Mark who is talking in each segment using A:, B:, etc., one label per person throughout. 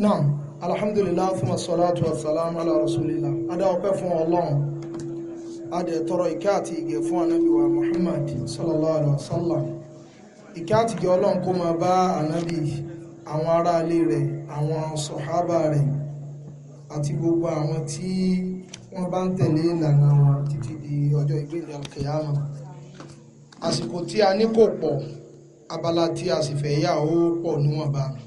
A: náà alhamdulillah fún asọ́látù wasalam ala rasulillah adá ọpẹ́ fún ọlọ́run adẹ̀ tọrọ ìkẹ́ àti ìgẹ̀ fún anábíwa muhammad sallallahu alaihi wasallam ìkẹ́ àti ìgẹ̀ ọlọ́run kó máa bá anábí àwọn ará ilé rẹ̀ àwọn sọ̀hábà rẹ̀ àti gbogbo àwọn tí wọ́n bá ń tẹ̀lé ìlànà wọn títí di ọjọ́ ìgbéǹde alkiyama àsìkò tí a ní kò pọ̀ abala tí a sì fẹ́ yà ó pọ̀ níwọ̀nba mi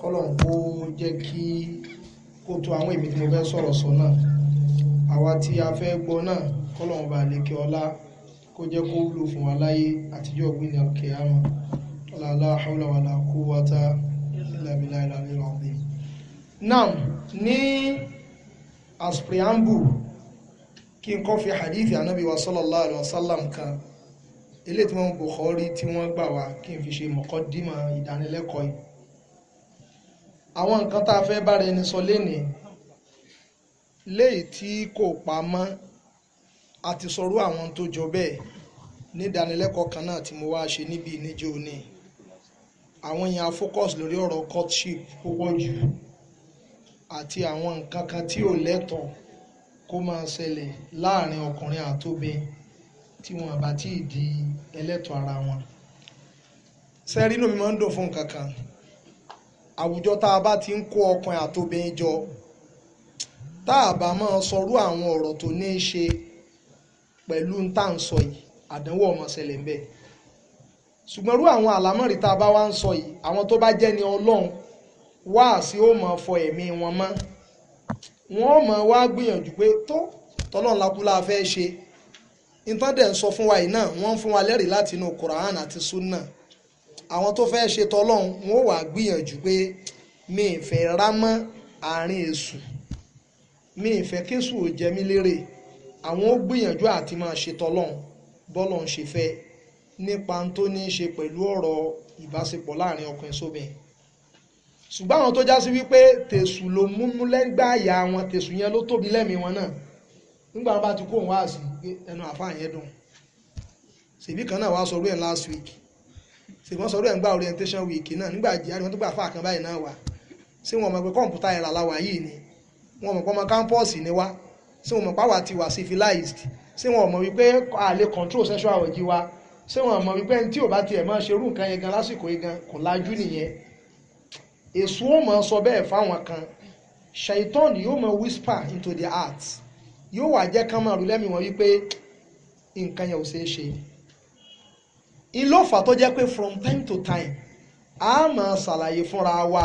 A: kọ́lọ̀n kó jẹ́ kí kó tó àwọn èmi tí mo fẹ́ sọ̀rọ̀ sọ náà àwa tí a fẹ́ gbọ́ náà kọ́lọ̀n bá lékè ọlá kó jẹ́ kó wúlò fún wa láyé àtijọ́ ọ̀gbìn ní alkiyama ọ̀làlá haúlà wà kó wá tá ìlàbílà ìlàlẹ́ ọ̀gbìn. now ní as kí n kọ́ fi hadith anabi wa sallallahu alayhi wa sallam kan ilé tí wọ́n Bukhari tí wọ́n gbà wá kí n fi ṣe mọ̀kọ́dímọ̀ ìdánilẹ́kọ̀ọ́ yìí àwọn nǹkan tá a fẹ́ bára ẹni sọ lénìí léyìí tí kò pamọ́ àti sọ̀rọ̀ àwọn tó jọ bẹ́ẹ̀ ní ìdánilẹ́kọ̀ọ́ kan náà tí mo wá ṣe níbi ìníjó ni àwọn èèyàn focus lórí ọ̀rọ̀ courtship púpọ̀ jù àti àwọn nǹkan kan tí ò lẹ́tọ̀ọ́ kó máa ṣẹlẹ̀ láàrin ọkùnrin àtobìn tí wọn bá tí ì di ẹlẹ́tọ̀ọ́ ara wọn. sẹ́rínù mi máa ń dùn fún nǹkan kan àwùjọ tá a bá ti ń kó ọkùnrin àtobìnrin jọ tá a bá máa sọrú àwọn ọ̀rọ̀ tó ní í ṣe pẹ̀lú ń tà ń sọ yìí àdánwò ọmọ ṣẹlẹ̀ ń bẹ̀ ṣùgbọ́n rú àwọn àlámọ̀rí tá a bá wá ń sọ yìí àwọn tó bá jẹ́ ni ọlọ́run wá sí ó máa fọ ẹ̀mí wọn mọ́ wọ́n máa wá gbìyànjú pé tó tọ́lọ́run lakú la fẹ́ ṣe ìtàn dẹ̀ ń sọ fún wa yìí náà wọ́n ń fún wa lẹ́rìí láti inú àti Sunnah àwọn tó fẹ́ ṣe tọlọ́hún wọn ò wá gbìyànjú pé mi ì fẹ́ rámọ́ àárín èṣù mi ì fẹ́ kéṣù ò jẹ mí lérè àwọn ó gbìyànjú àti máa ṣe tọlọ́hún bọ́lọ̀ ń ṣe fẹ́ nípa tó ní í ṣe pẹ̀lú ọ̀rọ̀ ìbáṣepọ̀ láàrin ọkùnrin sóbìn ṣùgbọ́n àwọn tó já sí wípé tèṣù ló múmú lẹ́gbẹ́ àyà wọn tèṣù yẹn ló tóbi lẹ́mìí wọn náà nígbà wọn bá ti kó òun wá sí ẹnu àfáà yẹn dùn ṣèbí kan náà wá sọ orí ẹ̀ last week ṣùgbọ́n sọ̀rọ̀ ẹ̀ ń gba orientation week náà nígbà jíjáde wọn tó gbà fáà kan báyìí náà wà ṣé wọn mọ̀ pé kọ̀ǹpútà ẹ̀rà làwà yìí ni wọn mọ̀ pé ọmọ kámpọ́ọ̀sì ni wá ṣé wọn mọ̀ pé àwa ti wà civilized ṣé wọn mọ̀ wípé a lè control sexual orgy wa ṣé wọn mọ̀ wípé tí ò bá tiẹ̀ máa ṣerú nǹkan yẹn gan lásìkò yẹn gan kò lajú nìyẹn èso ó mọ̀ sọ bẹ́ẹ̀ fáwọn kan shaitan yóò mọ̀ whisper into their hearts yóò wà jẹ́ kán máa rú lẹ́mìí wọn wípé nǹkan yẹn ò ṣeé ṣe ìlọ́fà tó jẹ́ pé from time to time a máa ṣàlàyé fúnra wa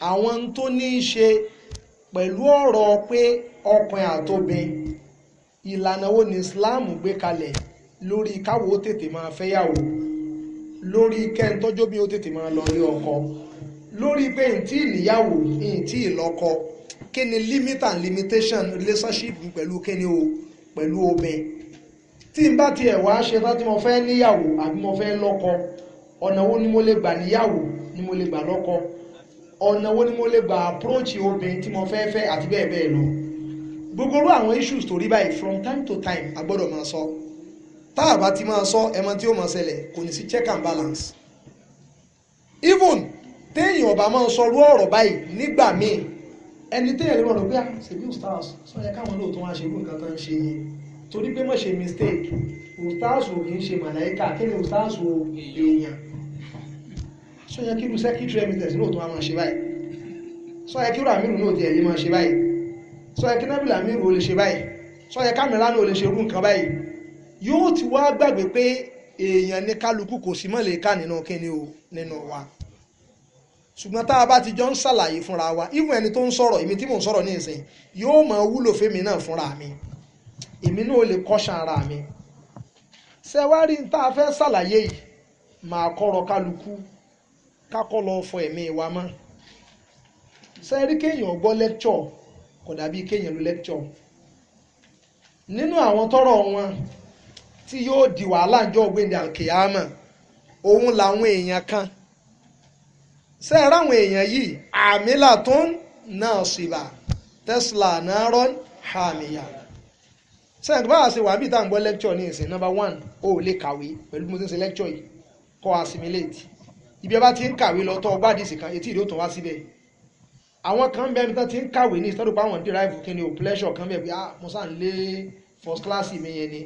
A: àwọn tó ní í ṣe pẹ̀lú ọ̀rọ̀ pé ọkùnrin àtobìn ìlànà wo ni Islam gbé kalẹ̀ lórí káwo tètè máa fẹ́yàwó lórí kẹ́ńtọ́jọ́ bí ó tètè máa lọ rí ọkọ lórí pé ntí ìníyàwó ntí ìlọ́kọ kí ni limit and limitation relationship pẹ̀lú kí ni o pẹ̀lú obìnrin tí n bá tiẹ̀ wá ṣe tán tí mo fẹ́ níyàwó àbí mo fẹ́ lọ́kọ ọ̀nà wo ni mo lè gbà níyàwó ni mo lè gbà lọ́kọ ọ̀nà wo ni mo lè gbà àpúròchì obìnrin tí mo fẹ́ fẹ́ àti bẹ́ẹ̀ bẹ́ẹ̀ lọ gbogbo àwọn issues tó rí báyìí from time to time a gbọ́dọ̀ máa sọ tá a bá ti máa sọ ẹmọ tí ó máa ṣẹlẹ̀ kò ní sí check and balance even téèyàn ọba máa sọ rú ọ̀rọ̀ báyìí nígbà míì ẹni téèyàn lè rọrùn pé àṣẹ ah, bí ustaz sọ yẹ káwọn lóòótọ́ wá ṣe irú nǹkan tó ń ṣe yìí torí pé mọ̀ ṣe mistake ustaasu ò kì í ṣe màláìka kí ni ustaasu èèyàn sọ yẹ kí irú secretary emirates náà tó wá máa ṣe báyìí sọ yẹ kí irú amiru náà ti ẹ̀yẹ máa ṣe báyìí sọ yẹ kí nábìlì amiru ò lè ṣe báyìí sọ yẹ kámẹ́rà náà ò lè ṣe irú nǹkan báyìí yóò ti wá gbàgbé pé èèyàn ní kálukú kò sí mọ̀lẹ́ka nínú kíni o nínú wa ṣùgbọ́n tá a bá ti jọ ń ṣàlàyé fúnra wa ìwọ̀n ẹni tó ń sọ̀rọ̀ èmi tí mò ń sọ̀rọ̀ ní ìsìn yóò máa wúlò fẹ́mi náà fúnra mi èmi náà lè kọ́ṣán ara mi ṣe wá rí tá a fẹ́ ṣàlàyé yìí màá kọ́rọ̀ kálukú kákọ́ lọ fọ ẹ̀mí wa mọ́ ṣe rí kéèyàn gbọ́ lẹ́kṣọ̀ kò dàbí kéèyàn ló lẹ́kṣọ̀ nínú àwọn tọrọ wọn tí yóò di wàhálà ńjọ́ ògbéǹde àkèyàmọ̀ òun làwọn èèyàn kan ṣe ráwọn èèyàn yìí àmì làtún náà ṣìbà tesla náà rọ́n hàmìyàn sẹ́yìn bá a ṣe wà bí ìta gbọ́ lecture ní ìsìn number one ó lè kàwé pẹ̀lú mo ti ń ṣe lecture yìí kọ́ assimilate ibi ọba ti ń kàwé lọ tọ́ ọgbà àdìsí kan etí ìdí ó tàn wá síbẹ̀ àwọn kan bẹ́ẹ̀ níta ti ń kàwé ní ìsọdọ̀pọ̀ àwọn derive kí ni o pleasure kan bẹ́ẹ̀ bí a ah, mo sàn lé first class mi yẹn ni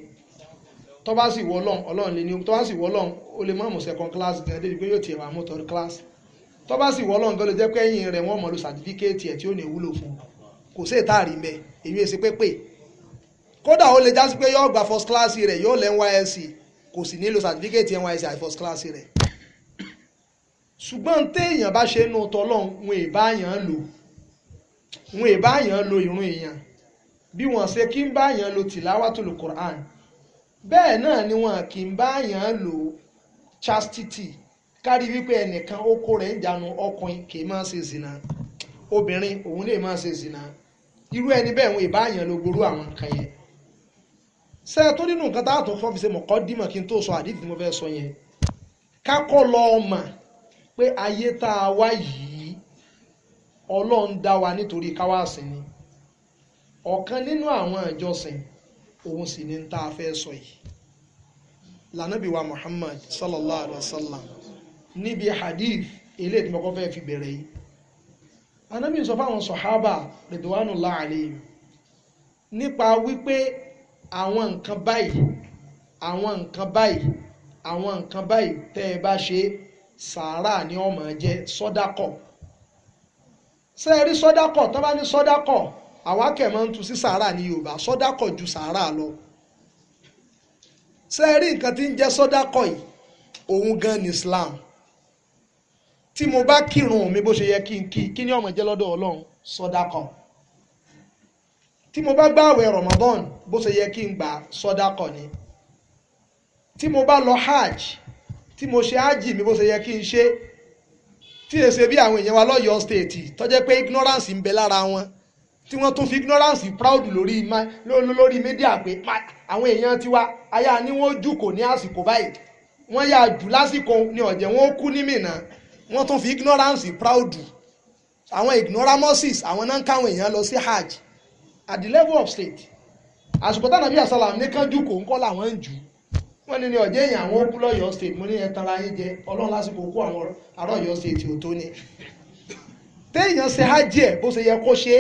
A: tọ́ bá sì wọ ọlọ́run ọlọ́run lè ní tọ́ bá sì wọ ọlọ́run ó lè má second class gan débi pé yóò tiẹ̀ class tọ́ bá sì wọ ọlọ́run gan ló certificate ẹ̀ tí ó ní ìwúlò fún kò sí ìtaàrí kódà ó lè jásí pé yóò gba first class rẹ̀ yóò lẹ́ nysc kò sì nílò certificate nysc àti first class rẹ̀ ṣùgbọ́n téèyàn bá ṣe nù tọ́lọ́n wọn ìbáyàn lò wọn ìbáyàn lò ìrun èèyàn bí wọ́n ṣe kí ń báyàn lo tìláwàtòlù Quran bẹ́ẹ̀ náà ni wọ́n kì ń báyàn lo chastity kárí wípé ẹnìkan oko rẹ̀ ń jánu ọkùnrin kì í máa ṣe zina obìnrin òun lè máa ṣe zina irú ẹni bẹ́ẹ̀ wọn ìbáyàn lo gbòòrò àwọn nǹkan yẹn ṣe tó nínú nǹkan tá a tó fọ́n fi ṣe sọ àdìtì mo fẹ́ sọ yẹn kákọ́ lọ mà pé ayé tá a wá yìí ọlọ́run dá wa nítorí káwá ni ọ̀kan nínú àwọn òun sì ni tá a fẹ́ sọ yìí Muhammad sallallahu alayhi wa sallam níbi hadith eléyìí tí mo kọ́ fẹ́ fi bẹ̀rẹ̀ yìí anábì sọ fáwọn sọ̀hábà àwọn nǹkan báyìí àwọn nǹkan báyìí àwọn nǹkan báyìí tẹ́ ẹ bá ṣe sàárà ni ó máa jẹ́ sọ́dákọ̀ ṣé ẹ rí sọ́dákọ̀ tó bá ní sọ́dákọ̀ àwa kẹ̀ máa ń tu sí sàárà ní Yorùbá sọ́dákọ̀ ju sàárà lọ ṣé ẹ rí nǹkan tí ń jẹ́ sọ́dákọ̀ yìí òun gan ni Islam tí mo bá kírun mi bó ṣe yẹ kí n kí kí ni ó máa jẹ́ lọ́dọ̀ Ọlọ́run So tí mo bá gbá àwẹ̀ Ramadan bó ṣe yẹ kí n gbà sọ́dákọ̀ ni tí mo bá lọ hajj tí mo ṣe hajj mi bó ṣe yẹ kí n ṣe tí lè ṣe bí àwọn èèyàn wa lọ́yọ̀ọ́ stéètì tó pé ignorance ń bẹ lára wọn tí wọ́n tún fi ignorance proud lórí lórí media pé àwọn èèyàn tiwa aya ni wọ́n jù kò ní àsìkò báyìí wọ́n yà jù lásìkò ní ọ̀jẹ̀ wọ́n kú ní mìíràn wọ́n tún fi ignorance proud àwọn ignoramuses àwọn náà ń káwọn èèyàn lọ sí hajj at the level of state àsìkò táwọn àbí àsálàm ní kánjú kò ń kọ́ làwọn ń jù wọ́n ní ní ọ̀jẹ́ èèyàn àwọn òkú lọ́yọ̀ọ́ state mo ní ẹ tanra yín jẹ ọlọ́run lásìkò kó àwọn ará ọ̀yọ́ state ò tó ni téèyàn ṣe hajj ẹ̀ bó ṣe yẹ kó ṣe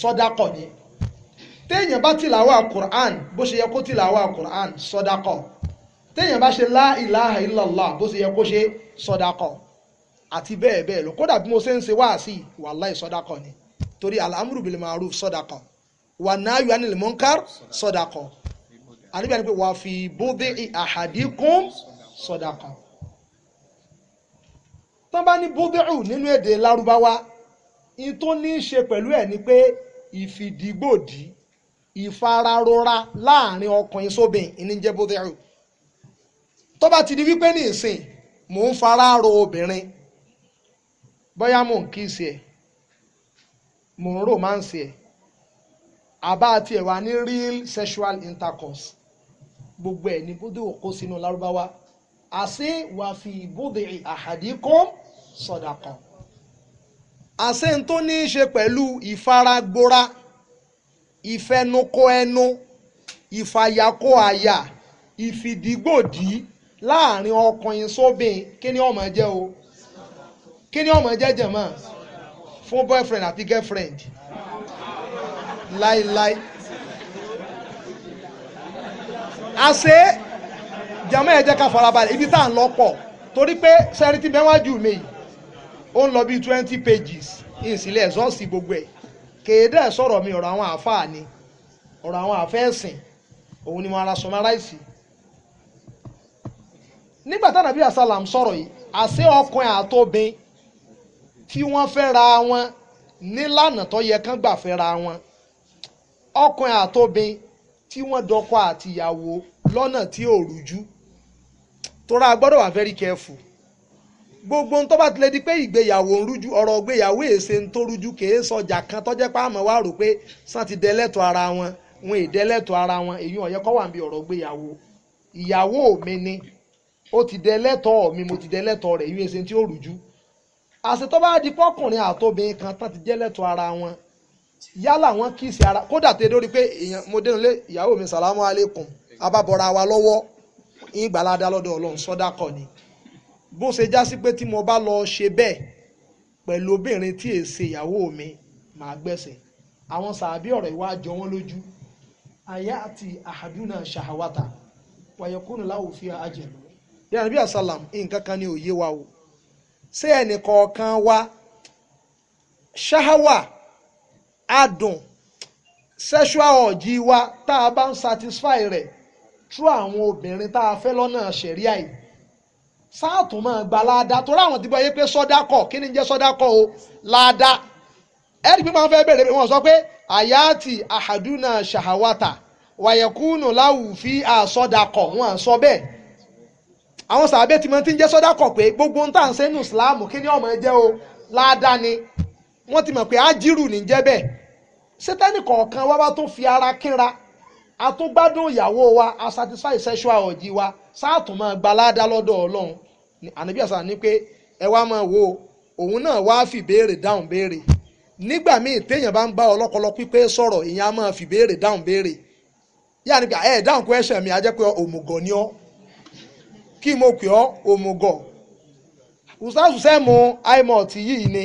A: sọ́dákọ̀ ni téèyàn bá tìlàwọ́ àkùrán bó ṣe yẹ kó tìlàwọ́ àkùrán sọ́dákọ̀ téèyàn bá ṣe la ilaha illallah bó ṣe yẹ kó ṣe sọ́dákọ̀ àti bẹ́ẹ̀ bẹ́ẹ̀ lọ kódà bí mo ṣe ń ṣe wáàsí wàláì sọ́dákọ̀ ni torí alhamdu bil maruf sọ́dákọ̀ wà náà yọ anil munkar sọdakọ àníbi àníbi wà fi bóde ahadikum sọdakọ. tán bá ní bóde ù nínú èdè lárúbáwá in ní í ṣe pẹ̀lú ẹ̀ ni pé ìfìdígbòdì ìfararora láàrin ọkùnrin sóbìn ìní jẹ́ bóde ù tó bá ti di wípé ní ìsìn mò ń fararo obìnrin bóyá mò ń kí sí ẹ mò ń rò máa ń sí ẹ àbá tiẹ̀ wá ní real sexual intercourse gbogbo ẹ̀ ní bóde òkó sínú lárúbáwá àṣé wà fi bóde àhàdíkùn sọ̀dàkọ̀ àṣé ń tó ní í ṣe pẹ̀lú ìfaragbora ìfẹnukò ẹnu ìfàyàkò àyà ìfìdígbòdì láàrin ọkùnrin sóbìn kí ni ọmọ jẹ́ o kí ni ọmọ jẹ́ jẹ̀mọ́ fún boyfriend àti girlfriend. Yeah láíláí àṣé jàmọ́ ẹ jẹ́ ká farabalẹ̀ ibi tá à ń lọ pọ̀ torí pé sẹ́rìtì mẹ́wájú mi yìí ó ń lọ bí twenty pages ìsìlẹ̀ ẹ̀sọ́ọ̀sì gbogbo ẹ̀ kéde sọ̀rọ̀ mi ọ̀rọ̀ àwọn àáfàá ni ọ̀rọ̀ àwọn àfẹ́sìn òun ni mo ara sọmaráìsì nígbà tí Ànábì asálàm sọ̀rọ̀ yìí àṣé ọkùnrin àtobìn tí wọ́n fẹ́ ra wọn nílànà tó yẹ kán gbà fẹ́ ra wọn ọkùnrin àtobìn tí wọ́n dọkọ àtìyàwó lọ́nà tí ò rújú tóra gbọ́dọ̀ wà very careful gbogbo ń tó bá ti lè di pé ìgbéyàwó ń rújú ọ̀rọ̀ ìgbéyàwó èsè ń tó rújú kèé sọjà kan tọ́jẹ́ pé àmọ́ wá rò pé sàn ti dẹlẹ́tọ̀ ara wọn wọn èdè lẹ́tọ̀ ara wọn èyí ọ̀yẹ́ kọ́ wà ń bí ọ̀rọ̀ gbéyàwó ìyàwó mi ni ó ti dẹlẹ́tọ̀ mi mo ti dẹlẹ́tọ̀ rẹ̀ èyí èsè tí ó rújú àṣetọ́ bá di pọ́kùnrin àtobìnrin kan tán ti jẹ́lẹ́tọ̀ ara wọn yálà wọn kíìsì ara kódà tẹ lórí pé èèyàn mo dénú lé ìyàwó mi sàlámù alẹ́kùn abábọ̀ra wa lọ́wọ́ yín gbàládá lọ́dọ̀ ọlọ́run sọ́dá kọ́ ni bó ṣe já sí pé tí mo bá lọ ṣe bẹ́ẹ̀ pẹ̀lú obìnrin tí èè ṣe ìyàwó mi màá gbẹ̀sẹ̀ àwọn sàbí ọ̀rọ̀ ìwà jọ wọ́n lójú àyà àti àhàdúnà ṣàhàwátà wàyẹ̀kùnù láwò fi àjẹ̀lú. yàrá bí àsálàm nǹkan kan ní òye wa o ṣé ẹnì kọ̀ọ̀kan wa ṣáháwà adùn sexual urge wa tá a bá ń satisfy rẹ̀ through àwọn obìnrin tá a fẹ́ lọ́nà ṣẹ̀ríà yìí sáàtún máa gba láàdá torí àwọn ti bọ́ yé pé sọ́dákọ̀ kí ni jẹ́ sọ́dákọ̀ o láàdá ẹ̀rí pé máa fẹ́ bẹ̀rẹ̀ wọn sọ pé àyàtì àhàdúnà ṣàhàwátà wàyẹ̀kúnù láwùfí àsọdakọ̀ wọn sọ bẹ́ẹ̀ àwọn sàbẹ̀ ti ń jẹ́ sọ́dákọ̀ pé gbogbo ń tà sẹ́nu ìsìláàmù kí ni ọmọ ẹ jẹ́ o láàdá ni wọ́n ti mọ̀ pé ájírù ní jẹ́ bẹ́ẹ̀ sẹ́tẹ́nì kọ̀ọ̀kan wá wá tó fi ara kínra a tó ìyàwó wa a satisfy sexual ọ̀jì wa sáàtún máa gba aládá lọ́dọ̀ ọlọ́run ànábì àṣà ni pé ẹ wá máa wo òun náà wá fi béèrè dáhùn béèrè nígbà míì téèyàn bá ń bá ọlọ́kọlọ pípé sọ̀rọ̀ ìyẹn a máa fi béèrè dáhùn béèrè yáà ni ẹ dáhùn question mi a jẹ́ pé òmùgọ̀ ni ọ́ kí mo pè ọ́ òmùgọ̀ ustaz sẹ́mu yìí ni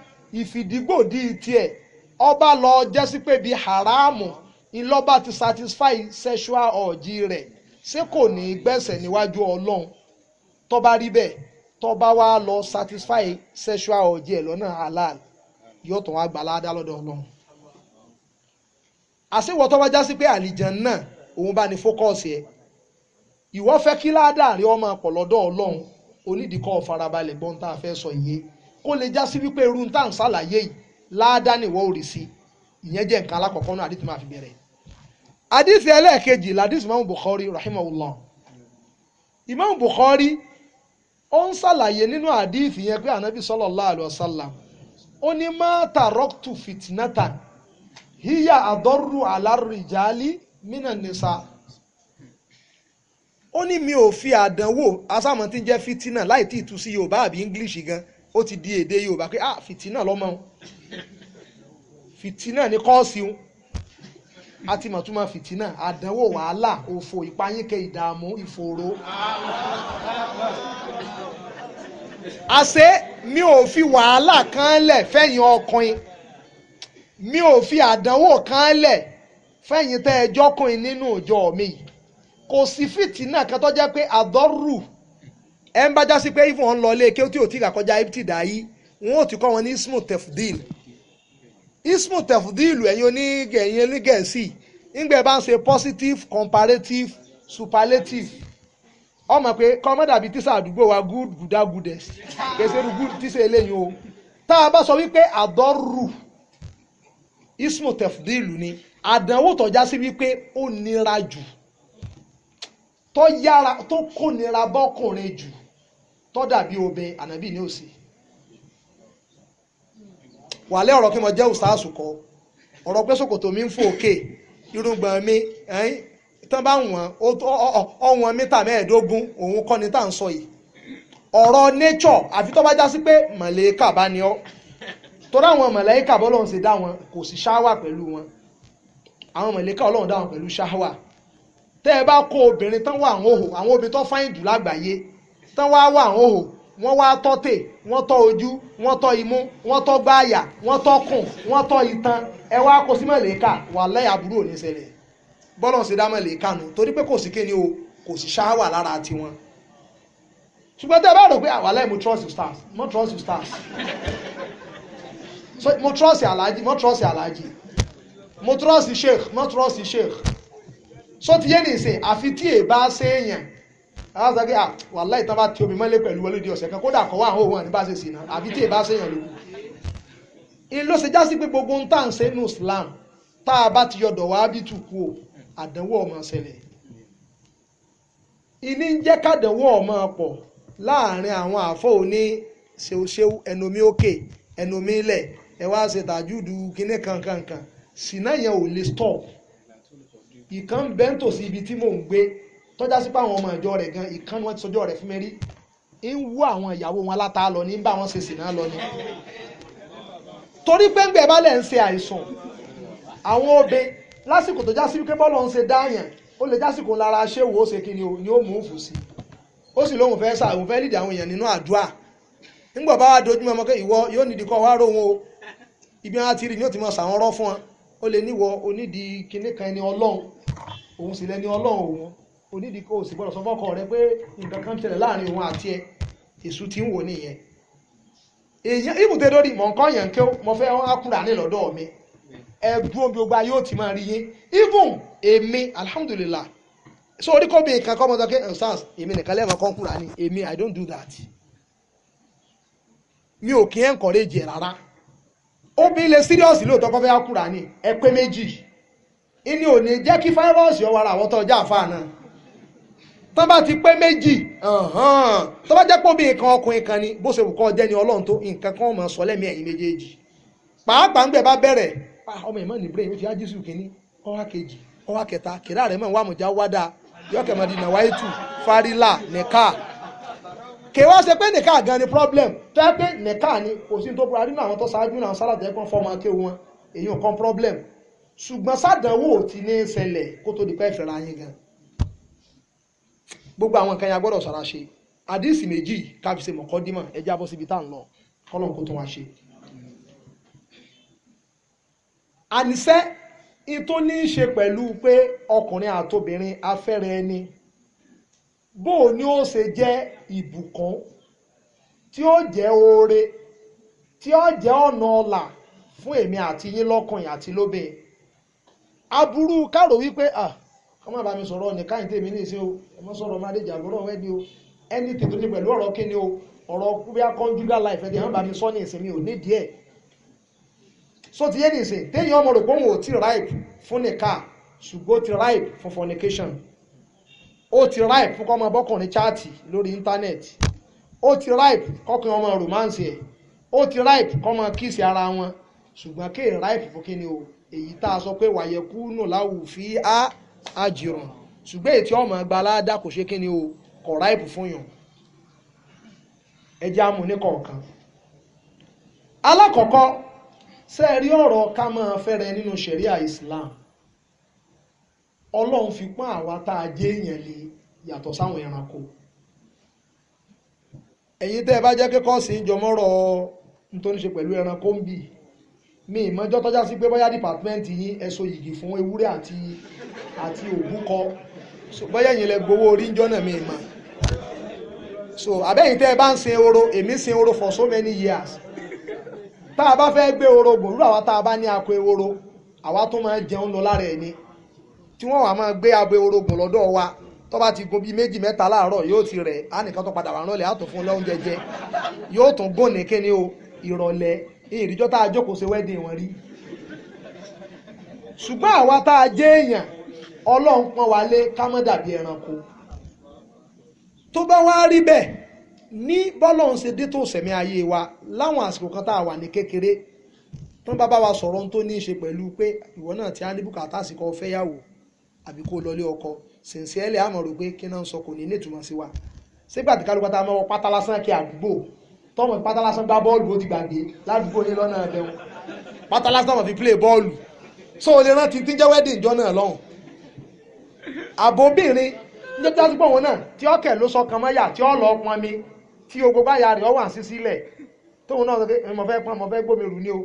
A: ìfìdígbòdì tiẹ̀ ọba lọ jẹ́ sí pé bíi haramu ńlọ́ba ti satisfy sexual urge rẹ̀ ṣé kò ní gbẹ̀sẹ̀ níwájú ọlọ́run tọ́ba rí bẹ́ẹ̀ tọ́ba wá lọ satisfy sexual urge ẹ̀ lọ́nà halal yóò tún wá gbà ládá lọ́dọ̀ ọlọ́run. àṣewọ̀ tọ́ba já sí pé àlìjàn náà òun bá ní fókọ́ọ̀sì ẹ̀ ìwọ fẹ́ kí ládàá rí ọmọ pọ̀ lọ́dọ̀ ọlọ́run onídìíkọ́ farabalẹ̀ gbọ́n a fẹ́ sọ yìí kó lè já sí wípé irú tá à ń ṣàlàyé yìí láàdá nìwọ́ òrì sí ìyẹn jẹ́ nǹkan alákọ̀ọ́kọ́ náà àdìsí máa fi bẹ̀rẹ̀. àdìsí ẹlẹ́ẹ̀kejì làdìsí Imam Bukhari rahimahullah Imam Bukhari ó ń ṣàlàyé nínú àdìsí yẹn pé ànábì sallallahu alaihi wasallam ó ní má taraktu fitnatan hiya adorru ala rijali minan nisa ó ní mi ò fi àdánwò asámọ̀ jẹ́ fitina láì tí ì tú sí Yorùbá àbí English gan ó ti di èdè yorùbá pé ah fìtínà lọ́mọ o fìtínà ní kọ́ọ̀sì o a ti mọ̀ tún máa fìtínà àdánwò wàhálà òfò ìpayínkẹ ìdààmú ìfòòró. àṣé mi ò fi wàhálà kan lẹ̀ fẹ̀yìn ọkùnrin mi ò fi àdánwò kan lẹ̀ fẹ̀yìn tẹ́ ẹjọ́ kùnrin nínú ìjọ mi kò sí fìtínà kan tó jẹ́ pé àdọ́rù ẹ ń bá já sí pé ifun ọ̀n lọ ilé kí ó tí ò tí kàkọjá ibtì dáyí wọn ò ti kọ́ wọn ní ismu tefdil ismu tefdil ẹ̀yin onígẹ̀yìn onígẹ̀ẹ́sì ńgbẹ́ bá ń ṣe positive comparative superlative ọmọ pé kọ́mọ́dàbí tíṣà àdúgbò wa good guda goodest gbèsè ru good tíṣà eléyìí o tá a bá sọ wípé àdọ́rù ismu tefdil ni àdánwò tọ́já sí wípé ó nira jù tó yára tó kò nira bọ́kùnrin jù tọ́dà bí obìnrin ànábì ní òsì wàlẹ́ ọ̀rọ̀ kí mo jẹ́ òsáàsù kọ ọ̀rọ̀ pé ṣòkòtò mi ń fò òkè irúgbọ̀n mi tán bá wọ̀n ọ̀wọ̀n mítà mẹ́ẹ̀ẹ́dógún òun kọ́ ni tá à ń sọ yìí ọ̀rọ̀ nature àfi tó bá já sí pé mọ̀lẹ́kà bá ní ọ́ torí àwọn mọ̀lẹ́kà bọ́lọ́run ṣe dá wọn kò sí ṣáwà pẹ̀lú wọn àwọn mọ̀lẹ́kà ọlọ́run dá wọn pẹ̀lú ṣáwà tẹ́ ẹ bá kó obìnrin tán wà ń hòhò àwọn obìnrin tó fáyìn jù lágbàáyé tán wá wà ń hòhò wọ́n wá tọ́ tè wọ́n tọ́ ojú wọ́n tọ́ imú wọ́n tọ́ gbáàyà wọ́n tọ́ kùn wọ́n tọ́ itan ẹ wá kó sí mọ̀lẹ́kà wà lẹ́yà àbúrò ò ní ṣẹlẹ̀ bọ́lọ̀ ṣe dá mọ̀lẹ́kà nù torí pé kò sí kéde o kò sí ṣáwà lára tiwọn ṣùgbọ́n tẹ́ ẹ bá rò pé àwàlẹ́ ah, mo trust you stars mo trust you stars so mo trust alhaji mo trust alhaji mo trust sheikh mo trust sheikh so ti yé nìsín àfi tí èèbá ṣe èèyàn àwọn sọ pé à ah, wàláhì tán bá ti omi mọ́lé pẹ̀lú olóde ọ̀sẹ̀ kan kódà kọ́ wà àwọn òun àní bá ṣe sí iná àbí tí èbá ṣèyàn ló kù. ìlú ló ṣe já sí pé gbogbo ń tàn ṣe nù Islam tá a bá ti yọdọ̀ wá bí tù o àdánwò ọmọ ṣẹlẹ̀. ìní ń jẹ́ kádánwò ọmọ pọ̀ láàrin àwọn àfọ òní ṣeúṣeú ẹnomi òkè ẹnomi ilẹ̀ ẹ wá ṣe tàjúdù kinní kankankan sìnà yẹn ò lè stop ìkan bẹ́ńtò sí ibi tí mò ń gbé tọ́já sí pé àwọn ọmọ ìjọ rẹ̀ gan ìkànnì wọn ti sọjọ́ rẹ̀ fún mi rí ń wú àwọn ìyàwó wọn látà lọ ní bá wọn ṣe sì náà lọ ni torí pé ń gbẹ bá lẹ̀ ń ṣe àìsàn àwọn obe lásìkò tó já sí pé bọ́ọ̀lù ń ṣe dáàyàn ó lè jásìkò lára ṣéwò ó ṣe kí ni ó mú òfò sí ó sì lóun fẹ́ sá òun fẹ́ lìdí àwọn èèyàn nínú àdúrà nígbà bá wà dojú mọ́ pé ìwọ yóò nídìí kọ́ wá róhun o ibi wọn ti rí ni ó ti mọ sàwọn rọ́ fún wọn ó lè níwọ onídìí kinní kan ẹni ọlọ́run òun sì lẹni ọlọ́run òun onídìí kò sì gbọ́dọ̀ sọ fọ́kọ rẹ pé nǹkan kan tẹ̀lẹ̀ láàrin òun àti ẹ èṣù tí ń wò nìyẹn èèyàn ibùdó lórí mọ̀ nǹkan yẹn kí mo fẹ́ ní lọ́dọ̀ mi ogba yóò ti máa rí yín even èmi alhamdulillah so orí nǹkan kọ́ i don't do that mi ò kí ẹ̀ ń rara. ẹ̀ rárá obìnrin lè serious lóòótọ́ kọ́ fẹ́ ní méjì ò ní jẹ́ kí tán bá ti pé méjì tó bá jẹ́ pé obìnrin kan ọkùnrin kan ni bó ṣe wù kọ́ ọdẹ ni ọlọ́run tó nǹkan kan mọ̀ sọ lẹ́mìí ẹ̀yìn méjèèjì pàápàá ńgbẹ bá bẹ̀rẹ̀ ah, ọmọ ìmọ̀ ní brain ó ti ájísù kínní ọwá kejì ọwá kẹta kìrá rẹ̀ mọ̀ ń wá àmùjá wádà yọkẹ̀ mọ̀ di nàwáìtù fárílà nìka kì í wá ṣe pé nìka gan ni problem tó yẹ pé nìka ni kò sí tó burú nínú àwọn tó ṣáájú náà sálàtẹ̀ ẹ̀kọ́ fọmọ akéwu wọn èyí ò kan problem ṣùgbọ́n sádànwò ti ní ṣẹlẹ̀ kó tó di pẹ́ fẹ́ra yín gan-an gbogbo àwọn nǹkan yẹn agbọ́dọ̀ sara ṣe àdíìsì méjì káfí ṣe mọ̀kọ́ dímọ̀ ẹ jábọ́ síbi tá à ń lọ kọ́lọ́n kó tó wá ṣe. àníṣẹ́ ìtò ní í ṣe pẹ̀lú pé ọkùnrin àtobìnrin afẹ́rẹ́ ẹni bó o ní ó ṣe jẹ́ ìbùkún tí ó jẹ́ oore tí ó jẹ́ ọ̀nà ọ̀la fún èmi àti yín lọ́kùnrin àti lóbìn aburú kárò wípé ah kọ́mọ bá mi sọ̀rọ̀ nìkan ìtẹ́ mi ní ìsìn o ẹ̀mọ́ sọ̀rọ̀ máa dé jàgbọ́rọ̀ wẹ́ni o anything tó ní pẹ̀lú ọ̀rọ̀ kíni o ọ̀rọ̀ bí conjugal life ẹ̀dẹ̀ ẹ̀mọ́ bá mi sọ ní ìsìn mi ò ní díẹ̀ so ti yé ní ìsìn téèyàn ọmọ rò pọ́n ò ti ripe fún nìka ṣùgbọ́n ó ti ripe for fornication ó ti ripe fún kọ́mọ bọ́kùnrin chaati lórí íńtánẹ́ẹ̀tì ó ti ripe kọ́kùnrin ọmọ romance ẹ̀ ó ti ripe kọ́mọ kíìsì ara wọn ṣùgbọ́n kéè ripe fún kíni o èyí tá a sọ pé wàyẹ̀kú nù láwù fi á ajirun ṣùgbọ́n ètí ọmọ gbalada kò ṣe kíni o kọ̀ ráìpù fún yàn ẹjẹ́ amú ní kọ̀ọ̀kan. alákọ̀ọ́kọ́ ṣe rí ọ̀rọ̀ ká máa fẹ́rẹ̀ nínú ṣẹ̀ríà Islam ọlọ́run fi pọ́n àwa tá a jẹ́ èèyàn lè yàtọ̀ sáwọn ẹranko ẹ̀yin tẹ́ ẹ bá jẹ́ kíkọ́ sí ìjọmọ́rọ̀ nítorí ṣe pẹ̀lú ẹranko ń bì í mi ìmọ̀jọ́ tọ́já sí pé bóyá dìpàtmẹ́ǹtì yín ẹ̀sọ yìgì fún ewúrẹ́ àti àti òbúkọ bóyá ìyẹn lẹ gbowó orí ń jọ́nà mi ìmọ̀ so àbẹ́yìn tẹ́ ẹ bá ń sin oro èmi sin oro for so many years tá a bá fẹ́ gbé oro gbòòrò àwa tá a bá ní akọ eworo àwa tó máa jẹun lọ lára ẹni tí wọ́n wà máa gbé abo orogun lọ́dọ̀ wa tó bá ti gun bíi méjì mẹ́ta láàárọ̀ yóò ti rẹ̀ á nìkan tó padà wà rán lẹ̀ á tó fún lóúnjẹ jẹ yóò tún ní kíni o ìrọ̀lẹ́ ìrìjọ́ tá a jókòó ṣe wedding wọn rí ṣùgbọ́n àwa tá a jẹ́ èèyàn ọlọ́run pọ́n wa lé ká mọ́ dàbí ẹranko tó bá wá rí bẹ́ẹ̀ ní bọ́lọ́run ṣe dé tó sẹ̀mí ayé wa láwọn àsìkò kan tá a wà ní kékeré tó ń bá bá wa sọ̀rọ̀ tó ní í ṣe pẹ̀lú pé ìwọ náà ti á ní bùkátà àsìkò fẹ́yàwó àbí kó lọlé ọkọ sìnsìn ẹ̀lẹ́ àmọ̀ rò pé kí náà sọ kò ní ní ìtumọ̀ sí wa sígbà tí kálukú máa wọ pátá lásán kí àdúgbò tọ́mọ̀ pátá lásán gbá bọ́ọ̀lù ó ti gbàgbé ládùúgbò yín lọ́nà ẹ̀dẹ̀wọ̀n pátá lásán tọ́mọ̀ fi play bọ́ọ̀lù so o lè rántí tí ń jẹ́ wedding jọ náà lọ́hùn àbóbìnrin ní ọjọ́ tí pọ̀wọ́n náà tí ọkẹ̀ ló sọ kan mọ́yà tí ọ lọ pọn mi tí o gbogbo àyà rẹ̀ ọ wà sí sílẹ̀ tóun náà sọ pé mo fẹ́ pọn mo fẹ́ gbómi rù ní o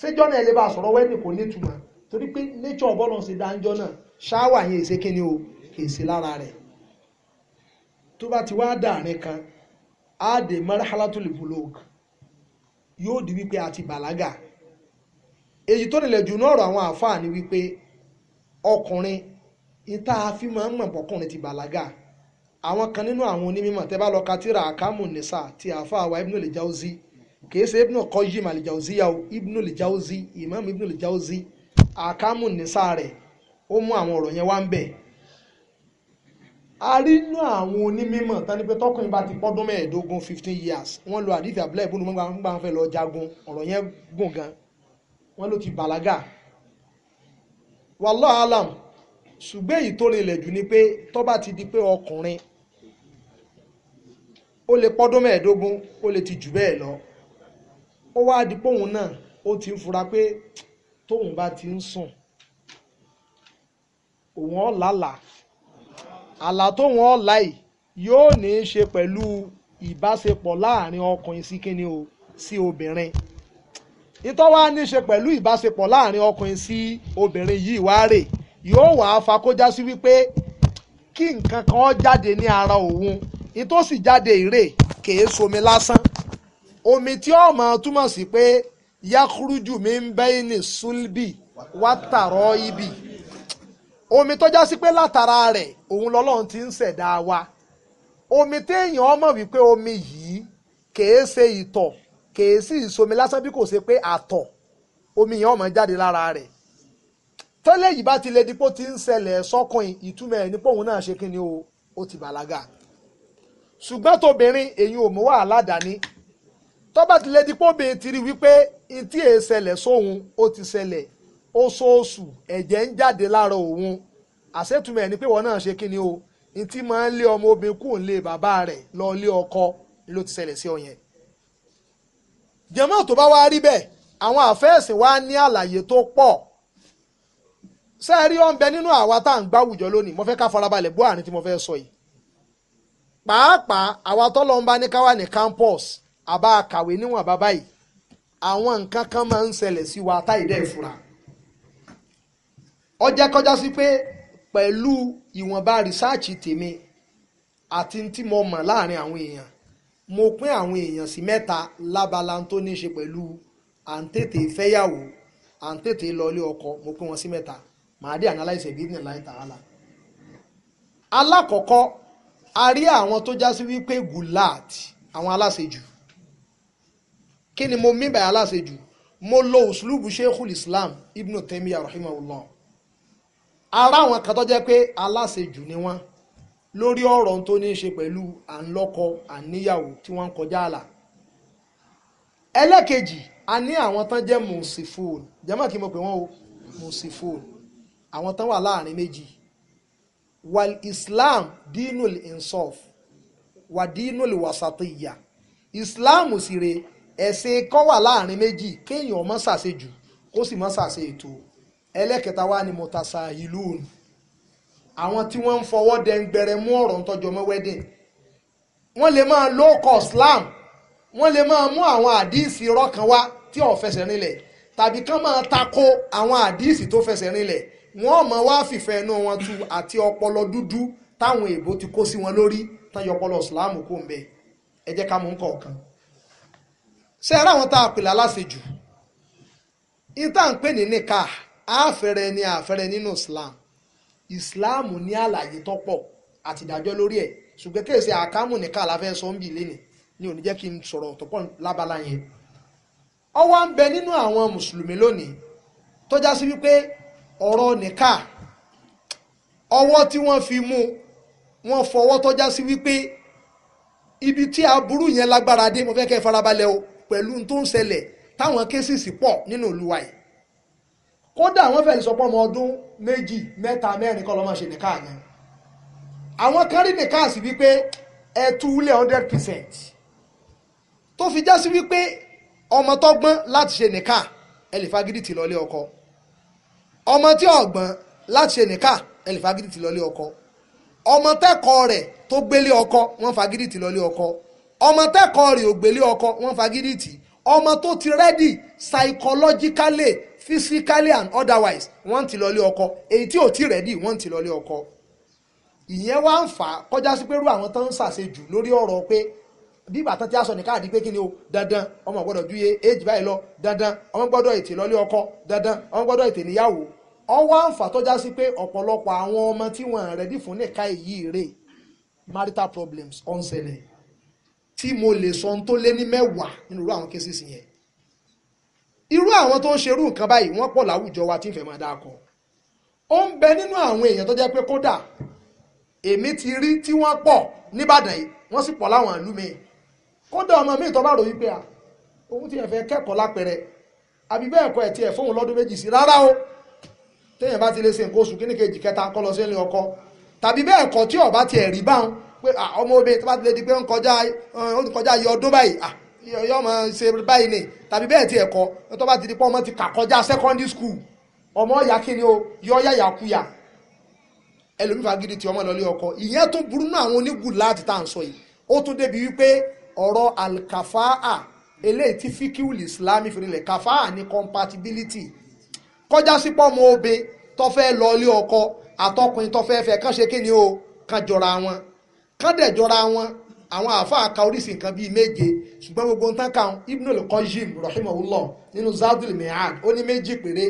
A: séjọ́ náà lè bá sọ̀rọ̀ wedding kò nítumọ̀ torí pé nature bọ́ọ̀lù ṣe dáńjọ́ náà ṣáwà yẹn èsè kíni o kèsè lára rẹ̀ tó bá ti wá dàárín kan Ade dé marhalatul buluk yóò di wípé àti bàlágà èyí tó nílẹ̀ jù náà ọ̀rọ̀ àwọn àfáà ni wípé ọkùnrin ìta àfi máa ń mọ̀ pọ̀kùnrin ti bàlágà àwọn kan nínú àwọn onímọ̀ tẹ́ bá lọ ka tíra àkámù nìsà ti àfáà wa ibnu lejauzi kìí ṣe ibnu kọ́yìm àlejauzi yàwó ibnu lejauzi imam ibnu lejauzi àkámù nìsà rẹ̀ ó mú àwọn ọ̀rọ̀ yẹn wá ń bẹ̀ a rí inú àwọn onímọ̀ tani pé tọkùnrin bá ti pọ́dún mẹ́ẹ̀ẹ́dógún fifteen years wọ́n lo àdìsí àbúlá ìbónú mọ́gbà ń fẹ́ lọ jagun ọ̀rọ̀ yẹn gùn gan wọ́n ló ti bàlágà wàlọ́ alam ṣùgbọ́n èyí tó rinlẹ̀ jù ni pé tó bá ti di pé ọkùnrin ó lè pọ́dún mẹ́ẹ̀ẹ́dógún ó lè ti jù bẹ́ẹ̀ lọ ó wá di póun náà ó ti ń fura pé tóun bá ti ń sùn òun ọ̀ lálàá àlá tó wọ́n láì yóò ní í ṣe pẹ̀lú ìbáṣepọ̀ láàrin ọkùnrin sí kíni o sí obìnrin ìtọ́wá ní í ṣe pẹ̀lú ìbáṣepọ̀ láàrin ọkùnrin sí obìnrin yìí wá rè yóò wà á fakójá sí wípé kí nǹkan kan jáde ní ara òun ìtòsí jáde ìrè kèé somi lásán omi tí ó máa túmọ̀ sí pé yakurujú mi ń bẹ́ẹ̀ ní sulbi wàtàrọ́ ibi omi tó já sí pé látara rẹ̀ òun lọ́lọ́run ti ń ṣẹ̀dá wa omi téèyàn ọmọ wípé omi yìí kèé ṣe ìtọ̀ kèé sì ìsomi lásán bí kò ṣe pé àtọ̀ omi yẹn ọmọ jáde lára rẹ̀ tẹ́lẹ̀ yìí bá ti lè dípò ti ń ṣẹlẹ̀ sọ́kùnrin ìtumọ̀ ẹ̀ ní pòun náà ṣe kí ni o ó ti bàlágà ṣùgbọ́n tóbìnrin èyí ò mú wàhálà dání tọ́ba ti lè dípò bèè ti rí wípé etí èé ṣẹlẹ̀ sóhun ó ti ṣẹlẹ̀ oṣooṣù ẹ̀jẹ̀ ń jáde lára òun àṣetumọ̀ ẹ̀ ni pé wọ́n náà ṣe kí ni o ntí máa ń lé ọmọ obìnrin kù ń lé bàbá rẹ̀ lọ lé ọkọ ló ti ṣẹlẹ̀ sí ọ jẹ́mọ́ tó bá wá rí bẹ́ẹ̀ àwọn àfẹ́ẹ̀sìn wa ní àlàyé tó pọ̀ sẹ́ẹ̀rí ọ̀nbẹ nínú àwa tá à ń gbáwùjọ lónìí mo fẹ́ ká farabalẹ̀ bó àárín tí mo fẹ́ sọ yìí pàápàá àwa tọ́lọ́ ní káwá ní campus àbá kàwé níwọ̀n bàbá yìí àwọn nǹkan kan máa ń ṣẹlẹ̀ sí wa táì dẹ́ fura ó jẹ́ kọjá sí pé pẹ̀lú ìwọ̀nba rìsáàchì tèmi àti tí mo mọ̀ láàrin àwọn èèyàn mo pín àwọn èèyàn sí mẹ́ta lábala tó ní í ṣe pẹ̀lú à ń tètè fẹ́yàwó à ń tètè lọlé ọkọ mo pín wọn sí mẹ́ta màá dé analyse bí ní láì tààlà. alákọ̀ọ́kọ́ a rí àwọn tó já sí wípé gulat àwọn aláṣejù kí ni mo mí bàyà aláṣejù mo lo uslubu sheikhul islam ibn taymiyyah rahimahullah ara àwọn kan tó jẹ́ pé aláṣejù ni wọ́n lórí ọ̀rọ̀ tó ní í ṣe pẹ̀lú à ń lọ́kọ à tí wọ́n ń kọjá àlà ẹlẹ́kejì a ní àwọn tán jẹ́ mùsífóòn jẹ́mọ̀ kí mo pè wọ́n o mùsífóòn àwọn tán wà láàrin méjì wal islam dinul insof wà dinul wasatiyya islam sì rè ẹ̀sìn kan wà láàrin méjì kéèyàn má ṣàṣejù kó sì má ṣàṣe ètò ẹlẹ́kẹta wá ní mọ̀tàṣà ìlú òun àwọn tí wọ́n ń fọwọ́ dẹ́ngbẹrẹ mú ọ̀rọ̀ ntọ́jọ́ mọ́ wedding wọ́n lè máa low cost lamb wọ́n lè máa mú àwọn àdíìsì irọ́ kan wá tí ò fẹsẹ̀ rinlẹ̀ tàbí kán máa tako àwọn àdíìsì tó fẹsẹ̀ rinlẹ̀ wọ́n mọ̀ wá fìfẹ́ inú wọn tu àti ọpọlọ dúdú táwọn èèbó ti kó sí wọn lórí táyọ ọpọlọ ìsìláàmù kò ń bẹ ẹ jẹ́ ká mú nǹkan ọ̀kan ṣe é ráwọn tá a pè láláṣejù ìta ń pè ní níkàá àfẹ́rẹ́ ni àfẹ́rẹ́ nínú Islam Islam ní àlàyé tó pọ̀ àti ìdájọ́ lórí ẹ̀ ṣùgbọ́n kéèsì àkámù nìkan àlàfẹ́ sọ́ńbì lẹ́nìí ni ò ní jẹ́ kí n sọ̀rọ̀ tó pọ̀ lábala yẹn ó wá ń bẹ nínú àwọn mùsùlùmí lónìí tó já sí wípé ọ̀rọ̀ nìka ọwọ́ tí wọ́n fi mú wọ́n fọwọ́ tó já sí wípé ibi tí aburú yẹn lágbára dé mo fẹ́ kẹ́ farabalẹ̀ o pẹ̀lú tó ń ṣẹlẹ̀ táwọn kéṣìṣì pọ̀ nínú ìlú yìí kódà àwọn fẹ́ẹ́ sọ pọ́ ọmọ ọdún méjì mẹ́ta mẹ́rin kọ́ lọ́mọ ṣe nìkan yẹn àwọn kan rí nìkan sí wípé ẹ̀tú lé hundred percent tó fi já sí wípé ọmọ tó gbọ́n láti ṣe nìkan ẹ lè fagídí tì lọ́lé ọkọ ọmọ tí ò gbọ́n láti ṣe nìkan ẹ lè fagídí tì lọ́lé ọkọ ọmọ tẹ́kọ̀ọ́ rẹ̀ tó gbélé ọkọ wọ́n fagídí tì lọ́lé ọkọ ọmọ tẹ́kọ̀ọ́ rẹ̀ ò gbélé ọkọ wọ́n fagídí tì ọmọ tó ti rẹ́dì psychologically physically and otherwise wọ́n ti lọ lé ọkọ èyí tí ò tí rẹ̀ dì wọ́n ti lọ lé ọkọ ìyẹn wá ń fà á kọjá sí pé irú àwọn tó ń ṣàṣejù lórí ọ̀rọ̀ pé bí ìbátan tí a sọ ní káàdì pé kí ni o dandan ọmọ gbọ́dọ̀ ju iye éjì báyìí lọ dandan ọmọ gbọ́dọ̀ ètè lọlé ọkọ dandan ọmọ gbọ́dọ̀ ètè níyàwó ọwọ́ àǹfà tọ́já sí pé ọ̀pọ̀lọpọ̀ àwọn ọmọ tí wọ́n rẹ̀dí fún nìka èyí rè marital problems ọ̀nṣẹ̀lẹ̀ tí mo lè sọ tó lé ní mẹ́wàá nínú irú àwọn kéṣìṣì yẹn irú àwọn tó ń ṣerú nǹkan báyìí wọ́n pọ̀ láwùjọ wa tí ń fẹ́ máa dáa kọ ó ń bẹ nínú àwọn èèyàn tó jẹ́ pé kódà èmi ti rí tí wọ́n pọ̀ níbàdàn yìí wọ́n sì pọ̀ láwọn ìlú mi kódà ọmọ mi tó bá rò wípé à òun ti yẹn fẹ́ kẹ́kọ̀ọ́ lápẹẹrẹ àbí bẹ́ẹ̀ kọ́ ẹ̀ tiẹ̀ fóun lọ́dún méjì sí rárá o téèyàn bá ti lè ṣe nǹkan oṣù kíní kejì kẹta kọ́ lọ sí ọkọ tàbí bẹ́ẹ̀ kọ́ tí ó tiẹ̀ rí báwọn pé ọmọ obìnrin tó bá ti lè di pé ó ń kọjá iye ọdún báyìí yọ ọmọ ṣe báyìí ni tàbí bẹ́ẹ̀ ti ẹ̀kọ́ tó bá ti di pọ́ ọmọ ti kà kọjá secondary school ọmọ ọ̀yà kí o yọ yàyà kúyà ẹlòmí fagídí ti ọmọ lọlé ọkọ ìyẹn tún burú náà àwọn onígùn láti tá à ń sọ yìí ó tún débi wípé ọ̀rọ̀ alkafa'a eléyìí tí fíkìwìlì islámì fìrìlẹ̀ kafa'a ni compatibility kọjá sí pọ́mọ obe tó fẹ́ lọlé ọkọ àtọkùnrin tó fẹ́ fẹ́ kán ṣe kí ni o kán jọra wọn kán dẹ̀ jọra wọn àwọn àáfàá ka oríṣi nǹkan bíi méje ṣùgbọ́n gbogbo nǹkan kan ibn al-Qayyim rahimahullah nínú zadul mi'ad ó ní méjì péré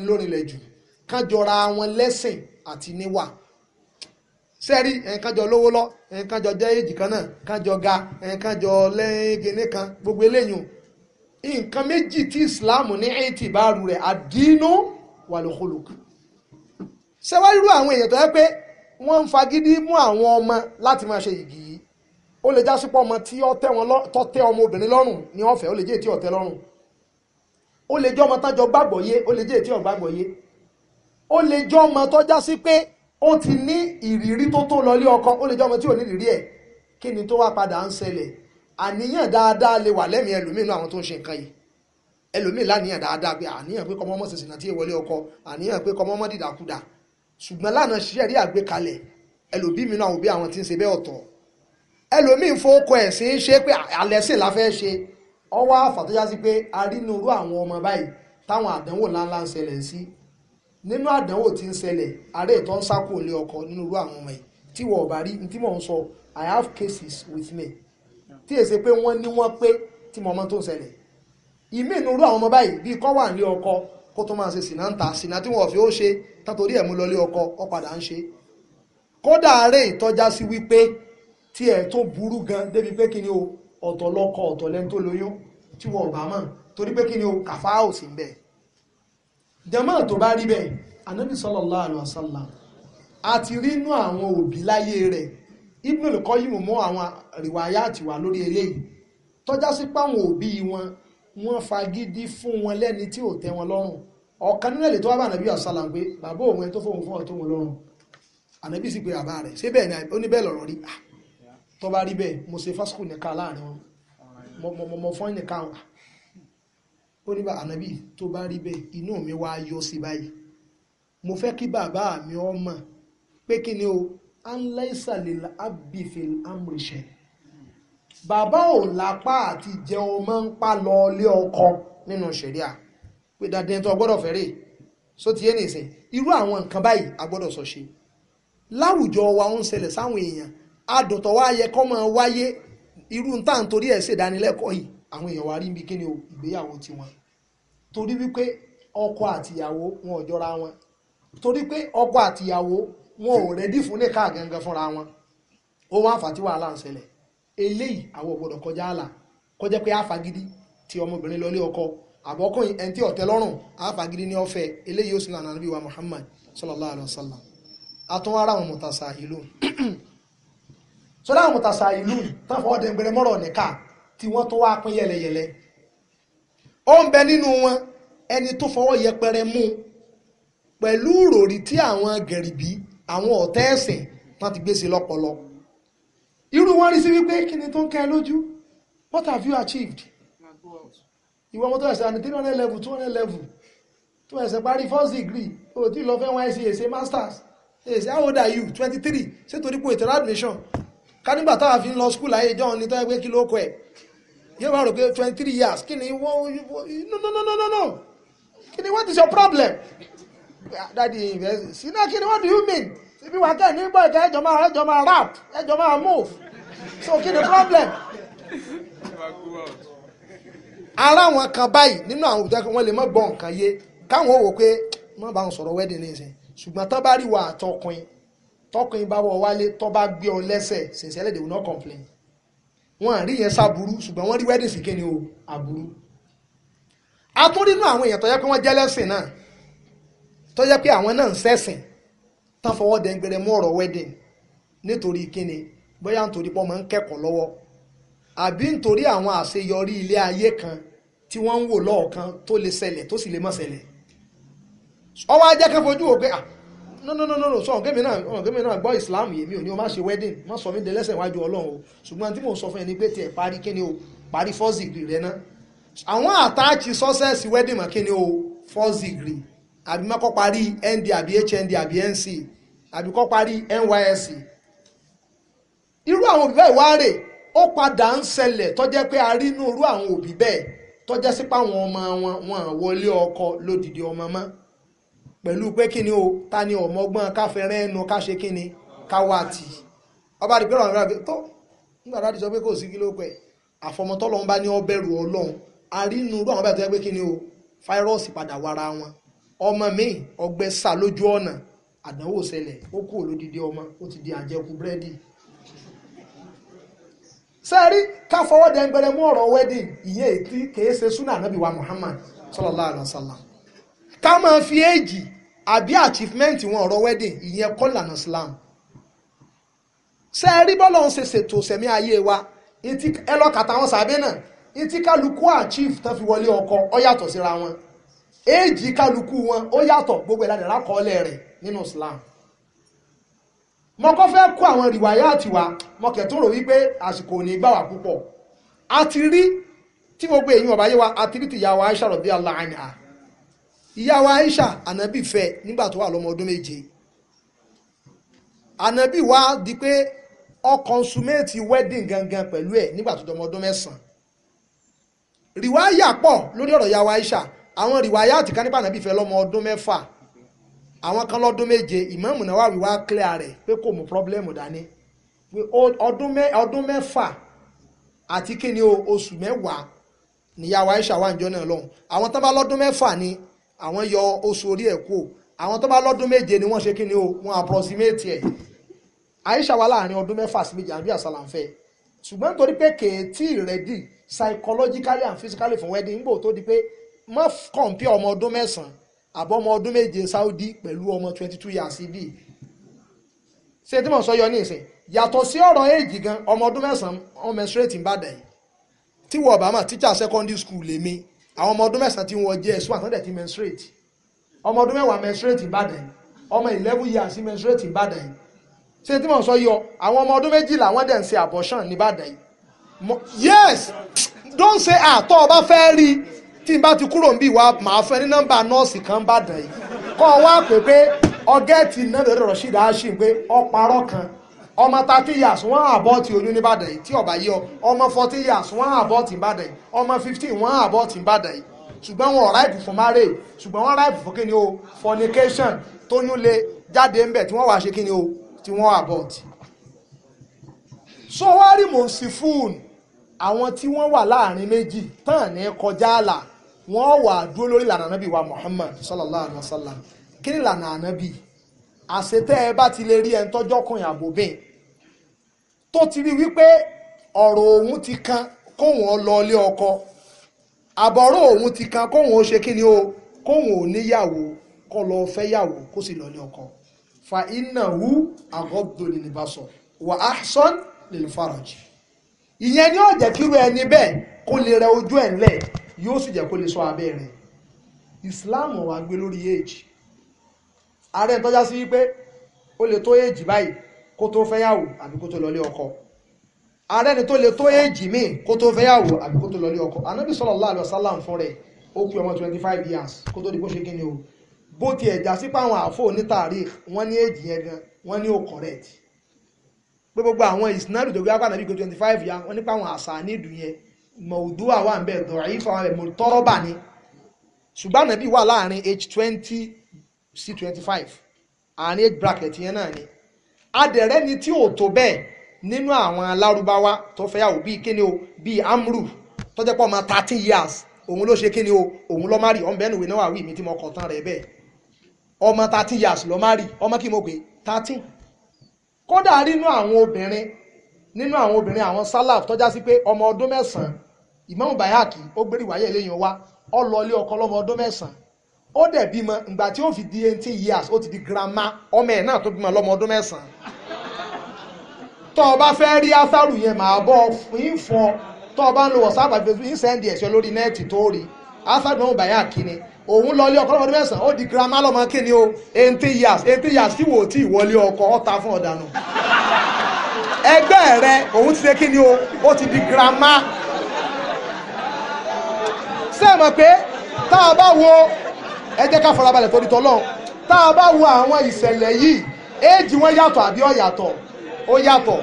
A: ńlórinlẹ̀ jù kán jọra wọn lẹ́sìn àti níwà sẹ́rí ẹ̀ǹkan jọ lówó lọ ẹ̀ǹkan jọ jẹ́ èjì kan náà kan jọ ga ẹ̀ǹkan jọ lẹ́gẹ̀ẹ́nì kan gbogbo eléyìí nǹkan méjì tí Islam ní ẹ̀ǹtì bá rú rẹ̀ àdínú wà lóhùlùkù sẹ́wájú àwọn èèyàn tó yẹ pé wọ́n ń fagídí mú àwọn ọmọ láti máa ṣe yìgì ó lè já sí pọ̀ ọmọ tí ó tẹ́ wọn tó tẹ́ ọmọ obìnrin lọ́rùn ní ọ̀fẹ́ ó lè jẹ́ ètí ọ̀tẹ́ lọ́rùn ó lè jọ́ ọmọ tájọ gbàgbọ́ yé ó lè jẹ́ ètí ọ̀gbàgbọ́ yé ó lè jọ́ ọmọ tó já sí pé ó ti ní ìrírí tó tó lọ lé ọkọ ó lè jọ́ ọmọ tí ò ní ìrírí ẹ̀ kí ni tó wá padà ń ṣẹlẹ̀ àníyàn dáadáa lè wà lẹ́mìí ẹlòmíì nínú àwọn tó ń ṣe nǹkan yìí ẹlòmíì láníyàn dáadáa pé àníyàn pé kọ́mọ́mọ́ ṣèṣì náà tí ì wọlé ọkọ àníyàn pé kọ́mọ́mọ́ dìdàkudà ṣùgbọ́n lánàá ṣiṣẹ́ rí àgbékalẹ̀ ẹlòmíì mi náà òbí àwọn tí ń ṣe bẹ́ẹ̀ ọ̀tọ̀ ẹlòmíín fowókọ ẹ̀sìn ṣe pé àlẹ́sìn la fẹ́ ṣe ọwọ́ àfàtọ́já sí pé arínúurú àwọn ọmọ báyìí táwọn àdánwò ńláńlá ń ṣẹlẹ̀ sí nínú àdánwò tí ń ṣẹlẹ̀ ààrẹ ìtọ́ ń sákò lé ọkọ nínú irú àwọn ọmọ yìí tí wọ́n bá rí tí mò i have cases with me tí èsè pé wọ́n ní wọ́n pé tí mo mọ̀ tó ń ṣẹlẹ̀ ìmí inú irú àwọn ọmọ báyìí bíi kọ́ wà ní ọkọ kó tó máa ṣe sìnà ń ta sìnà tí wọ́n fi ó ṣe ẹ̀ mú lọ lé ọkọ padà ń ṣe tí ẹ̀ tó burú gan débi pé kí ni o ọ̀tọ̀ lọ́kọ ọ̀tọ̀ lẹ́ni tó lóyún tí wọ́n bá mọ̀ torí pé kí ni o kàfá ò sí bẹ́ẹ̀ jàmáà tó bá rí bẹ́ẹ̀ anábì sallallahu a ti rí inú àwọn òbí láyé rẹ̀ Ibnul Qayyim mú àwọn rìwáyà àti wà lórí eléyìí tọ́já sí páwọn òbí wọn wọ́n fagídí fún wọn lẹ́ni tí ò tẹ́ wọn lọ́rùn ọ̀kan nínú ẹ̀lẹ́ tó wá bá ànábì àsálà pé bàbá òun ẹ tó fóun fún ọ̀tún wọn lọ́rùn ànábì sì pé bàbá rẹ̀ ṣé bẹ́ẹ̀ ni ó ní bẹ́ẹ̀ lọ̀rọ̀ rí ah, tó bá rí bẹ́ẹ̀ mo ṣe fásikò nìkan láàrin wọn mo fọ́n nìkan ó ní bá ànábì tó bá rí bẹ́ẹ̀ inú mi wá yọ sí báyìí mo fẹ́ kí bàbá mi ọ mọ̀ pé kí ni o anla ìsàlẹ̀ abifil amrisẹ̀ bàbá ò lápá àti jẹun máa ń pa lọ ilé ọkọ nínú ṣẹ̀ríà pé dandan tó gbọ́dọ̀ fẹ́rẹ̀ só ti yé nìsín irú àwọn nǹkan báyìí a sọ ṣe láwùjọ wa ń ṣẹlẹ̀ sáwọn èèyàn a wa yẹ kọ́ máa wáyé irú ń tàn torí ẹ̀ ṣèdánilẹ́kọ̀ọ́ yìí àwọn èèyàn wa rí ibi kí ni o ìgbéyàwó tiwọn torí wípé ọkọ àtìyàwó wọn ò jọra wọn torí pé ọkọ àtìyàwó wọn ò rẹ́dí fún nìka gangan fúnra wọn ó àfàtí wàhálà ń àwọn ògbọ́dọ̀ kọjá àlà kọjá pé àfagídí ti ọmọbìnrin ọkọ ẹni tí ọ̀tẹ́ lọ́rùn wa Muhammad sallallahu alayhi wa sọ́dọ̀ àwọn mọ̀tàṣà ìlú tán fọwọ́ dẹ̀ngbẹ̀rẹ̀ mọ́rọ̀ nìka tí wọ́n tó wá pín yẹlẹyẹlẹ ó ń bẹ nínú wọn ẹni tó fọwọ́ yẹpẹrẹ mú pẹ̀lú ròrí tí àwọn gẹ̀rìbí àwọn ọ̀tẹ́ ẹ̀sìn ti gbé sí irú wọn rí sí wípé kí ni tó ń kẹ́ lójú what have you achieved ìwọ ọmọ tó ẹ̀sẹ̀ àni three hundred level two hundred level tó ẹ̀sẹ̀ parí first degree o ti lọ fẹ́ wọn ẹ̀sìn èsè masters èsè e how old are you twenty three ṣètò onípò ètò admission ká nígbà táwa fi ń lọ skul ayé ìjọ ní tọ́jú pé kí ló kọ ẹ̀ yóò máa rò pé twenty three years kí ni wọ́n no no no no no no kí ni what is your problem dadi sinna kí ni what do you mean ibi wà tẹ̀ nígbà ìka ẹjọ́ máa ẹjọ́ máa rap ẹjọ́ máa move so kí ni problem ara àwọn kan báyìí nínú àwọn òbí wọn lè má gbọ́ nǹkan yé káwọn ò wò pé má bá wọn sọ̀rọ̀ wedding ní ìsìn ṣùgbọ́n tán bá rí wà àtọkùnrin tọkùnrin bá wọ wálé tó bá gbé ọ lẹ́sẹ̀ sincerely they will complain wọn yẹn sáburú ṣùgbọ́n wọ́n rí wedding sí kíni o aburú a tún rí inú àwọn èèyàn tó yẹ pé wọ́n jẹ́ lẹ́sìn náà tó yẹ pé àwọn náà ń sẹ́sìn tán fọwọ́ mú ọ̀rọ̀ wedding nítorí kíni bóyá nítorí pọ́ máa ń kẹ́kọ̀ọ́ lọ́wọ́ àbí nítorí àwọn àṣeyọrí ilé ayé kan tí wọ́n ń wò lọ́ọ̀kan tó no no no no no. So ọ̀gẹ́ mi náà ọ̀gẹ́ mi náà gbọ́ islam yìí mi ò ní o má ṣe wedding má sọ mí dẹlẹ́sẹ̀ iwájú ọlọ́run o ṣùgbọ́n tí mò ń sọ fún ẹ ní pé tiẹ̀ parí kíni o parí first degree rẹ ná àwọn àtàkì success wedding mọ̀ kíni o first degree àbí má kọ́ parí nd àbí hnd àbí nc àbí kọ́ parí nysc irú àwọn òbí bẹ́ẹ̀ wá rè ó padà ń ṣẹlẹ̀ tọ́jẹ́ pé a rí inú irú àwọn òbí bẹ́ẹ̀ tọ́jẹ́ sípà àwọn ọmọ wọn wọn wọlé ọkọ lódìdí ọmọ mọ́ pẹ̀lú pé kí ni o ta ni ọ̀mọ́gbọ́n ká ẹnu ká ṣe kí ni ká wá tì í ọba àdìgbò tó nígbà láti sọ pé kò sí kí ló pẹ̀ àfọmọtọ́ lọ́n bá ní ọlọ́run tó o fáírọ́ọ̀sì padà wara ọmọ mi ọgbẹ́ sà lójú ọ̀nà àdánwò ó kú ọmọ ó di àjẹkù búrẹ́dì mú ọ̀rọ̀ súnà Muhammad ká máa fi éèjì àbí achievement wọn ọ̀rọ̀ wedding ìyẹn kọ́ lànà Islam ṣe é rí bọ́lọ̀ ń ṣe ṣètò sẹ̀mí ayé wa ẹ lọ kàtà wọn sàbẹ̀ náà ní kálukú achieve tán fi wọlé ọkọ ọ yàtọ̀ síra wọn éèjì kálukú wọn ó yàtọ̀ gbogbo ìlànà lákọọ́lẹ̀ rẹ̀ nínú Islam mo kọ́ fẹ́ kó àwọn rìwáyà àtiwá mo kẹ̀ tó rò wípé àsìkò ò ní gbà wá púpọ̀ a ti rí tí gbogbo èyí ọ̀báyé wa a rí tìyàwó Aisha rọ̀bí aláàánì à ìyá wa Aisha ànábì fẹ́ nígbà tó wà lọ́mọ ọdún méje ànábì wa di pé ó consummate wedding gangan pẹ̀lú ẹ̀ nígbà tó dọmọ ọdún mẹ́sàn-án riwaya pọ̀ lórí ọ̀rọ̀ ìyá wa Aisha àwọn rìwáyà àti kanípa ànábì fẹ́ lọ́mọ ọdún mẹ́fà àwọn kan lọ́dún méje ìmáàmù náà wà wíwá clear rẹ̀ pé kò mú pọ́blẹ́mù dání pé ọdún mẹ́fà àti kí ni oṣù mẹ́wàá níyàwó Aisha wà níjọ́ náà lọ́hùn àwọn tán bá lọ́dún mẹ́fà ni àwọn yọ oṣù orí ẹ̀ kú àwọn tó bá lọ́dún méje ni wọ́n ṣe kí ni o wọ́n approximate ẹ̀ Aisha wà láàrin ọdún mẹ́fà sí méje àbí àsàlàǹfẹ́ ṣùgbọ́n nítorí pé kèétí ready psychologically and physically for wedding nígbò tó di pé má compare ọmọ ọdún mẹ́sàn-án àbọ̀ ọmọ ọdún méje Saudi pẹ̀lú ọmọ twenty two years ibi ṣé tí mo sọ yọ ní ìsìn yàtọ̀ sí ọ̀rọ̀ èjì gan ọmọ ọdún mẹ́sàn-án ọmọ menstruate ń bàdàn tí wọ́n bá mà teacher secondary school lèmi àwọn ọmọ ọdún mẹ́sàn-án tí wọ́n jẹ́ ẹ̀sùn àtọ́dẹ̀ ti menstruate ọmọ ọdún mẹ́wàá menstruate ìbàdàn ọmọ eleven years menstruate ìbàdàn ṣé tí mò ń sọ yọ àwọn ọmọ ọdún méjìlá wọ́n dẹ̀ ń ṣe abortion nìbàdàn yes don't say àtọ́ ah, ọba fẹ́ rí tí n bá ti kúrò níbí wa màá fẹ́ ní nọ́mbà nọ́ọ̀sì kan bàdàn yìí kọ́ ọ wá pé pé ọgẹ́tì náà lọ́dọ̀ rọ̀ ṣì ń pé ọ kan ọmọ thirty years wọ́n àbọ̀tì oyún nìbàdàn yìí tí ọ̀bà yìí ọmọ forty years wọ́n àbọ̀tì nìbàdàn yìí ọmọ fifteen wọ́n àbọ̀tì nìbàdàn yìí ṣùgbọ́n wọn ripe for marriage ṣùgbọ́n wọn ripe for kíni o fornication tóyún le jáde ńbẹ̀ tí wọ́n wá ṣe kíni o tí wọ́n àbọ̀tì. so wọ́n rí monsifun àwọn tí wọ́n wà láàrin méjì tán ní kọjá àlà wọ́n wà dúró lórí ìlànà ànábì wa Muhammad sallallahu alaihi wa sallam kí ni ìlànà ànábì àṣetẹ́ ẹ bá ti lè rí ẹ ń tọ́jọ́ kùn yàgò bẹ́ẹ̀ tó ti rí wípé ọ̀rọ̀ òun ti kan kóhun ó lọ ilé ọkọ àbọ̀rọ̀ òun ti kan kóhun ó ṣe kí ni o kóhun ò níyàwó kó lọ fẹ́ yàwó kó sì lọ ọkọ fa iná hu àgọ́dọ̀ lè wà á sọ́n lè farajì ìyẹn ni ó jẹ́ kíru ẹni bẹ́ẹ̀ kó lè rẹ ojú ẹ̀ ńlẹ̀ yóò sì jẹ́ kó lè sọ abẹ́ rẹ̀ Islam wà gbé lórí èjì ààrẹ tọ́já sí wípé ó lè tó èjì báyìí kó tó fẹ́yàwó àbí kó tó lọlé ọkọ ààrẹ ni tó le tó èjì míì kó tó fẹ́yàwó àbí kó tó lọlé ọkọ anábì sallallahu alaihi wasallam fún rẹ̀ ó pé ọmọ twenty five years kó tó di bó ṣe kí ni o bó ti ẹ̀já sí páwọn àfọ ní tàríkh wọ́n ní èjì yẹn gan wọ́n ní ó correct pé gbogbo àwọn ìsinárì tó gbé apá ànábì kó twenty five years wọ́n ní páwọn àṣà nídùú yẹn mọ̀ọ́dúwà wà ń bẹ̀ dọ̀rọ̀ yìí fáwọn ẹ̀ mọ̀ age twenty sí twenty five àárín age bracket yẹn náà ni adẹ̀rẹ́ ni tí ò tó bẹ́ẹ̀ nínú àwọn alárúbáwá tó fẹ́ yàwó bíi kíni o bíi amru tó jẹ́ pọ̀ ọmọ thirteen years òun ló ṣe kíni o òun lọ́ márì ọmọ bẹ́ẹ̀ nìwé náà wà wí mi tí mo kọ̀ tán rẹ̀ bẹ́ẹ̀ ọmọ thirteen years lọ́ márì ọmọ kí mo pè thirteen kódà rínú àwọn obìnrin nínú àwọn obìnrin àwọn salaf tọ́já sí pé ọmọ ọdún mẹ́sàn-án Imam Bayaki ó gbérí wáyé eléyìí wá ọ lọ ilé ọkọ lọ́mọ ọdún mẹ́sàn-án ó dẹ̀ bímọ ìgbà tí ó fi di eighteen years ó ti di grandma ọmọ ẹ̀ náà tó bímọ lọ́mọ ọdún mẹ́sàn-án tó o bá fẹ́ rí átàrù yẹn màá bọ́ fún fún ọ tó bá ń lo whatsapp àti facebook ìsẹ́ndì ẹ̀ṣọ́ lórí nẹ́ẹ̀tì tó rí átàrù náà bàyà kíni òun lọ ilé ọkọ lọ́mọ ọdún mẹ́sàn-án ó di grandma lọ́mọ kíni o eighteen years eighteen years tí wò ó tí ìwọlé ọkọ ọ̀ta fún rẹ o ti di grandma sẹ́ẹ̀ pé bá wo ẹ jẹ́ ká farabalẹ̀ torí tọ́lọ́run tá a bá wo àwọn ìṣẹ̀lẹ̀ yìí age wọn yàtọ̀ àbí ó ó yàtọ̀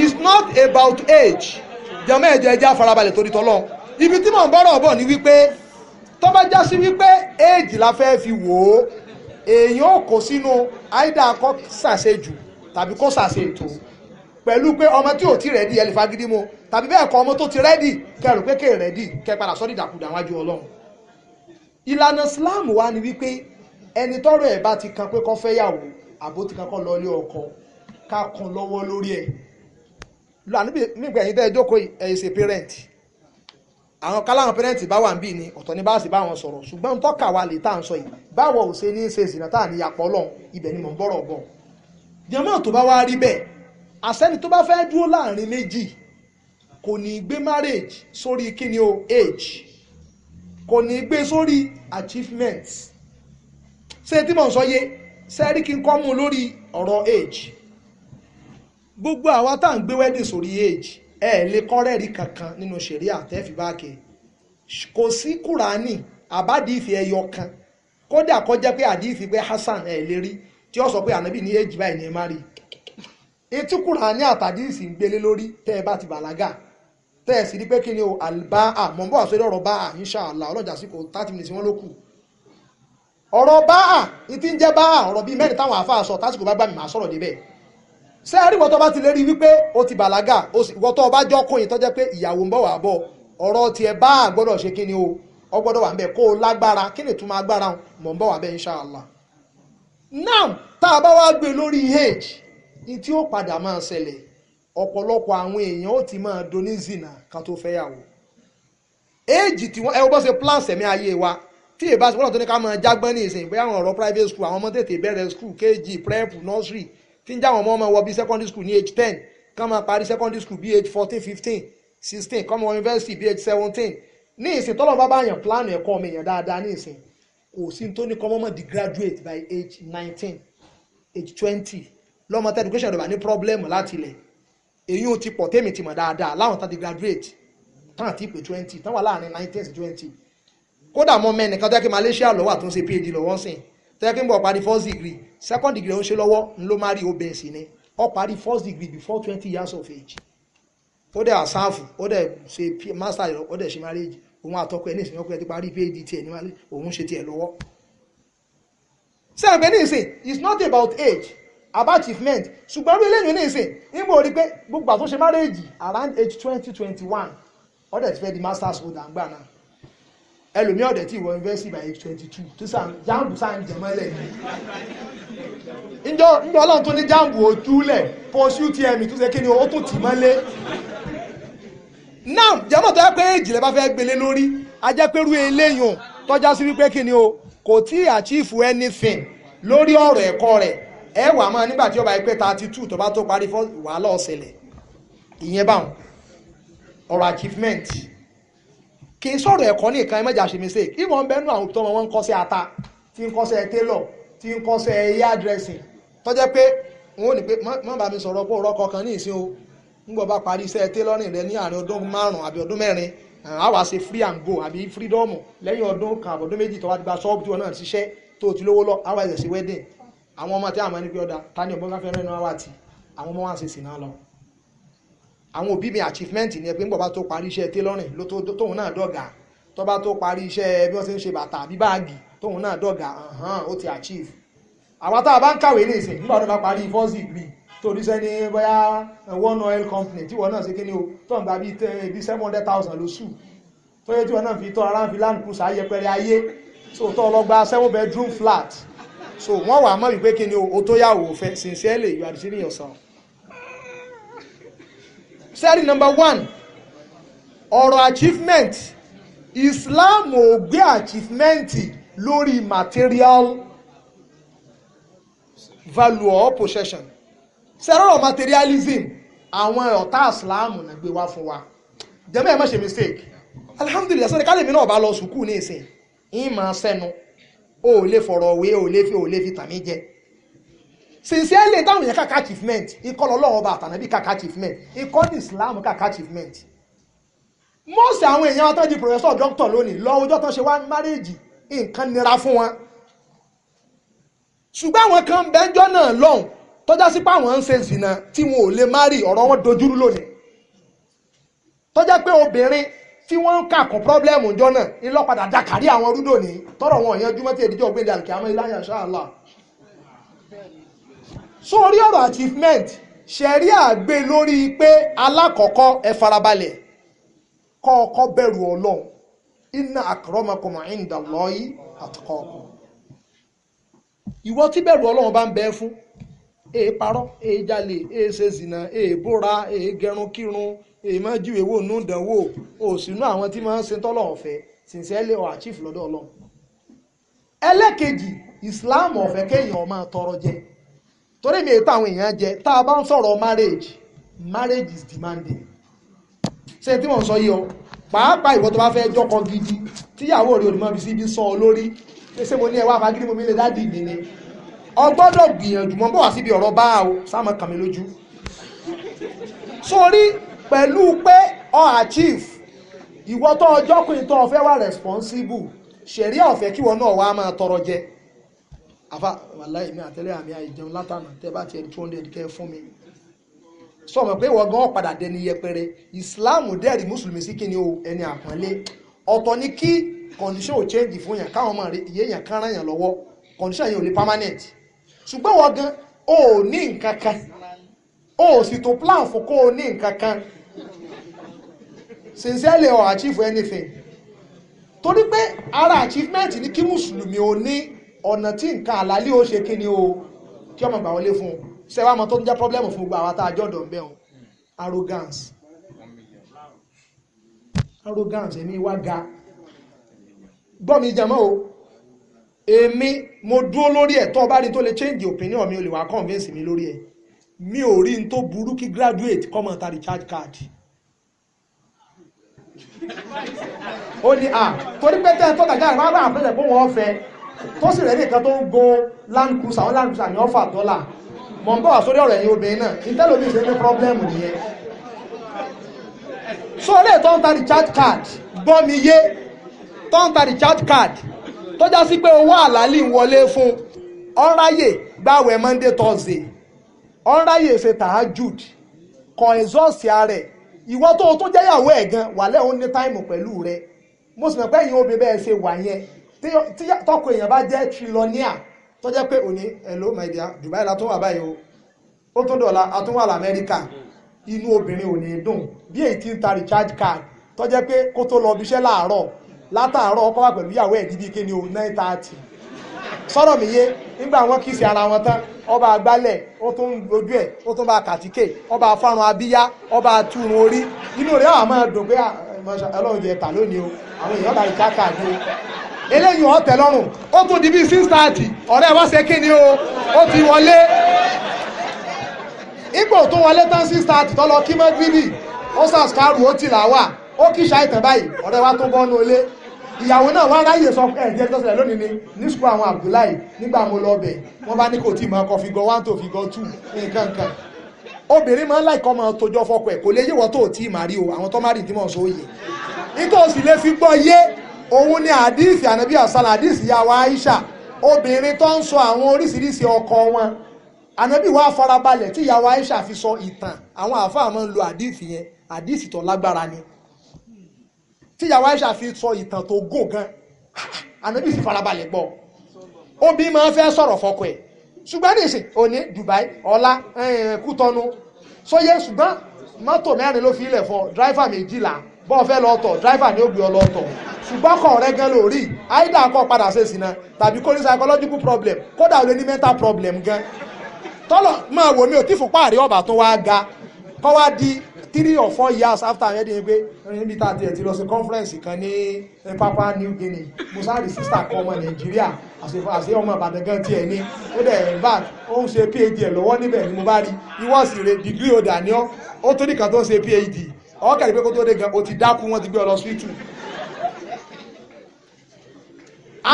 A: it's not about age jẹ́mọ́ ẹ̀jẹ̀ ẹja farabalẹ̀ torí tọ́lọ́run ibi tí mò ń bọ́rọ̀ bọ̀ ni wípé tó bá já sí wípé age la fẹ́ fi wò ó èèyàn ò kó sínú àìdá kó ṣàṣejù tàbí kó ṣàṣe ètò pẹ̀lú pé ọmọ tí ò tí rẹ́dí ẹ lè tàbí bẹ́ẹ̀ kọ́ ọmọ tó ti rẹ́dí kẹrù pé kéè rẹ́dí kẹ padà sọ́dí dàkudà wájú ọlọ́run ìlànà Islam wa ni wípé ẹni tọ́rọ̀ ẹ̀ bá ti kan pé kó fẹ́yàwó àbó ti kan kó lọ ilé ọkọ ká kan lọ́wọ́ lórí ẹ̀ nígbà yìí tẹ́ ẹ jókòó ẹ̀ ṣe parent àwọn káláwọn parent bá wà ń bì ní ọ̀tọ̀ ní bá bá wọn sọ̀rọ̀ ṣùgbọ́n tọ́ka wa lè tá à ń sọ yìí báwo ò ṣe ní í ṣe ìsìnà tá à ní yapọ̀ ọlọ́run ibẹ̀ ni mò ń bọ̀rọ̀ bọ̀ jẹ́mọ́ tó bá wá rí bẹ́ẹ̀ àṣẹ́ni tó bá fẹ́ dúró láàrin méjì kò ní gbé marriage sórí kíni o age kò ní gbé sórí achievements ṣé tí mò ń sọ yé sẹ́rí kí n kọ́ mú lórí ọ̀rọ̀ age gbogbo àwa tá à ń gbé wedding sórí age ẹ lè kọ́rẹ́rì kankan nínú ṣẹ̀rí àtẹ́fìbáàkè kò sí kúránì àbádìífì ẹyọ kan kódà kó jẹ́ pé àdìífì pé Hasan ẹ lè rí tí ó sọ pé ànábì ní age báyìí ni ẹ má rí etí kúránì àtàdìífì ń gbélé lórí tẹ́ ẹ bá ti bàlágà tẹ́ẹ̀sì rí pé kí ni o àlùbá àmọ́bọ̀ àsọ̀rí ọ̀rọ̀ bá à inṣàlá ọlọ́jà sí kò thirty minutes wọn ló kù ọ̀rọ̀ bá à ìtí ń jẹ́ bá à ọ̀rọ̀ bíi mẹ́rin táwọn àáfàá sọ tásìkò bá gbà mí màá sọ̀rọ̀ débẹ̀ ṣé ẹ rí wọ́tọ́ bá ti lè rí wípé o ti bàlágà wọ́tọ́ bá jọ́ kóyin tọ́jẹ́ pé ìyàwó ń bọ̀ wà bọ̀ ọ̀rọ̀ tiẹ̀ bá à gbọ́dọ̀ ṣe kí ni o ọ gbọ́dọ̀ wà ń bẹ̀ kó o lágbára kí ni ìtumọ̀ agbára mọ̀ ń bọ̀ wà bẹ́ inṣàlá now tá a bá wá gbé lórí age ìtí ó padà máa ṣẹlẹ̀ ọ̀pọ̀lọpọ̀ àwọn èèyàn ó ti máa do ní zina kan tó fẹ́ yàwó éèjì tí wọ́n ẹ bọ́ ṣe plan sẹ̀mí ayé wa tí èèbá ṣe wọ́n tó ní ká máa jágbọ́n ní ìsìn bóyá ọ̀rọ̀ private school àwọn ọmọ tètè bẹ̀rẹ̀ school kg prep nursery tí ń já àwọn ọmọ ọmọ wọ bí secondary school ní age ten kán máa parí secondary school bí age fourteen fifteen sixteen kán máa wọ university bí age seventeen ní ìsìn tọ́lọ́ bá bá yàn plan ẹ̀kọ́ ọmọ èèyàn dáadáa ní ìsìn kò sí tó ní kọ́ mọ́mọ́ di graduate by age nineteen age twenty lọ́mọ tẹ́ education rẹ̀ bá ní problem láti ilẹ̀ èyí ò ti pọ̀ tẹ́mi ti mọ̀ dáadáa láwọn tán ti graduate tán àti ìpè twenty tán wà láàrin nineteen sí twenty kódà mọ mẹ́ni kan tó yẹ kí Malaysia lọ́wọ́ àtún ṣe PhD lọ́wọ́ sìn tó yẹ kí n bọ̀ parí first degree second degree ó ń ṣe lọ́wọ́ ń ló má rí obs ni ó parí first degree before twenty years of age ó dẹ̀ àsáàfù ó dẹ̀ ṣe master ó dẹ̀ ṣe marriage òun àtọkọ ẹ ní ìsìn ọkọ ẹ ti parí PhD tiẹ̀ ní òun ṣe tiẹ̀ lọ́wọ́ sẹ́yìn bẹ́ẹ̀ ní ìsìn it's not about age About achievement ṣùgbọ́n rí eléyìí ní ìsìn ori orí pé gbogbo àtúnṣe ṣe eji around age twenty twenty one ọ̀dẹ̀ ti fẹ́ di masters holder àgbà náà ẹlòmí ọ̀dẹ̀ tí wọ university by age twenty two tó sàn jambu sàn jẹ̀mọ́lẹ̀ njọ́ njọ́ ọlọ́run tó ní jambu ojúlẹ̀ pọ̀ṣù tm tó ṣe kíni ó tún tì mọ́lé now jẹ́mọ̀ tó yẹ pé èjì bá o kò tí anything lórí ọ̀rọ̀ ẹ̀kọ́ ẹ wà á máa nígbà tí ó bá pé thirty two tó bá tó parí fọ́ wàhálà ọ̀sẹ̀lẹ̀ ìyẹn báwọn ọ̀rọ̀ achievement kì í sọ̀rọ̀ ẹ̀kọ́ ní ṣe mistake wọn ń ata tí ń kọ́ṣẹ́ tailor tí ń dressing pé mi sọ̀rọ̀ pé ní o bá parí iṣẹ́ tailoring rẹ ní àárín ọdún márùn-ún àbí ọdún mẹ́rin a ṣe free and go àbí freedom lẹ́yìn ọdún kan àbọ̀dún méjì tó wá ti a wedding àwọn ọmọ tí àmọ́ ní pé ọ̀dà ta ni ọ̀bọ̀n bá fẹ́ rẹ́nu wá ti àwọn ọmọ wa ń ṣe náà lọ. àwọn òbí mi achievement ni ẹ pé ńgbọ̀ bá tó parí iṣẹ́ tailoring ló tó tóun náà dọ̀gà tó bá tó parí iṣẹ́ bí wọ́n ṣe ń ṣe bàtà àbí báàgì tóun náà dọ̀gà ó ti achieve. àwa tá a bá ń kàwé ní ìsìn nígbà tó bá parí first degree torí sẹ́ni bóyá one oil company tí wọ́n náà ṣe kíni o tó ń gba bíi seven hundred thousand lóṣù tó yẹ tí wọ́n náà fi tọ́ ara ń fi láǹkù sáyẹpẹrẹ ayé so tó lọ gba seven bedroom flat so wọ́n wà á mọ̀ wípé kí ni o tó yàwó fẹ́ sincerely you are deceiving yourself sẹ́rí number one ọ̀rọ̀ achievement Islam ò gbé achievement lórí material value or possession sẹ́rọ̀rọ̀ materialism àwọn ọ̀tá ìsìláàmù náà gbé wá fún wa jẹ́mẹ́ ẹ̀ má ṣe mistake alhamdulillah sọ́ni kálẹ̀ mi náà bá lọ sùkúù ní ìsìn ìmọ̀ sẹ́nu o ò lè fọ̀rọ̀ òwe o ò lè fi o ò lè fi tàn mí jẹ sincerely táwọn èèyàn kàkà achievement ikọ́ lọ́lọ́wọ́ bá àtànàbí kàkà achievement ikọ́ ní Islam kàkà achievement most àwọn èèyàn tó di professor doctor lónìí lọ́wọ́ ọjọ́ tó ṣe wá marriage nǹkan nira fún wọn ṣùgbọ́n àwọn kan bẹ́ńjọ́ náà lọ́hùn tọ́já sí pé àwọn ń ṣe zìnà tí wọn ò lè marry ọ̀rọ̀ wọn dojúrú lónìí tọ́já pé obìnrin tí wọ́n ń kàkún pọ́blẹ́mù ìjọ náà ńlọ́padà dákàrí àwọn rúdò ní tọ́rọ̀ wọn ìyanjú mọ́tí èdíjọ́ gbélé àlùkí àmọ́ iláyà ṣáàlá so orí ọ̀rọ̀ achievement ṣẹ̀rí àgbé lórí pé alákọ̀ọ́kọ́ ẹ farabalẹ̀ kọ́ọ̀kọ́ bẹ̀rù ọlọ́run inna akramakum indallahi atqakum ìwọ tí bẹ̀rù ọlọ́run bá ń èé parọ́ èé jalè èé ṣe zìnà èé bóra gẹrun kírun èé má jíwèé wò nù dánwò òsínú àwọn tí máa ń ṣe tọ́lọ̀ ọ̀fẹ́ sincerely or achieve lọ́dọ̀ ọlọ́run ẹlẹ́kejì islam ọ̀fẹ́ kéèyàn máa tọrọ jẹ torí mi ètò àwọn èèyàn jẹ tá a bá ń sọ̀rọ̀ marriage marriage is demanding ṣé tí mò ń sọ yìí o pàápàá ìwọ tó bá fẹ́ jọkọ gidi tíyàwó rẹ̀ òdìmọ̀ bí sí ibi sọ ọ lórí ṣé mo ní ẹ wá fagídí mo mi lè dádì ọgbọ́dọ̀ gbìyànjú mọ́ bọ́ wá síbi ọ̀rọ̀ bá o sáàmọ́ kàn mí lójú sórí pẹ̀lú pé ọ achieve ìwọ tó ọjọ́ kùn tó ọ̀fẹ́ wà responsible ṣẹ̀rí ọ̀fẹ́ kíwọ náà wá máa tọrọ jẹ àfa wàláì mi àtẹlẹ àmì àìjẹun látànà tẹ bá tiẹ̀ two hundred kẹ́ fún mi sọmọ pé ìwọ gan padà dẹni yẹpẹrẹ ìsìláàmù dẹ́rì mùsùlùmí sí kí ni o ẹni àpọ́nlé ọ̀tọ̀ ni kí condition ò change fún yàn káwọn ọmọ rẹ ìyẹn yàn kárán yàn lọ́wọ́ condition yẹn ò lè permanent ṣùgbọ́n wọ́n gan o ò ní nǹkan kan o ò sì tó plan fún kó o ní nǹkan kan sincerely or achieve anything torí pé ara achievement ní kí mùsùlùmí o ní ọ̀nà tí nǹkan àlálẹ́ o ṣe kí ni o kí ọmọ ìgbà wọlé fún un ṣe wá mọ tó ń jẹ́ problem fún gbogbo àwọn àtàjọ́ ọ̀dọ̀ ń bẹ̀ wọn arrogance arrogance ẹ̀mí wá ga gbọ́ mi jẹ́ mọ́ o èmi mo dúró lórí ẹ̀ tó o bá rí tó lè change opinion mi o lè wá convince mi lórí ẹ̀ mi ò rí n tó burú kí graduate kọ́ mọ̀ ta recharge card ó ní à torí pé tẹ́ ẹ tọ́ta jáde rárá àpẹẹrẹ pé wọ́n fẹ́ tó sì rẹ̀ nìkan tó ń go land cruiser àwọn land cruiser ní ọ́fà dọ́là mọ̀ ń bọ̀ wá sórí ọ̀rọ̀ ẹ̀yin obìnrin náà intelobin ṣe ní problem nìyẹn so ilé tó ń ta recharge card gbọ́ mi yé tó ń ta recharge card tọ́já sí pé owó àlálì ń wọlé fún ọ̀nráyè gbàwẹ̀ monday thursday ọ̀nráyè ṣe tahajud kan ẹ̀zọ́ọ̀sì ààrẹ ìwọ tó o tó jẹ́yàwó ẹ̀ gan wàlẹ́ òun ní táìmù pẹ̀lú rẹ mo sì mọ̀ pé ìyẹn obìnrin bẹ́ẹ̀ ṣe wà yẹn tí tọkọ èèyàn bá jẹ́ trilọ́níà tó jẹ́ pé òní hello my dear Dubai la tó wà báyìí o ó tún dọ̀la a tún wà lamẹ́ríkà inú obìnrin ò ní dùn bí èyí ti ń ta recharge card tó jẹ́ pé kó tó lọ ibiṣẹ́ láàárọ̀ látàárọ̀ ọkọ pẹ̀lú ìyàwó ẹ̀ dídí kéde o nine thirty sọ̀rọ̀ mi ara wọn tán ọba àgbálẹ̀ ó tún lójú ẹ̀ ó tún bá kàtíkè ọba afárun abíyá ọba àtúrun orí inú rẹ̀ àwọn máa dùn pé ah, ọlọ́run jẹ lónìí o àwọn èèyàn bá rí káàkà o eléyìí ọ̀tẹ̀ lọ́rùn ó tún di bí six thirty ọ̀rẹ́ wá ṣe kí ni o ó ti wọlé ipò tó wọlé tán six thirty mọ́ ó ìyàwó náà wá ráyè sọ pé ẹ̀jẹ̀ tó ṣẹlẹ̀ lónìí ni ní sùkúl àwọn Abdullahi nígbà mo lọ bẹ̀ wọ́n bá ní kò tí ì máa kọ figọ one tó figọ two nǹkan kan obìnrin máa ń láìkọ́ máa tójọ́ fọkọ ẹ̀ kò lè yíwọ́ tó tí ì máa rí o àwọn tó máa rí ìdímọ̀ sóye nítòsí lè fi gbọ́ yé òun ni àdìsí ànábì àsálà àdìsí yàwó Aisha obìnrin tó ń sọ àwọn oríṣiríṣi ọkọ wọn ànábì wá farabalẹ̀ tí yàwó Aisha fi sọ ìtàn àwọn àfáà máa ń lo àdìsí yẹn àdìsí tó lágbára ni tíyàwó Aisha fi sọ ìtàn tó gùn gan ànábì sì farabalẹ̀ gbọ́ obì máa fẹ́ sọ̀rọ̀ fọkọ ẹ̀ ṣùgbọ́n ní ìsìn òní Dubai ọ̀la eh, Kútọ́nù sóyè ṣùgbọ́n mọ́tò mẹ́rin ló fi ilẹ̀ fọ dráìfà méjìlá bọ́ọ̀ fẹ́ lọ tọ̀ dráìfà ni ó gbé ọ lọ tọ̀ ṣùgbọ́n kọ̀ rẹ gan lórí àìdá kọ̀ padà ṣe sí náà tàbí kó ní psychological problem kódà ó lè ní mental problem gan tọ́lọ̀ máa wò mí ò tí fún páàrí ọ̀bà tó wá ga kọ́ wá di three or four years after àwọn ẹ̀dínwó pé níbi tá a ti ẹ̀ ti lọ sí conference kan ní Papua New Guinea mo sáré sísà kan ọmọ Nàìjíríà àṣẹ ọmọ Ìbàdàn gan tiẹ̀ ní ó dẹ̀ in fact ó ń ṣe PhD ẹ̀ lọ́wọ́ níbẹ̀ ni mo bá rí ìwọ sì rè degree ọ̀dà ni ọ́ ó tó nìkan tó ń ṣe PhD ọ̀kẹ́rì pé kó tó dé gan o ti dákú wọn ti gbé ọ lọ sí tù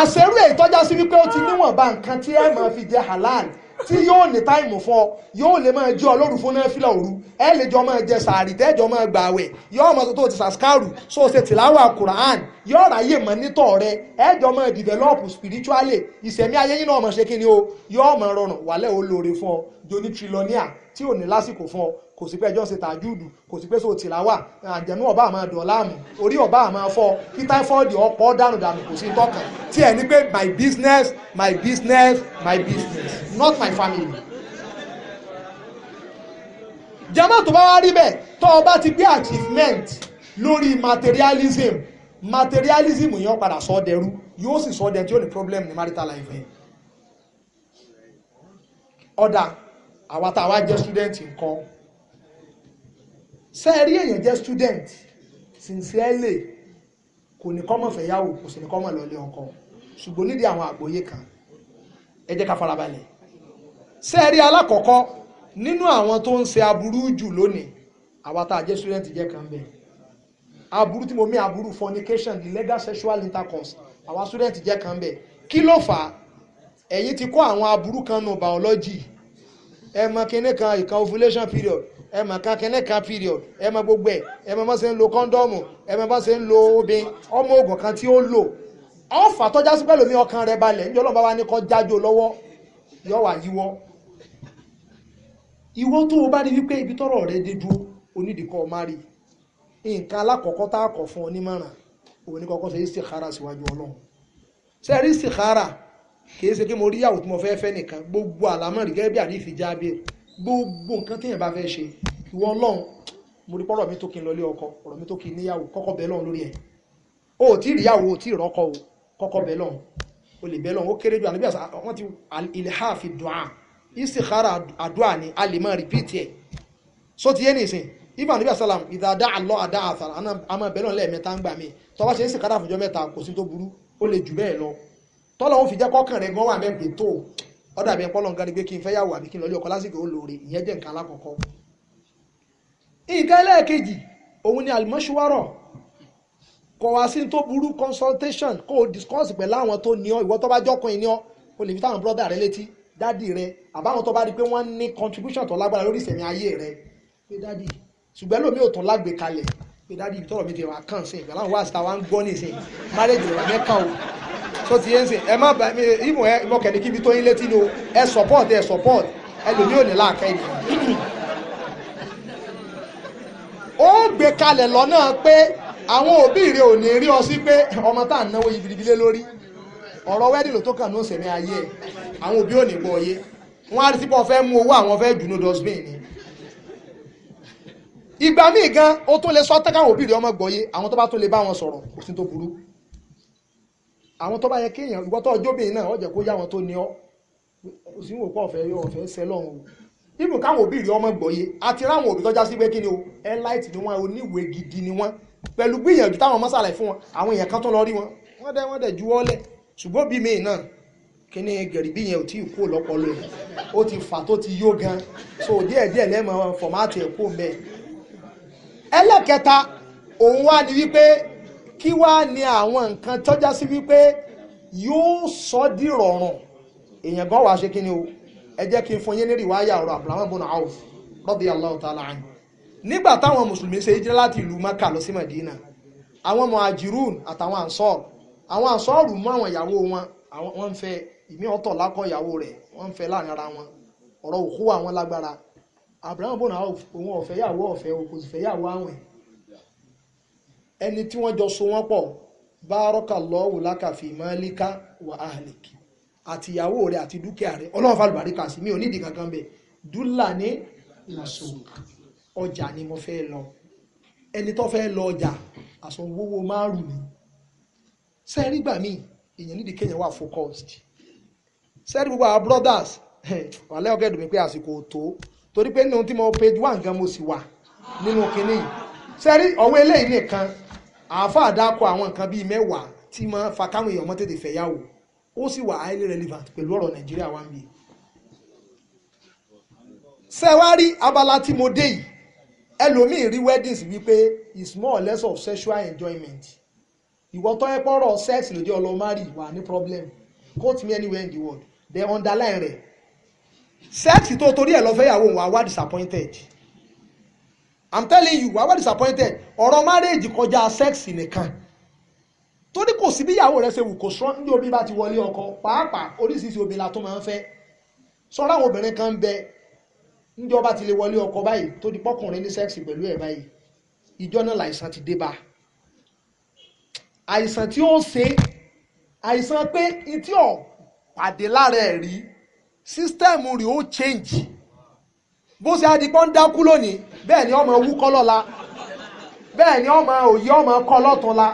A: àṣẹrú èyí tọ́já sí wípé ó ti níwọ̀nba nǹkan tí ẹ̀ máa fi jẹ halal tí yóò ní táìmù fún ọ yóò lè máa jẹ́ ọlọ́run fún náà fílà òru ẹ lè jọ máa jẹ sàárì tẹ́jọ máa gbà wẹ̀ yóò máa sọ tó ti sàskárù so ṣe tìláwà Quran yóò ráyè mọ́ nítọ̀ rẹ ẹ jọ máa develop spiritually ìsẹ̀mí ayé yín náà máa ṣe kí ni o yóò máa rọrùn wàlẹ́ olóore fún ọ joni trillionaire tí ò ní lásìkò fún ọ kò sí pé ẹjọ́ ṣe tàjúùdù kò sí pé so tìláwà àjẹnú ọba àmọ́ ẹ̀dùn orí ọba àmọ́ fọ kí táífọ́ọ̀dì ọ̀pọ̀ dànù dànù kò sí tọ́kàn tí ẹ ní pé my business my business my business not my family. jama tó bá wá rí bẹ́ẹ̀ tó o ti gbé achievement lórí materialism materialism yẹn padà sọ dẹrú yóò sì sọ dẹ tí ó ní problem ní marital life yẹn ọ̀dà àwa tá a wá jẹ́ student nǹkan sẹ́ẹ̀rí èèyàn jẹ́ student sincerely kò ní kọ́mọ̀ fẹ́yàwó kò sì ní kọ́mọ̀ lọ́lé ọkọ ṣùgbọ́n nídìí àwọn àgbọ́yé kan ẹ jẹ́ ká farabalẹ̀ sẹ́ẹ̀rí alákọ̀ọ́kọ́ nínú àwọn tó ń ṣe aburú jù lónìí àwa tá a jẹ́ student jẹ́ kan bẹ́ẹ̀ aburú tí mo mí aburú fornication illegal sexual intercourse àwa student jẹ́ kan bẹ́ẹ̀ kí ló fà á ẹ̀yin ti kọ́ àwọn aburú kan nù biology ẹ mọ kinní kan ìkan ovulation period ẹ mọ̀ ká kẹ́nẹ́ kan period ẹ mọ̀ gbogbo ẹ̀ ẹ mọ̀ bá ṣe ń lo kọ́ńdọ́ọ̀mù ẹ mọ̀ bá ṣe ń lo obìn ọmọ oògùn kan tí ó lò ọ̀fà tọ́já sí pẹ̀lú mi ọkàn rẹ̀ balẹ̀ níjọ́ lọ́nà bá wa ní kọ́ jájò lọ́wọ́ yọ wà yíwọ́ ìwọ tó o bá rí wípé ibi tọ́rọ̀ rẹ dé dúró onídìíkọ́ mari nǹkan alákọ̀ọ́kọ́ tá a kọ̀ fún ọ nímọ̀ràn òun ní kọ́kọ́ ṣe istikhara síwájú ọlọ́run ṣe rí istikhara kì í ṣe kí mo rí ìyàwó tí mo fẹ́ fẹ́ nìkan gbogbo àlámọ̀rí gẹ́gẹ́ bí àdìsí jábìrì gbogbo nǹkan téèyàn bá fẹ́ ṣe ìwọ ọlọ́run mo rí pọ́rọ̀ mi tó kí n lọlé ọkọ ọ̀rọ̀ mi tó kí n níyàwó kọ́kọ́ bẹ́ẹ̀ lọ́run lórí ẹ̀ o ò tí ì ríyàwó o ò tí ì rọ́kọ o kọ́kọ́ bẹ́ẹ̀ lọ́run o lè bẹ́ẹ̀ lọ́run ó kéré jù àníbí àṣà wọ́n ti ilha fi dùn án istikhara àdúrà ni a lè máa rìpíìtì ẹ̀ só ti yé nìsín ibà níbi àsálàm ìdàdá àlọ́ àdá àsàrà àmọ́ bẹ́ẹ̀ lọ́run lẹ́ẹ̀mẹ́ta ń gbà mí tó bá ṣe istikhara fúnjọ́ mẹ́ta kò sí tó burú ó lè jù bẹ́ẹ̀ lọ tọ́lọ́wọ́n ọ̀dà bíi pọ́lọ̀ nǹkan ni pé kí n fẹ́ yàwó àbí kí n lọ ilé ọkọ lásìkò ó lóore ìyẹn jẹ́ nǹkan alákọ̀ọ́kọ́. nǹkan ẹlẹ́ẹ̀kejì òun ni àlùmọ́ṣúwárọ̀ kọ̀ wá sí tó burú consultation kó o discuss pẹ̀lú àwọn tó ní ọ ìwọ tó bá jọ́kùn ní ọ o lè fi táwọn brọ́dà rẹ létí dádì rẹ àbáwọn tó bá rí pé wọ́n ní contribution tó lágbára lórí ìsẹ̀mí ayé rẹ pé dádì ṣùgbọ́n lómi ò tún lágbè kalẹ̀ pé dádì tọrọ mi ti wà kàn sí ìgbà láwọn wá sí ta wá ń gbọ́ nísìnyí marriage rẹ̀ wà mẹ́kàn o so ti yẹn sìn ẹ má bá mi ìmọ̀ ẹ mọ̀ kẹ́ni kíbi tó yín létí ni o ẹ support ẹ support ẹlòmí ò ní láàkẹ́ yìí. ó gbé kalẹ̀ lọ́nà pé àwọn òbí rẹ̀ ò ní rí ọ sí pé ọmọ tá à ń náwó yìí gidigidi lórí ọ̀rọ̀ wẹ́ẹ̀dì ló tó kàn ní òsèmí ayé ẹ̀ àwọn òbí ò ní gbọ́ yé wọ́n á rí sípò fẹ́ mú owó àwọn fẹ́ dùnú dustbin ni ìgbà míì gan o tó lè sọ tẹ́káwọn òbí rẹ̀ ọmọ gbọ́ yé àwọn tó bá tó lè bá wọn sọ̀rọ̀ kò sí tó burú àwọn tó bá yẹ kéèyàn ìwọ tó ọjọ́bìnrin náà ọ̀jẹ̀ kó yá wọn tó ní ọ òsì ń wò pọ̀ ọ̀fẹ́ ọ̀fẹ́ sẹ́ lọ́hùn o ibù káwọn òbí rí ọmọ gbọ́yé àti ráwọn òbí tọ́já sí pé kí ni o elite ni wọ́n oníwèé gidi ni wọ́n pẹ̀lú gbìyànjú táwọn ọmọ sàlàyé fún wọn àwọn èèyàn kan tó lọ rí wọn wọ́n dẹ̀ wọ́n dẹ̀ juwọ́ lẹ̀ ṣùgbọ́n bí mi náà kí ni gẹ̀rìbí yẹn ò tí ì kó lọ́pọlọ yẹn ó ti fà tó ti yó gan so díẹ̀ díẹ̀ lẹ́mọ̀ fọ̀mátì ẹ̀ kó mẹ́ ẹlẹ́kẹta òun wá ni wípé kí wá ní àwọn nǹkan tọ́já sí wípé yóò sọ di rọrùn èèyàn gan wàá ni o ẹ jẹ́ kí n fún yín ní rìwáyà ọ̀rọ̀ Abdurrahman ibn Auf radiyallahu ta'ala anhu nígbà táwọn mùsùlùmí ṣe hijira láti ìlú Mẹ́kà lọ sí Mẹ̀dínà àwọn muhajirun àtàwọn ansọ́ọ̀ àwọn ansọ́ọ̀rù mú àwọn ìyàwó wọn wọ́n ń fẹ́ ìmí ọ̀tọ̀ lákọ̀ ìyàwó ń láàrin ẹni tí wọ́n jọ so wọ́n pọ̀ barakallahu laka fi malika wa ahliki àtìyàwó rẹ̀ àti dúkìá rẹ̀ ọlọ́run fàlùbáríkà sí mi ò nídìí kankan bẹ́ẹ̀ dúlà ní làṣọk ọjà ni mo fẹ́ lọ ẹni tó fẹ́ lọ ọjà àsanwówó márùn ni sẹ́ẹ̀rí gbà mí èèyàn nídìí kéèyàn wà focused sẹ́ẹ̀rí gbogbo our brothers wàlẹ́ ọ̀gá ẹ̀dùnmí pé àsìkò tó torí pé nínú tí mo page one gan mo sì wà nínú kinní yìí ọ̀wọ́ eléyìí nìkan àáfàá dákọ àwọn nǹkan bíi mẹ́wàá tí máa fa káwọn èèyàn mọ́ tètè fẹ́yàwó ó sì wà highly relevant pẹ̀lú ọ̀rọ̀ nàìjíríà wá ń bí. sẹ́wárí abala tí mo dé yìí ẹlòmíì rí weddings wípé is more or less of sexual enjoyment ìwọ tó sex ló jẹ́ ọlọ́márì wà ní problem Court me anywhere in the world then underline rẹ̀ sex tó torí ẹ̀ lọ fẹ́yàwó wà wá disappointed i'm telling you wàá wà disappointed ọ̀rọ̀ marriage kọjá sex nìkan torí kò sí bíyàwó rẹ ṣe wù kó sọ ní omi bá ti wọlé ọkọ pàápàá oríṣiríṣi obìnrin la tó máa ń fẹ́ sọ́ra àwọn obìnrin kan ń bẹ ní ọba ti lè wọlé ọkọ báyìí tó di pọ́kùnrin ní sẹ́ẹ̀sì pẹ̀lú ẹ̀ báyìí ìjọ náà làìsàn ti dé bá àìsàn tí ó ṣe àìsàn pé tí ò pàdé lára ẹ̀ rí sísítẹ́ẹ̀mù rẹ̀ ó change bó ṣe adìpọ́ ń dákú lónìí bẹ́ẹ̀ ni ọmọ wúkọ́ lọ́la bẹ́ẹ̀ ni ọmọ òye ọmọ kọ́ lọ́tún la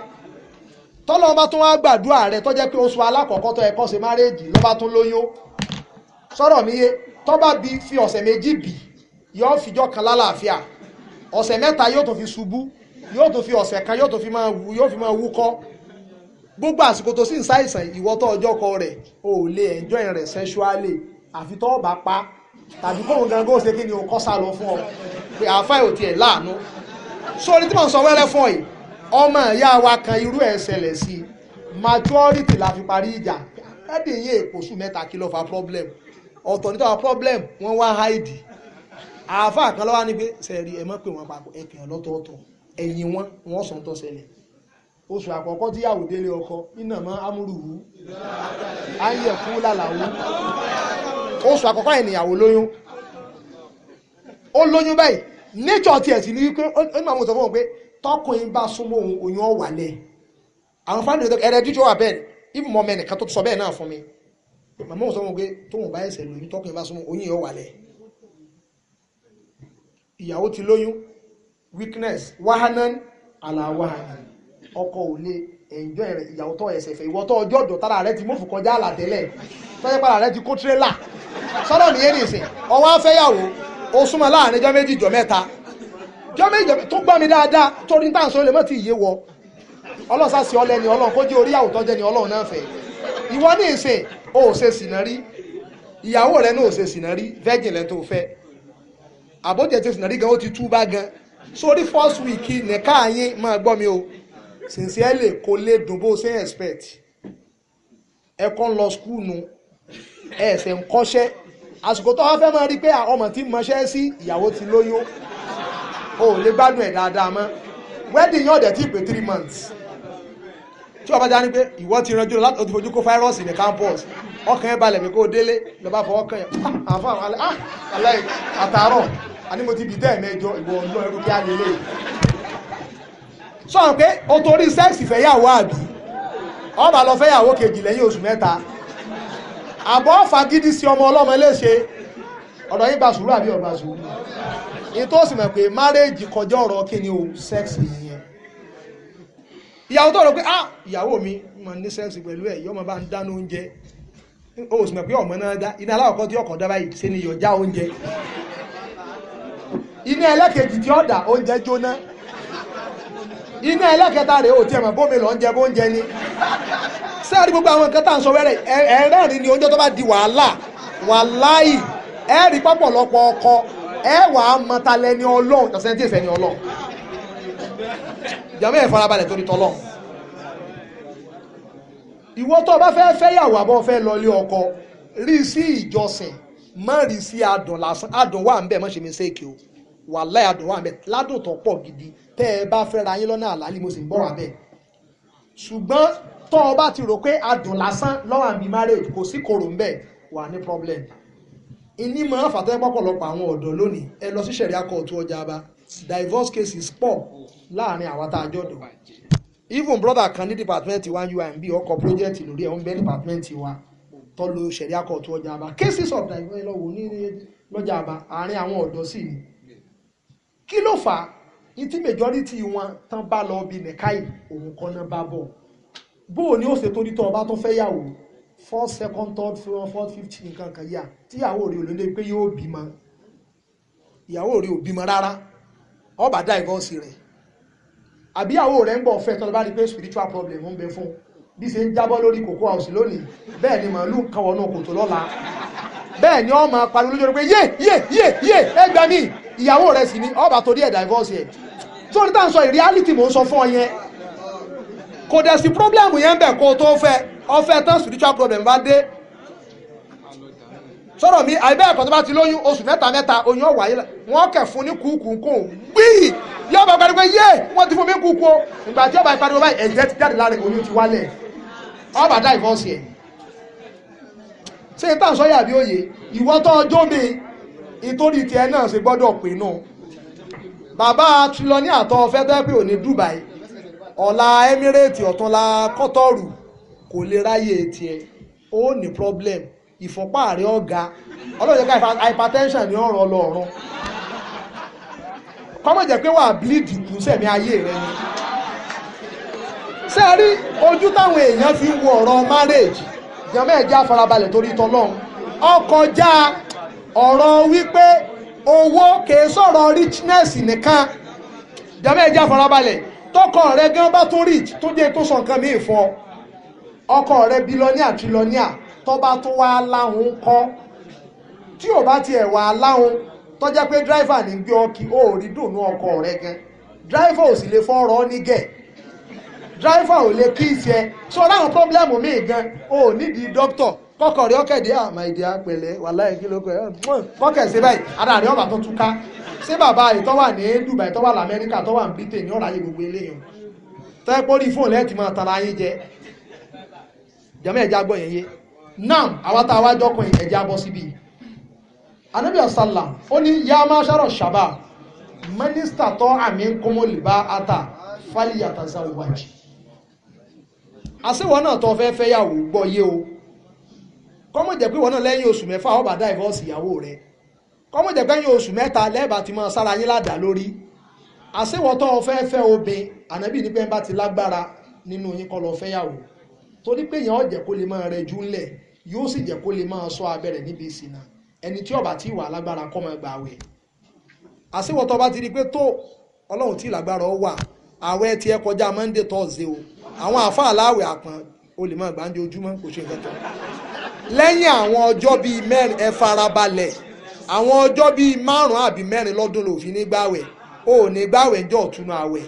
A: tọ́lọ́ bá tún wá gbàdúrà rẹ tọ́jẹ́ pé oṣù alákọ̀ọ́kọ́ tó ẹ̀kọ́ ṣe márèèjì ló bá tún lóyún sọ̀rọ̀ mi yé tọ́ bá bí fi ọ̀sẹ̀ méjì bì yóò fìjọ́ kan lálàáfíà ọ̀sẹ̀ mẹ́ta yóò tó fi ṣubú yóò tó fi ọ̀sẹ̀ kan yóò tó fi máa wú yóò fi máa wúkọ́ gbogbo àsìkò tó sì ń ṣàìsàn ìwọ tó ọjọ́ kọ rẹ̀ o ò lè enjoy rẹ̀ sexually àfi tó bá pa tàbí kóun gangan ó ṣe kí ni o kọ́ sá lọ fún ọ pé àáfàá ò tiẹ̀ láàánú sórí tí mò ń sọ wẹ́lẹ́ fún ọ yìí ọmọ ìyá wa kan irú ẹ̀ ṣẹlẹ̀ sí i majority la fi parí ìjà ẹ̀dì yẹn èkó sùn mẹ́ta kí ló fa problem ọ̀tọ̀ nítorí problem wọ́n wá háìdì àáfàá kan lọ́wọ́ ni pé sẹ́ẹ̀rì ẹ̀ mọ́ pé wọ́n papọ̀ ẹ̀ pè wọ́n lọ́tọ̀ọ̀tọ̀ ẹ̀yìn wọn wọ́n sọ̀tọ̀ ṣẹlẹ̀ oṣù àkọ́kọ́ tí yàwó délé ọkọ iná mọ́ amúrùhù ayé fún làlàwó oṣù àkọ́kọ́ yẹn lóyún ó lóyún báyìí nature tiẹ̀ sì ní wípé ó ní àwọn òṣèlú wọn pé tọkùnrin bá súnmọ́ òun oyún ọ̀wálẹ̀ àwọn fáwọn ìdọ̀tọ̀ ẹ̀rẹ́ díjọ́ wà bẹ́ẹ̀ even mọ́ mẹ́nìkan tó sọ bẹ́ẹ̀ náà fún mi màmá òun wọn pé tóun bá ẹsẹ̀ lóyún tọkùnrin bá súnmọ́ oyún ọ̀wálẹ̀ ìyàwó ti lóyún weakness wahanan ala ọkọ ò lè ẹ̀ǹjọ́ rẹ̀ ìyàwó tọ́ ẹsẹ̀ fẹ́ ìwọ́tọ́ ọjọ́ ọ̀dọ̀ tára rẹ ti mú fún kọjá àlà tẹ́lẹ̀ tọ́jú para rẹ ti kó tírélà sọ́dọ̀ nìyẹn nìsín ọwọ́ afẹ́yàwó ó súnmọ́ láàrin jọ́ méjì jọ́ mẹ́ta jọ́ méjì jọ́ tó gbọ́ mi dáadáa torí ní tàǹsán lè mọ́ ti yé wọ ọlọ́sà sí ọlẹ́ni ọlọ́run kó jẹ́ orí àwùjọ jẹ́ ni ọlọ́run náà fẹ́ ìwọ ní o ò ṣe sìnà rí ìyàwó rẹ náà ò ṣe sìnà rí virgin lẹ́ tó fẹ́ àbójẹ́ ṣe sìnà rí gan gan sórí first week nìka yín máa gbọ́ mi o sincerely kò lè dùn bó ṣe expect ẹ kọ́ ń lọ skul nu ẹ ṣe ń kọ́ṣẹ́ àsìkò tó wá fẹ́ máa rí pé ọmọ tí mọṣẹ́ sí ìyàwó ti lóyún o ò lè gbádùn ẹ̀ dáadáa mọ́ wedding yóò dẹ̀ tí ì pé three months tí wọ́n bá dá ní pé ìwọ ti ranjú láti ojú fojú kó fáírọ́ọ̀sì ní campus ọkàn ẹ̀ balẹ̀ mi kó délé lọ́ba fọwọ́ kàn yẹn ah, àfa ah, àlẹ́ àtàárọ̀ àní mo ti bì tẹ́ ẹ̀ mẹ́jọ ìwọ ọlọ́ ẹrú kí á lélẹ̀ sọ̀rọ̀ pé o torí sẹ́ẹ̀sì fẹ́yàwó àbí ọba lọ fẹ́yàwó kejì lẹ́yìn oṣù mẹ́ta àbọ̀ fagídí sí ọmọ ọlọ́mọ eléṣe ọ̀dọ̀ yín gba sùúrù àbí ọ̀gbà sùúrù ní tó sì mọ̀ pé márẹ́jì kọjá ọ̀rọ̀ kí ni o sẹ́ẹ̀sì yẹn ìyàwó tó pé ah ìyàwó mi mo ní sẹ́ẹ̀sì pẹ̀lú ẹ̀ bá ń dáná oúnjẹ o sì mọ̀ pé ọmọ náà dá iná aláwọ̀kọ́ tí ọkọ̀ dábàá yìí iná ẹlẹ́kẹta rẹ̀ ò tiẹ̀ mọ̀ bómi lọ ń jẹ bó ń jẹ ni sẹ́ẹ̀rí gbogbo àwọn nǹkan tá à ń sọ wẹ́rẹ́ ẹ̀rẹ́rìn ni oúnjẹ tó bá di wàhálà wàláì ẹ̀rí pọ̀pọ̀lọpọ̀ ọkọ ẹ̀ wà á mọta lẹni ọlọ́run tọ̀sẹ̀ tí èsẹ̀ ni ọlọ́run jàmẹ́ ẹ̀ farabalẹ̀ torí tọ́lọ́run ìwọ tó o bá fẹ́ fẹ́yàwó àbọ̀ fẹ́ lọlé ọkọ rí sí ìjọsìn má rí sí adùn lásán adùn wà ń bẹ̀ má ṣe mistake o wàláì àdùn wà bẹ́ẹ̀ ládùn tó pọ̀ gidi tẹ́ ẹ bá fẹ́ ra yín lọ́nà àlálí mo sì ń bọ̀ wà bẹ́ẹ̀ ṣùgbọ́n tọ́ ọ bá ti rò pé adùn lásán lọ́wọ́ àbí marriage kò sí kòrò ń wà ní problem ìní mọ́ fàtẹ́ pọ́pọ̀lọpọ̀ àwọn ọ̀dọ́ lónìí ẹ lọ sí sẹ̀ríà kóòtù ọjà bá divorce cases pọ̀ láàrin àwọn tá a jọ even brother kan ní department wa UIMB ọkọ̀ project lórí ẹ̀ ń bẹ́ department wa tọ́ lo sẹ̀ríà kóòtù ọjà bá cases of divorce lọ́wọ́ ní lọ́jà bá àárín àwọn ọ̀dọ́ sì ni kí ló fà á ìtí majority wọn tán bá lọ bí nìkáì òun kan náà bá bọ̀ bó o ní ó ṣe torí tó ọba tó fẹ́ yàwó first second third fourth fourth fifth nǹkan kan yà tíyàwó rẹ̀ olóde pé yóò bímọ ìyàwó rẹ̀ ò bímọ rárá ọba dá ìbọ́sì rẹ̀ àbí ìyàwó rẹ̀ ń bọ̀ fẹ́ tọ́lọ́ bá rí pé spiritual problem ń bẹ fún bí ṣe ń jábọ́ lórí kòkó house lónìí bẹ́ẹ̀ ni màálù kan wọnú kòtò lọ́la bẹ́ẹ̀ ni ó máa pariwo lójú pé yé yé yé yé ẹgbẹ́ mi ìyàwó rẹ̀ sì ni ọba torí ẹ̀ divorce ẹ̀ tó ní tàn sọ ìreality mò ń sọ fún ọ yẹn kò dẹ̀ sí problem yẹn bẹ̀ kó tó fẹ́ ọfẹ́ tán spiritual problem bá dé sọ̀rọ̀ mi àìbẹ́ ẹ̀kọ́ tó bá ti lóyún oṣù mẹ́ta mẹ́ta oyún ọ̀wà yìí wọ́n kẹ̀ fún ní kúkú kò gbìyì yóò bá pariwo yé wọ́n ti fún mi kúkú o ìgbà tí ọba ìpariwo báyìí ẹ̀jẹ̀ ti jáde lára oyún ti wálẹ̀ ọba divorce ẹ̀ ṣé ìtàn sọ́yà bí òye ìwọ́tọ́ ọjọ́ mi ìtorí tiẹ̀ náà ṣe gbọ́dọ̀ pé náà bàbá trilọ́ní àtọ́ fẹ́tẹ́ pé òní Dubai ọ̀la Emirate ọ̀túnla kọ́tọ́rù kò lè ráyè tiẹ̀ ó ní problem ìfọ̀pá rẹ̀ ọ̀gá ọlọ́run jẹ́ ká hypertension ní ọ̀rọ̀ ọlọ́run kọ́mọ̀ jẹ́ pé wà á bleed kù sẹ̀mí ayé rẹ ni ṣé ẹ rí ojú táwọn èèyàn fi ń wo ọ̀rọ̀ marriage jẹ́mọ́ ẹ̀jẹ̀ àfarabalẹ̀ torí tọ́lọ́run ọkọjá ọ̀rọ̀ wípé owó kìí sọ̀rọ̀ richness nìkan jàmbá ẹja farabalẹ̀ tọkọ rẹ gan bá tún rich tó jẹ́ tó sọ nǹkan míì fún ọ ọkọ rẹ bilọ́níà trilọ́níà tó bá tún wá láhùn kọ́ tí ò bá tiẹ̀ wà láhùn tó jẹ́ pé dráìfà ní gbé ọkì ó rí dùnú ọkọ rẹ gan dráìfà ò sì lè fọ́rọ̀ ọ́ nígẹ̀ dráìfà ò lè kí ìṣe sọ láwọn pọ́blẹ́mù míì gan ó nídìí dókítọ̀ kọkọ rí ọkẹdẹ àmà èdè apẹlẹ wàláhì kí ló kọ ẹ kọkẹ ṣe báyìí adarí ọba tó tún ká ṣé bàbá ìtọ́ wà ní Dubai tọ́ wà lamẹ́ríkà tọ́ wà ní Britain ní ọ̀rọ̀ ayé gbogbo eléyìí tẹ́ pórí fóònù lẹ́ẹ̀tì máa tara ayé jẹ jẹ́mọ́ ẹ̀já gbọ́ yẹn yé náà àwa tá a wá jọkùn ẹ̀já bọ́ síbi anabi asala ó ní yá máa ṣàrọ̀ mínísítà tọ́ àmì kọ́mọ́lìbá ata fálíyàtà sáwọ́wájì àṣewọ́ náà tọ́ fẹ́ fẹ́ yàwó gbọ́ yé o kọ́mọ̀ jẹ́ pé wọn náà lẹ́yìn oṣù mẹ́fà ọba divorce ìyàwó rẹ̀ kọ́mọ̀ jẹ́ pé lẹ́yìn oṣù mẹ́ta lẹ́ẹ̀bà ti máa sára yín ládàá lórí àṣewọ̀tọ́ ọ̀fẹ́ fẹ́ obìn ànábì ní pé ń bá ti lágbára nínú yín kọ́ lọ fẹ́yàwó torí pé èèyàn ọ̀jẹ̀ kó lè máa rẹ jù ńlẹ̀ yóò sì jẹ́ kó lè máa sọ abẹ́rẹ̀ níbi ìsìnà ẹni tí ọba ti wà lágbára kọ́ máa gbà wẹ̀ àṣewọ̀tọ́ bá ti di pé tó ọlọ́run tí lágbára ọ wà àwẹ̀ tiẹ̀ kọjá Monday Thursday o àwọn o lè máa gbàǹdé ojúmọ́ kò ṣe lẹ́yìn àwọn ọjọ́ bíi mẹ́rin ẹ farabalẹ̀ àwọn ọjọ́ bíi márùn-ún àbí mẹ́rin lọ́dún ló fi ní o ò ní gbàwẹ̀ ńjọ́ ọ̀túnú àwẹ̀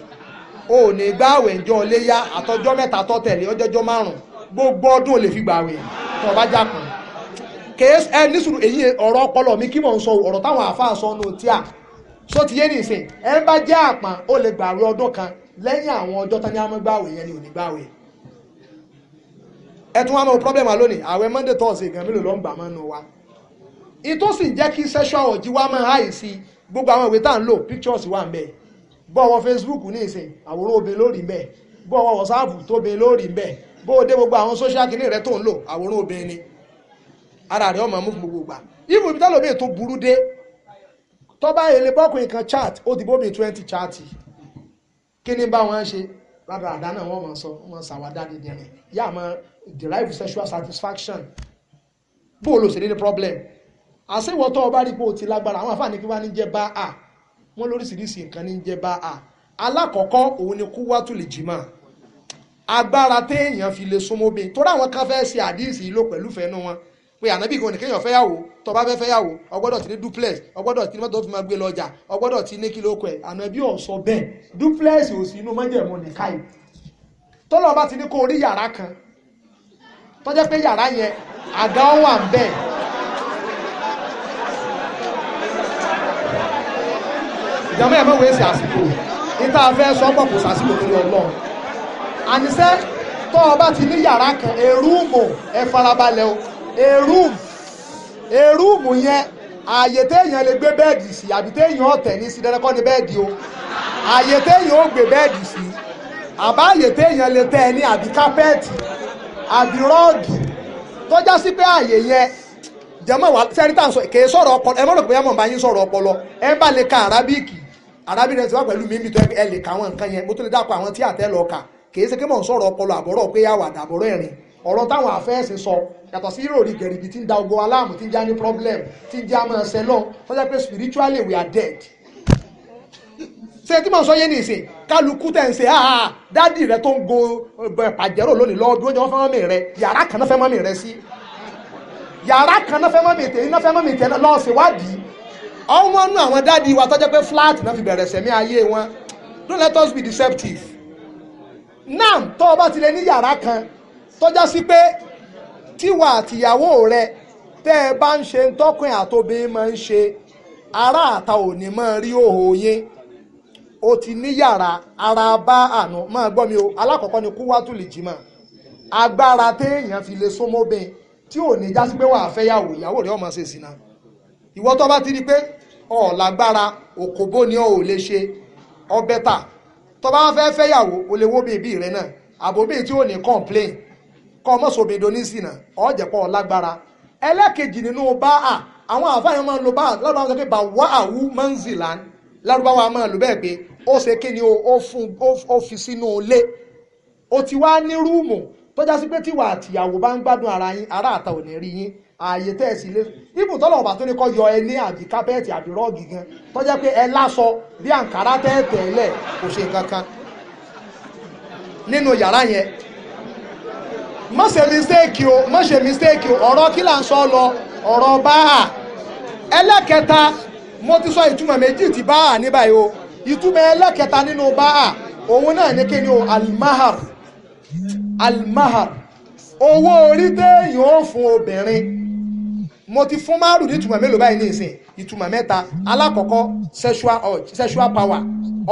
A: o ò ní gbàwẹ̀ ńjọ́ léyà àtọjọ́ mẹ́ta tó tẹ̀lé ọjọ́jọ́ márùn-ún gbogbo ọdún ò lè fi gbàwẹ̀ tó o bá jàpọ̀n kèés ẹ nísùrù èyí ọ̀rọ̀ ọpọlọ mi kí mò ń sọ ọ̀rọ̀ táwọn àáfàá sọ nù tíà só ti yé nìsín ẹ ń bá jẹ́ àpọ̀n ó lè gbàwẹ̀ ọdún kan lẹ́yìn àwọn ọjọ́ tán ní amúgbàwẹ̀ yẹn ni ò ní gbàwẹ̀ ẹ tún wá mọ problem wa lónìí àwẹ̀ monday thursday gan mélòó ló ń gbà mọ́nu wa ìtò sì jẹ́ kí sexual ọ̀jì wa máa háì sí gbogbo àwọn ìwé tá à ń lò pictures wà ń bẹ̀ bọ́ ọwọ́ facebook ní ìsìn àwòrán obìnrin lórí ń bẹ̀ bọ́ ọwọ́ whatsapp tó obìnrin lórí ń bẹ̀ bó o dé gbogbo àwọn social kìíní rẹ tó ń lò àwòrán obìnrin ni ara rẹ ọmọ mú fún gbogbo gbà ibo ibi tálọ́ bíi tó burú dé tọ́ba èlé bọ́kùnrin kan chat ó dìbò bíi twenty chat kí ni bá wọn ṣe ládàá àdá náà wọ́n mọ̀ sọ wọ́n sàwádà dídìrín yá máa derive sexual satisfaction bó o lò ní problem àṣewọ́ tó o bá rí pé o ti lágbára àwọn àfààní kí wá ní jẹ́ bá a wọ́n lóríṣiríṣi nǹkan ní jẹ́ bá a alákọ̀ọ́kọ́ òun ni kú wátú lè jìmọ̀ agbára téèyàn fi lè súnmọ́ bí torí àwọn kan fẹ́ ṣe àdíìsì ìlò pẹ̀lú fẹ́nu wọn pé ànábì kan nìkéèyàn fẹ́yàwó tó bá fẹ́ fẹ́yàwó ọgbọ́dọ̀ ti ní duplex ọgbọ́dọ̀ ti ní mọ́tò tó fi máa gbé lọ́jà ọgbọ́dọ̀ ti ní kí ló kọ ẹ̀ ànábì ò bẹ́ẹ̀ duplex ò sí inú mọ́jẹ̀mú nìkáyì tọ́lọ́ bá ti ní kó orí yàrá kan tọ́jẹ́ pé yàrá yẹn àga ọ̀ wà ń bẹ̀. ìjàmbá yẹn mẹ́wàá èsì àsìkò níta fẹ́ sọ pọ̀ kò sàsìkò torí ọlọ́run àníṣẹ́ tọ́ ọ bá ti ní yàrá kan èrúùmù ẹ farabalẹ̀ o èrúùmù èrúùmù yẹn ààyè téèyàn lè gbé bẹ́ẹ̀dì sí àbí téèyàn ọ̀tẹ̀ ní sí dandan ní bẹ́ẹ̀dì o ààyè téèyàn ó gbé bẹ́ẹ̀dì sí àbá ààyè téèyàn lè tẹ́ ẹ ní àbí kápẹ́ẹ̀tì àbí rọ́ọ̀dù tó já sí pé àyè yẹn jẹ́mọ̀ wa. sẹ́rí tá à ń sọ kèé sọ̀rọ̀ ọpọlọ ẹ mọ̀rọ̀ pé yàmọ̀ bá yín sọ̀rọ̀ ọpọlọ ẹ bá lè ka arábíkì arábíkì rẹ ti wá pẹ̀lú mi mi tó ẹ lè ka àwọn nǹkan yẹn mo tó lè dákọ̀ àwọn tí àtẹ lọ kà kèé ṣe kí mò ń sọ̀rọ̀ ọpọlọ àbọ̀rọ̀ pé yà wà dàbọ̀rọ̀ ẹ̀rìn ọ̀rọ̀ táwọn àfẹ́ẹ̀sì sọ yàtọ̀ sí ìròrí gẹ̀rìgì tí ń da ogo aláàmù tí ń já ní problem tí ń já mọ́ ẹsẹ̀ náà wọ́n jẹ́ pé spiritually we are dead ṣe tí mo sọ yé ní ìsìn kálukú tẹ̀ ń ṣe áá ah, ah, dádì rẹ tó ń go eh, pàjẹ́rò lónìí lọ́wọ́ bí wọ́n jọ fẹ́ mọ́mì rẹ yàrá kan náà fẹ́ mọ́mì rẹ sí yàrá kan náà fẹ́ mọ́mì tèyí náà fẹ́ mọ́mì tẹ̀ lọ́ọ́ sí wádìí ọmọ nù àwọn dádì wa tọ́jọ́ pé flat náà fi bẹ̀rẹ̀ sẹ̀mí ayé wọn don't let us be deceptive náà tọ́ ọ bá ti lè ní yàrá kan tọ́já sí pé tíwà àtìyàwó rẹ tẹ́ ẹ bá ń ṣe ń tọ́kùn àtòbí máa ń ṣe ará àta òní máa rí òhò yín o ti ní yàrá ara bá àánú máa mi o alákọ̀ọ́kọ́ ni kú wá ma lè jìmọ̀ agbára téèyàn fi lè sómóbìn tí ò ní pé wàá fẹ́ yàwó ìyàwó ọmọ ṣe sìnà tó bá ti rí pé ọ̀làgbára òkòbó ni ò lè ṣe ọbẹ̀ tà tó bá fẹ́ fẹ́ yàwó o lè wó bèbí rẹ náà àbòbí tí ò ní complain kọ́ ọmọ sọ̀bìn indonesia ọ̀jẹ̀pọ̀ ọ̀làgbára ẹlẹ́kejì nínú bá a àwọn àfáàyàn máa ń lo bá lọ́dọ̀ àwọn sọ pé bá wà lárúbáwá máa lò bẹ́ẹ̀ ó ṣe kí ni ó fún ó fi sínú ilé ó ti wá ní rúùmù tó já sí pé tíwà àtìyàwó bá ń gbádùn ara yín ará àta ò ní rí yín ààyè tẹ́ ẹ̀ sí ilé ibùn tọ́lọ̀ ọ̀bà tó ní kọ́ yọ ẹni àbí kápẹ́ẹ̀tì àbí rọ́ọ̀gì gan tó jẹ́ pé ẹ lásọ bí àǹkárá tẹ́ẹ̀tẹ̀ lẹ̀ kò ṣe kankan nínú yàrá yẹn má ṣe mistake o má ṣe mistake o ọ̀rọ̀ kí là ń sọ lọ ọ̀rọ̀ báà ẹlẹ́kẹta mo ti sọ ìtumọ̀ méjì ti báà ní báyìí o ìtumọ̀ ẹlẹ́kẹta nínú báà òun náà ní kíni almahar almahar owó orí téèyàn ó fún obìnrin mo ti fún márùn ní ìtumọ̀ mélòó báyìí ní ìsìn ìtumọ̀ mẹ́ta alákọ̀ọ́kọ́ sexual power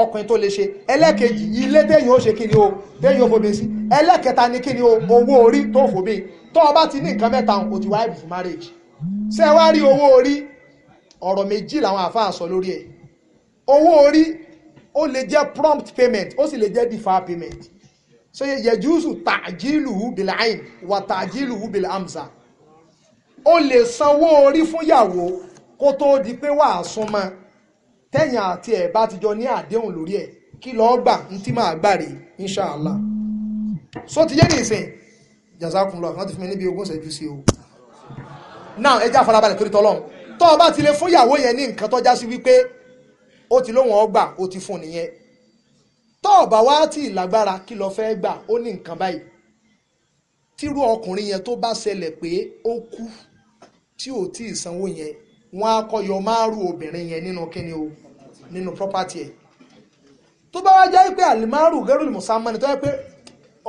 A: ọkùnrin tó lè ṣe ẹlẹ́kejì ilé téèyàn ó ṣe kíni o téèyàn ó fòbin sí ẹlẹ́kẹta ní kíni o owó orí tó fòbin tó o bá ti ní nǹkan mẹ́ta o ti wáyé fún marriage ṣé wá rí owó orí ọ̀rọ̀ méjì làwọn àfáà sọ lórí ẹ̀ owó orí ó lè jẹ́ prompt payment ó sì lè jẹ́ deferred payment so yẹjúùsù tàjílù bil'ain wà tàjílù bil'amza ó lè sanwó orí fún yàwó kó tó di pé wàá súnmọ́ tẹ̀yìn àti ẹ̀ bá ti jọ ní àdéhùn lórí ẹ̀ kí lọ́ọ́ gbà ń tí máa gbà rèé so ti yé ní ìsìn jazakun lọ àwọn ti fún mi níbi ogún ṣẹ́jú sí o now ẹ já farabalẹ̀ torí tọ́lọ́run tó o bá ti lè fún ìyàwó yẹn ní nǹkan tó sí wípé ó ti lóhùn ọgbà ó ti fún nìyẹn tó o bá wá tí ìlágbára kí lọ fẹ́ gbà ó ní nǹkan báyìí tírú ọkùnrin yẹn tó bá ṣẹlẹ̀ pé ó kú tí ò tí ì sanwó yẹn wọn á kọyọ márùn obìnrin yẹn nínú kíni o nínú property ẹ̀ tó bá wá jẹ́ pé àlìmárù gẹ́rùlì mùsàmánì tó yẹ pé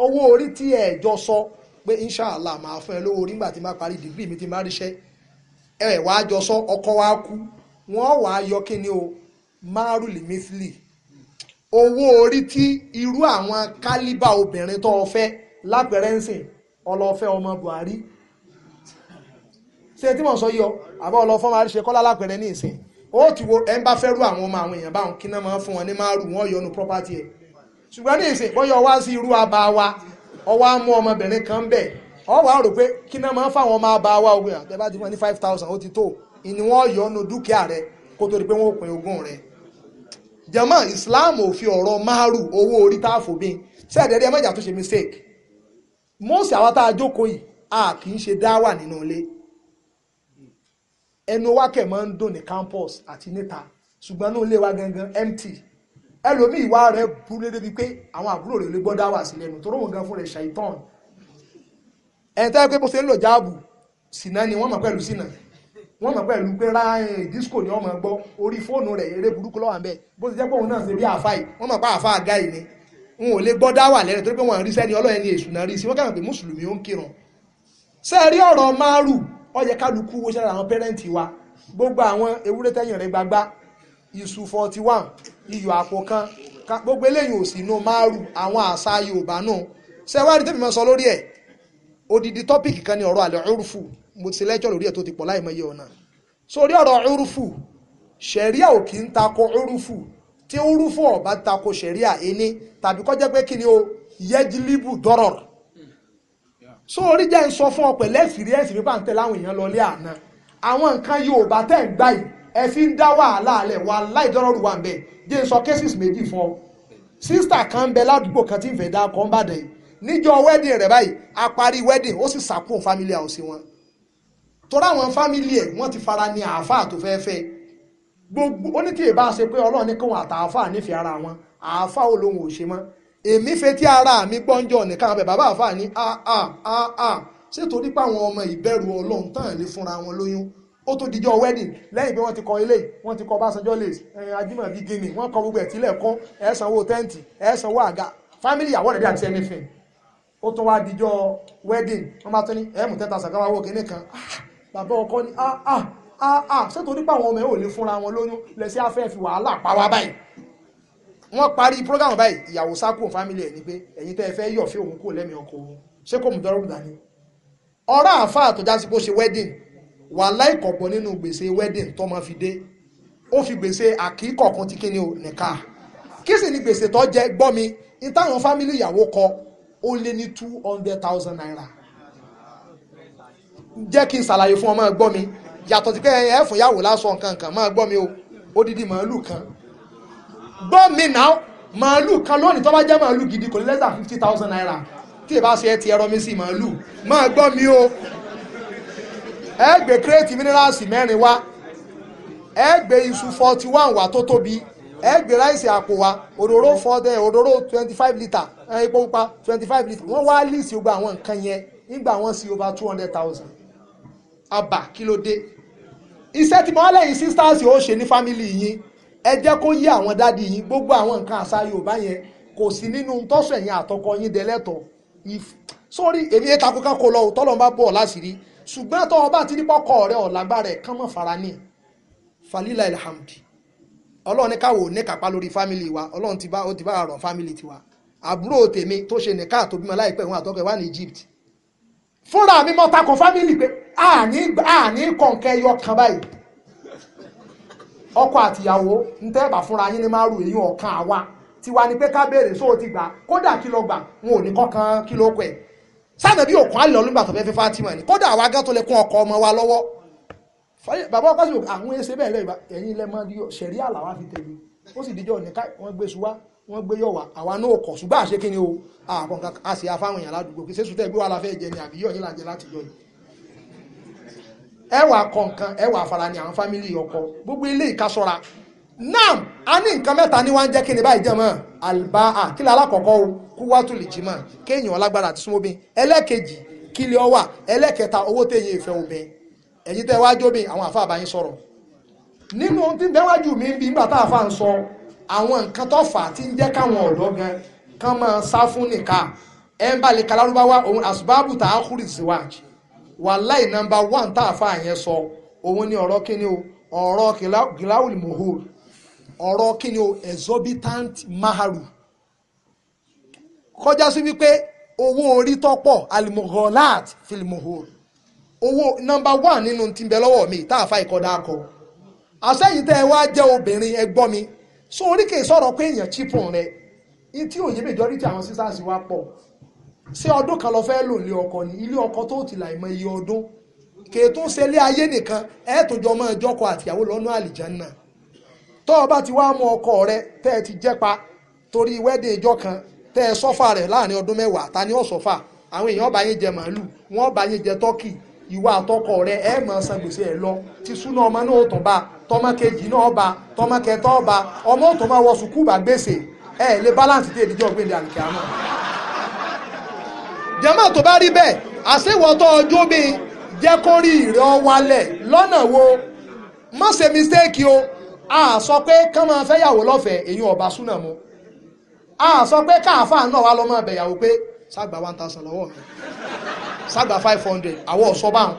A: owó orí tí ẹ̀ jọ sọ pé inshàlá màá fún ẹ lówó orí nígbà tí n bá parí dìgírì mi ti má ríṣẹ́ ẹ̀ wá jọ sọ ọkọ wa kú wọn wàá yọ kíni o márùlì mithili owó orí tí irú àwọn kálíbà obìnrin tó o fẹ́ lápẹ̀rẹ́ ń sìn ọlọ́fẹ́ ọmọ Buhari ṣe tí mò ń sọ yọ àbá ọlọ́fọ́ máa ṣe kọ́lá lápẹ̀rẹ́ ní ìsìn ó ti wo ẹ̀ ń bá fẹ́rú àwọn ọmọ àwọn èèyàn báwọn kíná máa ń fún wọn ní márù wọn yọnu property ẹ̀ ṣùgbọ́n ní ìsìn bọ́yọ̀ wá sí irú àbá wa ọwọ́ á mú ọmọbìnrin kan bẹ̀ ọ wàá rò pé kíná máa ń fáwọn ọmọ àbá wa ogun àtẹ́bá ti fún ní five thousand ó ti tó ìní wọn yọnu dúkìá rẹ kó tó di pé wọn ò pin ogún rẹ jàmá islam ò fi ọ̀rọ̀ márùn owó orí tá a fòbin sẹ́ẹ̀dẹ̀ẹ́dẹ́ ẹ mẹ́jà tó ṣe mistake mọ́ọ̀sì àwọn tá a jókòó yìí a kì í ṣe dáwà nínú ilé ẹnu wa kẹ̀ máa ń dùn ní campus àti níta ṣùgbọ́n ní ilé wa gangan empty ẹlòmíì ìwà rẹ̀ burú débi pé àwọn àbúrò rẹ̀ lè gbọ́ dáwà sí lẹ́nu tó rọ̀ wọ́n gan fún rẹ̀ ṣàìtàn ẹ̀ ń tẹ́ pé bó ṣe ń lò jáàbù sínà ni wọ́n mọ̀ pẹ̀lú sínà wọ́n mọ̀ pẹ̀lú pé rá eh, disco ni wọ́n mọ̀ gbọ́ orí fóònù rẹ̀ eré burúkú lọ́wọ́ àbẹ́ bó ti jẹ́ pé òun náà ṣe bí àfáì wọ́n mọ̀ pé àfáà gáì ni n ò lè gbọ́ dáwà lẹ́rẹ̀ torí pé wọ́n rí sẹ́ni ọlọ́yẹni èṣù náà rí sí wọ́n kàn pé mùsùlùmí ó ń kírun sẹ́ẹ̀rí ọ̀rọ̀ márù ó yẹ kálukú wo ṣẹ́ra àwọn pẹ́rẹ́ǹtì wa gbogbo àwọn ewúrẹ́ tẹ́yìn rẹ̀ gbagbá iṣu forty one iyọ̀ àpò kan gbogbo eléyìí ò sí inú márù àwọn àṣà Yorùbá náà sẹ́wárí tẹ́mi máa sọ lórí ẹ̀ odidi tọ́pìkì kan ni ọ̀rọ̀ àlẹ́ òrùfù mo ti lẹ́jọ́ lórí ẹ̀ tó ti pọ̀ láì mọye ọ̀nà sórí ọ̀rọ̀ urufu ṣẹ̀ríà ò kì í takò urufu tí urufu ọ̀bá takò ṣẹ̀ríà ẹni tàbí kọjá pé kí ni o yẹjilibu dọ́rọ̀ sórí jẹ́ ń sọ fún ọ pẹ̀lẹ́ ẹ̀sìrí ẹ̀sìrí pàǹtẹ́ láwọn èèyàn lọ lé àná àwọn nǹkan Yorùbá tẹ̀ ń gbà yìí ẹ fi ń dá wàhálà alẹ̀ wàhálà ìdọ́rọ̀rù wà ń bẹ̀ jẹ́ ń sọ cases méjì fún ọ sísítà kan bẹ ládùúgbò kan tí ń fẹ́ dá ọkọ̀ ń bàdàn yìí níjọ́ wedding rẹ̀ báyìí a parí wedding ó sì sàkún family house wọn torí àwọn fámìlì ẹ̀ wọ́n ti fara ní àáfàá tó fẹ́ fẹ́ gbogbo ó ní tí èbá ṣe pé ọlọ́run ní kóhun àtàáfàá nífẹ̀ẹ́ ara wọn àáfàá olóhùn ò ṣe mọ́ èmi fẹ́ tí ara mi gbọ́njọ́ nìkan àbẹ̀ bàbá àáfàá ní aaa ah, ah, ah, ṣé torí pé àwọn ọmọ ìbẹ̀rù ọlọ́run tán lè fúnra wọn lóyún ó tó dijọ́ wedding lẹ́yìn bí wọ́n ti kọ ilé wọ́n ti kọ Ọbásanjọ́ lè Ajímọ̀bí gini wọ́n kọ gbogbo ẹ̀tílẹ̀ kún ẹ sanwó tẹ́ǹtì ẹ sanwó àga family àwọ̀ rẹ̀ bí àti anything ó tún wá wedding wọ́n bá tún ní ẹ̀mú tẹ́ta sàkáwá wò kíní kan ah bàbá ọkọ ni ah ah ah ah ṣé torí pé àwọn ọmọ ẹ ò lè fúnra wọn lóyún lẹ́sẹ̀ afẹ́ fi wàhálà pa wá báyìí wọ́n parí program báyìí ìyàwó sákò fámílì ẹ̀ ni pé ẹ̀yin tẹ́ ẹ fẹ́ yọ̀ fí òun kò lẹ́mìí ọkọ òun ṣé kò mú dọ́rùn dání ọ̀rá àfa àtọ̀já sí bó ṣe wedding wà láìkọ̀pọ̀ nínú gbèsè wedding tọ́mọ fi dé ó fi gbèsè àkíkọ̀kan tí kíni o nìka kí sì ni gbèsè tó jẹ gbọ́ mi ní táwọn fámílì ìyàwó kọ ó lé ní two hundred thousand naira jẹ́ kí n ṣàlàyé fún ọ máa gbọ́ mi yàtọ̀ sí pé ẹ fún yàwó lásọ nǹkan kan máa gbọ́ mi o odidi màálù kan gbọ́ mi náà màálù kan lónìí tó bá jẹ́ màálù gidi kò ní less than fifty thousand naira tí ì bá ṣe ẹ ti ẹrọ mi sí màálù máa gbọ́ mi o ẹ gbé kírètì mínírààsì mẹ́rin wá ẹ gbé iṣu forty one wá tó tóbi ẹ gbé ráìsì àpò wa òróró fọdẹ òróró twenty five litre epo pupa twenty five litre wọ́n wá líìsì gbogbo àwọn nǹkan yẹn nígbà wọ́n sí over two hundred thousand àbà kí ló dé iṣẹ́ tí mo lẹ́yìn sisters yóò ṣe ní fámìlì yín ẹ jẹ́ kó yé àwọn dádì yín gbogbo àwọn nǹkan àṣà Yorùbá yẹn kò sí nínú tọ́sọ̀ ẹ̀yìn àtọkọ yín dẹlẹ́tọ̀ sórí èmi ẹ̀ takò ká kó lọ òótọ́ lọ́n bá bọ̀ ọ́ láṣìírí ṣùgbọ́n tọ́ ọba àti nípọ̀kọ rẹ̀ ọ̀làgbára ẹ̀ kán mọ̀ fara ní falila ilhamdi ọlọ́run káwò níkàpá lórí fámìlì wa ọlọ́run ti bá ó ti bá àrọ̀ fámìlì tiwa àbúrò tèmi tó ṣe nìka àtòbímọ láìpẹ́ òun àtọkọ ẹ̀ wà ní Egypt fúnra mi mọ́ takò fámìlì pé àní kọ̀ǹkẹ́ yọ kan báyìí ọkọ àtìyàwó ń tẹ́ bá fúnra yín ní máa rù èyí ọ̀kan àwa tiwa ni pé ká béèrè sóò ti gbà kódà kí lọ gbà wọn ò ní kọ́kan kí ló kọ ẹ̀ sáànà bí òkun àlè ọlọ́gbà tó fẹ́ fẹ́ Fatima ni kódà àwa gán tó lè kún ọkọ ọmọ wa lọ́wọ́ bàbá ọkọ sí àwọn ẹsẹ bẹ́ẹ̀ lẹ́yìn ẹ̀yìn ilẹ̀ máa di ṣẹ̀rí àlàwà fi tẹ̀lé ó sì díjọ́ ní wọ́n gbé ṣúwá wọ́n gbé yọ̀wà àwa náà kọ̀ ṣùgbọ́n àṣekínni o àkànká a sì afáwọn èèyàn ládùúgbò kí sẹ́sùtẹ̀ gbé wa la fẹ́ jẹ ni àbíyọ̀ yín là ń jẹ láti yọ yìí ẹwà kọ̀ọ̀kan ẹwà afárá ni àwọn fámìlì gbogbo ilé a ní nǹkan mẹ́ta ní wá ń jẹ́ kí ni báyìí jẹ́mọ́ àlùbá à kí ni alákọ̀ọ́kọ́ o kú wá tó lè jí mọ́ kéèyàn ọlágbára àti súnmọ́bìn ẹlẹ́ẹ̀kejì kí lè ọwà ẹlẹ́ẹ̀kẹta owó téye ìfẹ́ obìn ẹ̀yin tẹ́ wájú obìn àwọn àfa mi bí nígbà tá ń sọ ti ń jẹ́ káwọn ọ̀dọ́ gan kán máa fún nìka ẹ̀ ń bá lè kalárúbáwá òun wàláì nọ́mbà one tá a fa àyẹn sọ òun ni ọ̀rọ̀ kíni o ọ̀rọ̀ gilawul mohol ọ̀rọ̀ kíni o exorbitant maharu kọjá sí wípé owó orí tọ́pọ̀ alimoholat filmohol owó nọ́mbà one nínú ti ń bẹ lọ́wọ́ mi tá a fa ìkọ́dá kọ àṣẹ́yìn tẹ́ ẹ wá jẹ́ obìnrin ẹ gbọ́ mi so oríkèé sọ̀rọ̀ pé èèyàn chipon rẹ̀ tí òye majority àwọn sisters wa pọ̀ ṣé ọdún kan lọ fẹ́ lò nílé ọkọ ni ilé ọkọ tó ti là ìmọ̀ iye ọdún kèétún ṣe ilé ayé nìkan ẹ tó jọ mọ́ ẹjọ́kọ àtìyàwó lọ́nà àlìjánná tó o bá ti wá mú ọkọ rẹ tẹ́ ẹ ti jẹ́pa torí wẹ́dìn ìjọ kan tẹ́ ẹ sọ́fà rẹ̀ láàrin ọdún mẹ́wàá ta ni ó sọ́fà àwọn èèyàn bá yín jẹ màálù wọ́n bá yín jẹ tọ́kì ìwà àtọkọ rẹ ẹ mọ̀ san gbèsè ẹ lọ ti súná ọmọ náà tó bá tọmọ kejì náà bá tọmọ kẹtọ bá ọmọ tó máa wọ sùkúù bá gbèsè ẹ lè balance dé ìdíjọ gbèdé àlùkè àmọ́ jẹ́mọ̀ tó bá rí bẹ́ẹ̀ àṣewọ́tọ́ ọjọ́ mi jẹ́ kó rí ìrẹ́ ọ lọ́nà wo má ṣe mistake o a sọ pé kán máa fẹ́ yàwó lọ́fẹ̀ẹ́ èyí ọba súnà mu a sọ pé káàfà náà wà lọ́mọ ẹ̀bẹ̀ yàwó pé ságba one thousand lọ́wọ́ mi ságba five hundred àwọ̀ ọ̀sọ́ báwọn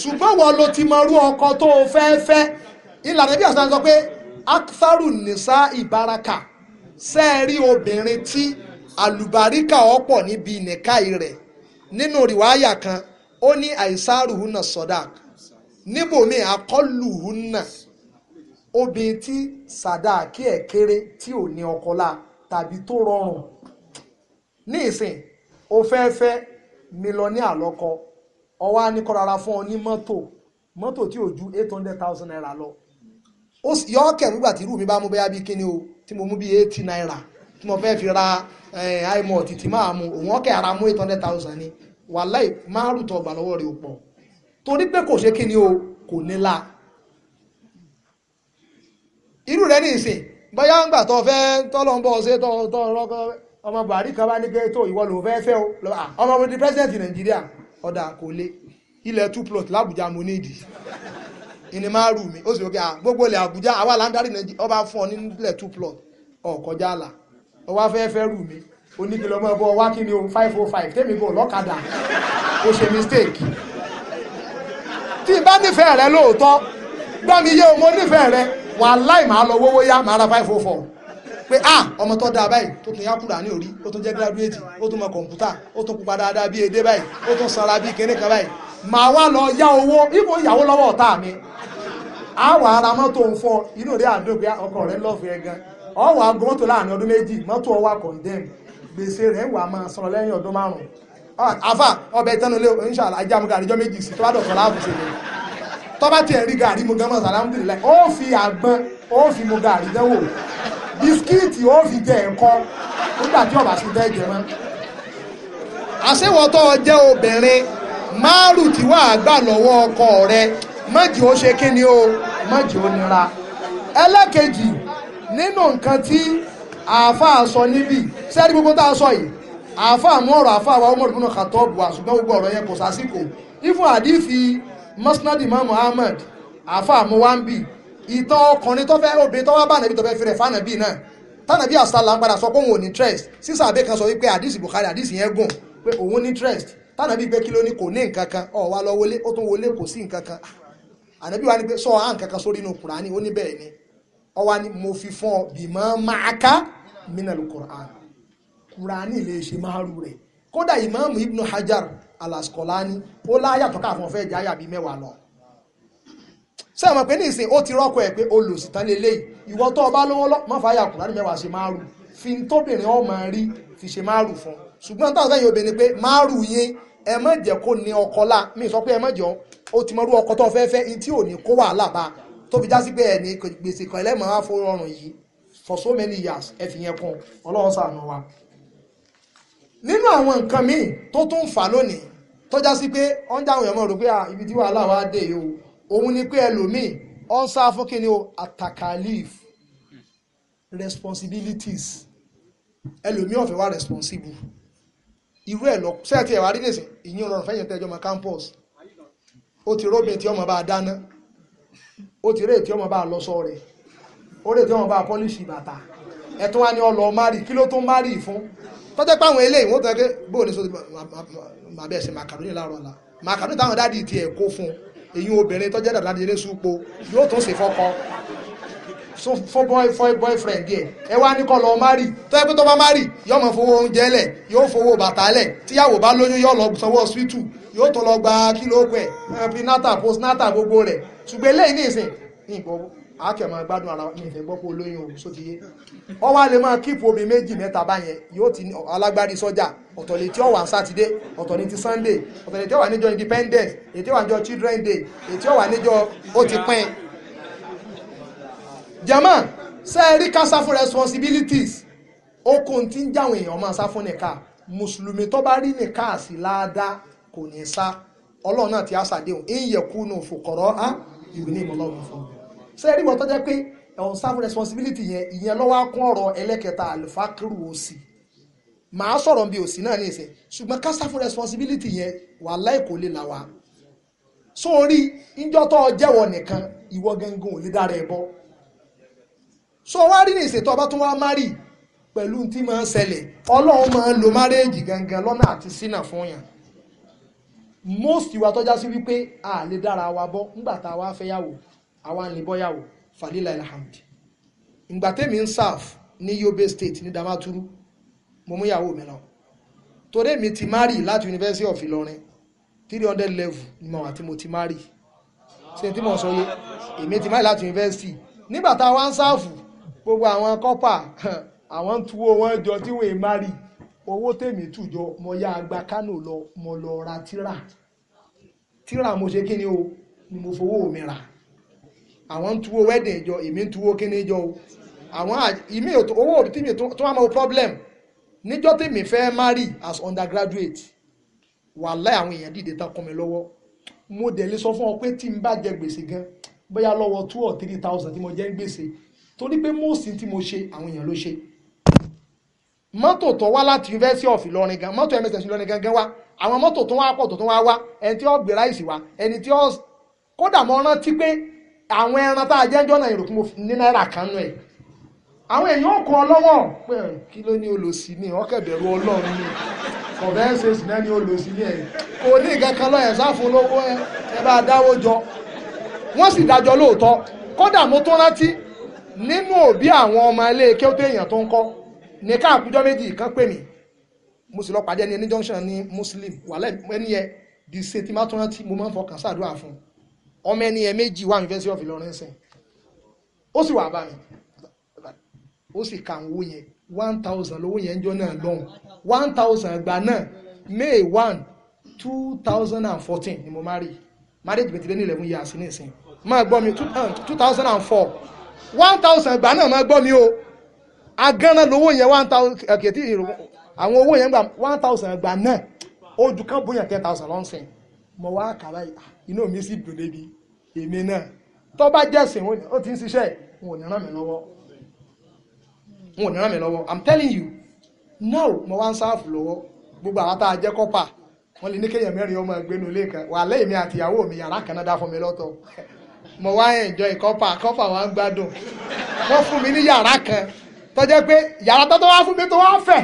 A: ṣùgbọ́n wọ́n lo ti mọ irú ọkọ tó o fẹ́ fẹ́ ìlànà bí àṣà sọ pé aktharu nisa ibaraka sẹ́ẹ̀rí obìnrin tí àlùbáríkà ọ̀pọ̀ níbi nìkáì rẹ̀ nínú rìwáyà kan ó ní àìsáàrù hùnà sọ̀dák níbòmí àkọlù hùnà obìnrin tí sàdáàkì ẹ̀ kéré tí ò ní ọkọlá tàbí tó rọrùn ní ìsìn o fẹ́ fẹ́ mílíọ̀nìà lọ́kọ ó wá ní kó fún ọ ní mọ́tò mọ́tò tí ò ju eight hundred thousand naira lọ yọ ọ́ kẹ̀rú gbà irú mi bá mú bẹ́yà bí kíni o tí mo mú bí eighty naira tí mo fẹ́ fi ra àìmọ̀ títí máa mu òun ọ̀kẹ́ ara mú eight hundred thousand ni wàláì márùn tó gbà lọ́wọ́ rẹ̀ ò pọ̀ torí pé kò ṣe kí ni kò nílà irú nìsín bóyá ń gbà tó fẹ́ ń ṣe tọ́ ọmọ Buhari kan bá ní pé tó ìwọ ló fẹ́ fẹ́ ọmọ di president plot mo ní ìdí ìní máa rù mí ó gbogbo ilẹ̀ Àbújá àwa là ń ọ nílẹ̀ two ó wá fẹ́ẹ́ fẹ́ rù mí ó ní kí lọ́mọ ẹbọ wá kí ni òun five oh five tèmi kò lọ́kadà ó ṣe mistake tí bá nífẹ̀ẹ́ rẹ lóòótọ́ gbọ́n mi yé o mo nífẹ̀ẹ́ rẹ wàláì máa lọ wówó yá máa ra five oh four pé ah ọmọ tó dáa báyìí tó kìí ápùrà ní orí ó tún jẹ́ gírádúrétì ó tún mọ kọ̀ǹpútà ó tún pupa dáadáa bí edé báyìí ó tún sanra bí kinní kan báyìí màá wá lọ yá owó ipò ìyàwó lọ́wọ́ ọ̀tá mi àwọn ará mọ́tò ń fọ inú rẹ̀ àdó pé ọkọ rẹ̀ lọ́ọ̀fẹ́ gan ọwọ́ agun mọ́tò láàrin ọdún méjì mọ́tò ọwọ́ condemn gbèsè rẹ̀ wà máa san lẹ́yìn ọdún márùn-ún afa ah, ọbẹ̀ ìtẹ́nu lé inṣàlá ajá mu gàrí jọ méjì sí tó bá dọ̀kan láàbù sí ni tó bá tiẹ̀ rí gàrí mu gánmọ̀ sàlámùdìlá ó fi àgbọn ó fi mu gàrí dánwò bisikíìtì ó fi jẹ ẹ̀kọ́ nígbà tí ọba sì fẹ́ jẹ mọ́. àṣewọ́tọ́ jẹ́ obìnrin márùn tí wàá gbà lọ́wọ́ ọkọ rẹ̀ mọ́jì ó ṣe kí ni o mọ́jì ó nira ẹlẹ́kejì nínú nǹkan tí àáfàá sọ níbí sẹ́ẹ̀dì gbogbo tá a sọ yìí àáfàá mú ọ̀rọ̀ àáfàá wa Umar ibn Khattab wà ṣùgbọ́n gbogbo ọ̀rọ̀ yẹn kò sásìkò ifun àdífi Musnad Imam Ahmad àáfàá mú wáńbì ìtàn ọkùnrin tó fẹ́ obìnrin tó wá bá nàbí tó fẹ́ fi rẹ̀ fánàbí náà tánàbí àsálà ń padà sọ pé òun ò ní trust sísà abẹ́ kan sọ wípé àdìsí Bukhari àdìsí yẹn gùn pé òun ní trust tánàbí pé kí ló ní kò ní nǹkan kan ó wá lọ wọlé ó tún wọlé kò sí nǹkan kan ànàbí wa ni pé sọ hàn kankan sórí inú Kùránì ó ní bẹ́ẹ̀ ni ọwá ni mo fi fún ọ bí mọ́ máa ká minal Qur'an kùránì lè ṣe máàrú rẹ̀ kódà ìmáàmù Ibn Hajar Al-Asqalani ó láyà tọ́ka àwọn ọ̀fẹ́ ìjà àyàbí mẹ́wàá lọ ṣé àwọn pé ní ìsìn ó ti rọ́kọ̀ ẹ̀ pé olùsìtàn lélẹ́yìí ìwọ tó ọba lọ́wọ́ lọ́ mọ́ fàáyà kùránì mẹ́wàá ṣe máàrú fi ń tóbìnrin ọmọ rí fi ṣe máàrú fún ṣùgbọ́n táwọn fẹ́yìn obìnrin pé máàrú yín ẹ má jẹ́ kó ní ọkọ lá mi sọ pé ẹ má jọ ó ti mọ́rú ọkọ tó fẹ́ fẹ́ tó fi já sí pé ẹni gbèsè kan ẹlẹ́mọ̀ á fó rọrùn yìí for so many years ẹ fi yẹn kún ọlọ́run ṣàánú wa nínú àwọn nǹkan míì tó tún fà lónìí tó já sí pé ọ ń dáhùn ẹ̀mọ́ rò pé ibi tí wàhálà wa dé yìí o òun ni pé ẹlòmíì ọ ń sá fún kíni o atakalif responsibilities ẹlòmíì ọ̀fẹ́ wa responsible irú ẹ̀ lọ sẹ́ẹ̀tì ẹ̀wà rí nìsín ìyín ọlọ́run fẹ́yìn tẹ́jọ́ mọ́ campus ó ti róbin tí ọmọ bá dáná ó ti rèé tí ọmọ bá lọ sọ rẹ̀ ó rèé tí ọmọ bá pọ́líṣì bàtà ẹ̀tún wa ni ọlọ́ mari kí ló tó ń mari fún tọ́jẹ́ pé àwọn eléyìí wọ́n tọ́ pé bóò ní sọ máa bẹ́ẹ̀ ṣe màkàrónì láàárọ̀ la màkàrónì táwọn dáàdì ti ẹ̀ kó fún èyí obìnrin tọ́jẹ́ dàdà ní ilé súpo yóò tún ṣe fọ́kọ fún boyfriend díẹ̀ ẹ wá ní kọ́ lọ mari tọ́jẹ́ pé tó bá mari yóò máa fowó oúnjẹ lẹ̀ yóò fowó bàtà lẹ̀ tíyàwó bá lóyún yóò lọ sanwó hospital yóò tó lọ gba kílò ogun ẹ̀ prenatal postnatal gbogbo rẹ̀ ṣùgbọ́n eléyìí ní ìsìn ní ìgbọ́ akẹ́mọ̀ gbádùn ara mi ìfẹ́ gbọ́ pé olóyún o sóti yé ọ wá lè máa kíp omi méjì mẹ́ta báyẹn yóò ti alágbárí sọ́jà ọ̀tọ̀ lè tí ó sátidé ọ̀tọ̀ lè ti sunday ọ̀tọ̀ lè tí ó wà independence èyí tí ó wà níjọ́ children day èyí tí ó wà níjọ́ ó ti pín. jama sẹ́ẹ̀rí kásá fún responsibilities okun tí ń jáwọn èèyàn máa sá fún nìka mùsùlùmí tó bá rí nìka sí láadáa kò ní sá ọlọ́run náà ti àṣàdéhùn ìyẹ̀kúnù fòkọ̀rọ̀ á ìwé ní ìmọ̀lọ́run fún mi ṣé ẹ rí tó jẹ́ pé ẹ̀hún self responsibility yẹn ìyẹn lọ́wọ́ kún ọ̀rọ̀ ẹlẹ́kẹta àlùfákìrù òsì màá sọ̀rọ̀ bí òsì náà ní ìsẹ̀ ṣùgbọ́n ká yẹn wà láì most ìwà tọ́já sí wípé a lè dára wa bọ́ ńgbà tá a wá fẹ́ yàwó àwa ń lè bọ́ yàwó fàlílà ilhamdi ìgbà ń serve ní Yobe State ní Damaturu mo mú yàwó mi lọ torí mi ti marry láti University of Ìlọrin three hundred level ni mo wà tí mo ti marry ṣe tí mo sọ yé èmi ti marry láti university nígbà tá a wá ń serve gbogbo àwọn kọ́pà àwọn tuwo wọn jọ tí wọ́n marry owó tèmi tùjọ mo yá agba kánò lọ mo lọ ra tíra tíra mo ṣe kí ni o ni mo fowó mi rà àwọn ń tuwó wedding jọ èmi ń tuwó kí ni jọ o àwọn ìmí owó òbí tèmi tó wà mọ́ problem níjọ́ tèmi fẹ́ marry as undergraduate wàláì àwọn èèyàn dìde tán kún mi lọ́wọ́ mo dẹ̀ lè sọ fún ọ pé tí n bá jẹ gbèsè gan bóyá lọ́wọ́ two or three thousand tí mo jẹ́ gbèsè torí pé most tí mo ṣe àwọn èèyàn ló ṣe mọ́tò tó wá láti University of Ìlọrin gan mọ́tò MSN Ìlọrin gan wá àwọn mọ́tò tó wá pọ̀ tó tó wá wá ẹni tí ó gbé ráìsì wá ẹni tí ó kódà mo rántí pé àwọn ẹran tá a jẹ́ jọ́nà ìrùkún ní náírà kan nù ẹ̀ àwọn ni ọkẹ́ bẹ̀rù ọlọ́run ni náà ní ni ẹ̀ kò ní ìkankan ní ká àkújọ́ méjì kan pè mí mo sì lọ pàdé ẹni ní junction ní muslim wàhálà ẹni yẹ di ṣe tí má tún rántí mo máa ń fọkàn sàdúrà fún ọmọ ẹni yẹ méjì wà university of Ìlọrin sẹ́yìn ó sì wà bá mi ó sì ka owó yẹn one thousand lówó yẹn jọ náà lọ́hùn one thousand gba náà may one two thousand and fourteen ni mo marry marriage bẹ̀tẹ̀ lé ní eleven years ní ìsìn máa gbọ́ mi eh, two thousand and four one thousand gba náà máa gbọ́ mi o agánná lówó yẹn one thousand kẹtí àwọn owó yẹn gbà one thousand gbà náà ojú kan bóyá ten thousand lọ́nsìn mo wá kàrá ah, inú mi sì dùn débi èmi náà tó bá jẹ́sìn ó ti ń ṣiṣẹ́ wọn ò ní ràn mí lọ́wọ́ wọn ò ní ràn mí lọ́wọ́ i'm telling you now mo wá ń sáàfù lọ́wọ́ gbogbo àwọn tá a jẹ́ kọ́pà wọ́n lè ní kéèyàn mẹ́rin ọmọ ìgbénu ilé kan wà lẹ́yìn mi àti ìyàwó mi yàrá kan dá fún mi lọ́tọ̀ mo wá enjoy kọ́pà kọ́pà wa ń gbádùn wọ́n fún mi ní yàrá kan tọ́jẹ́ pé yàrá tó tó wá fún mi tó wá fẹ̀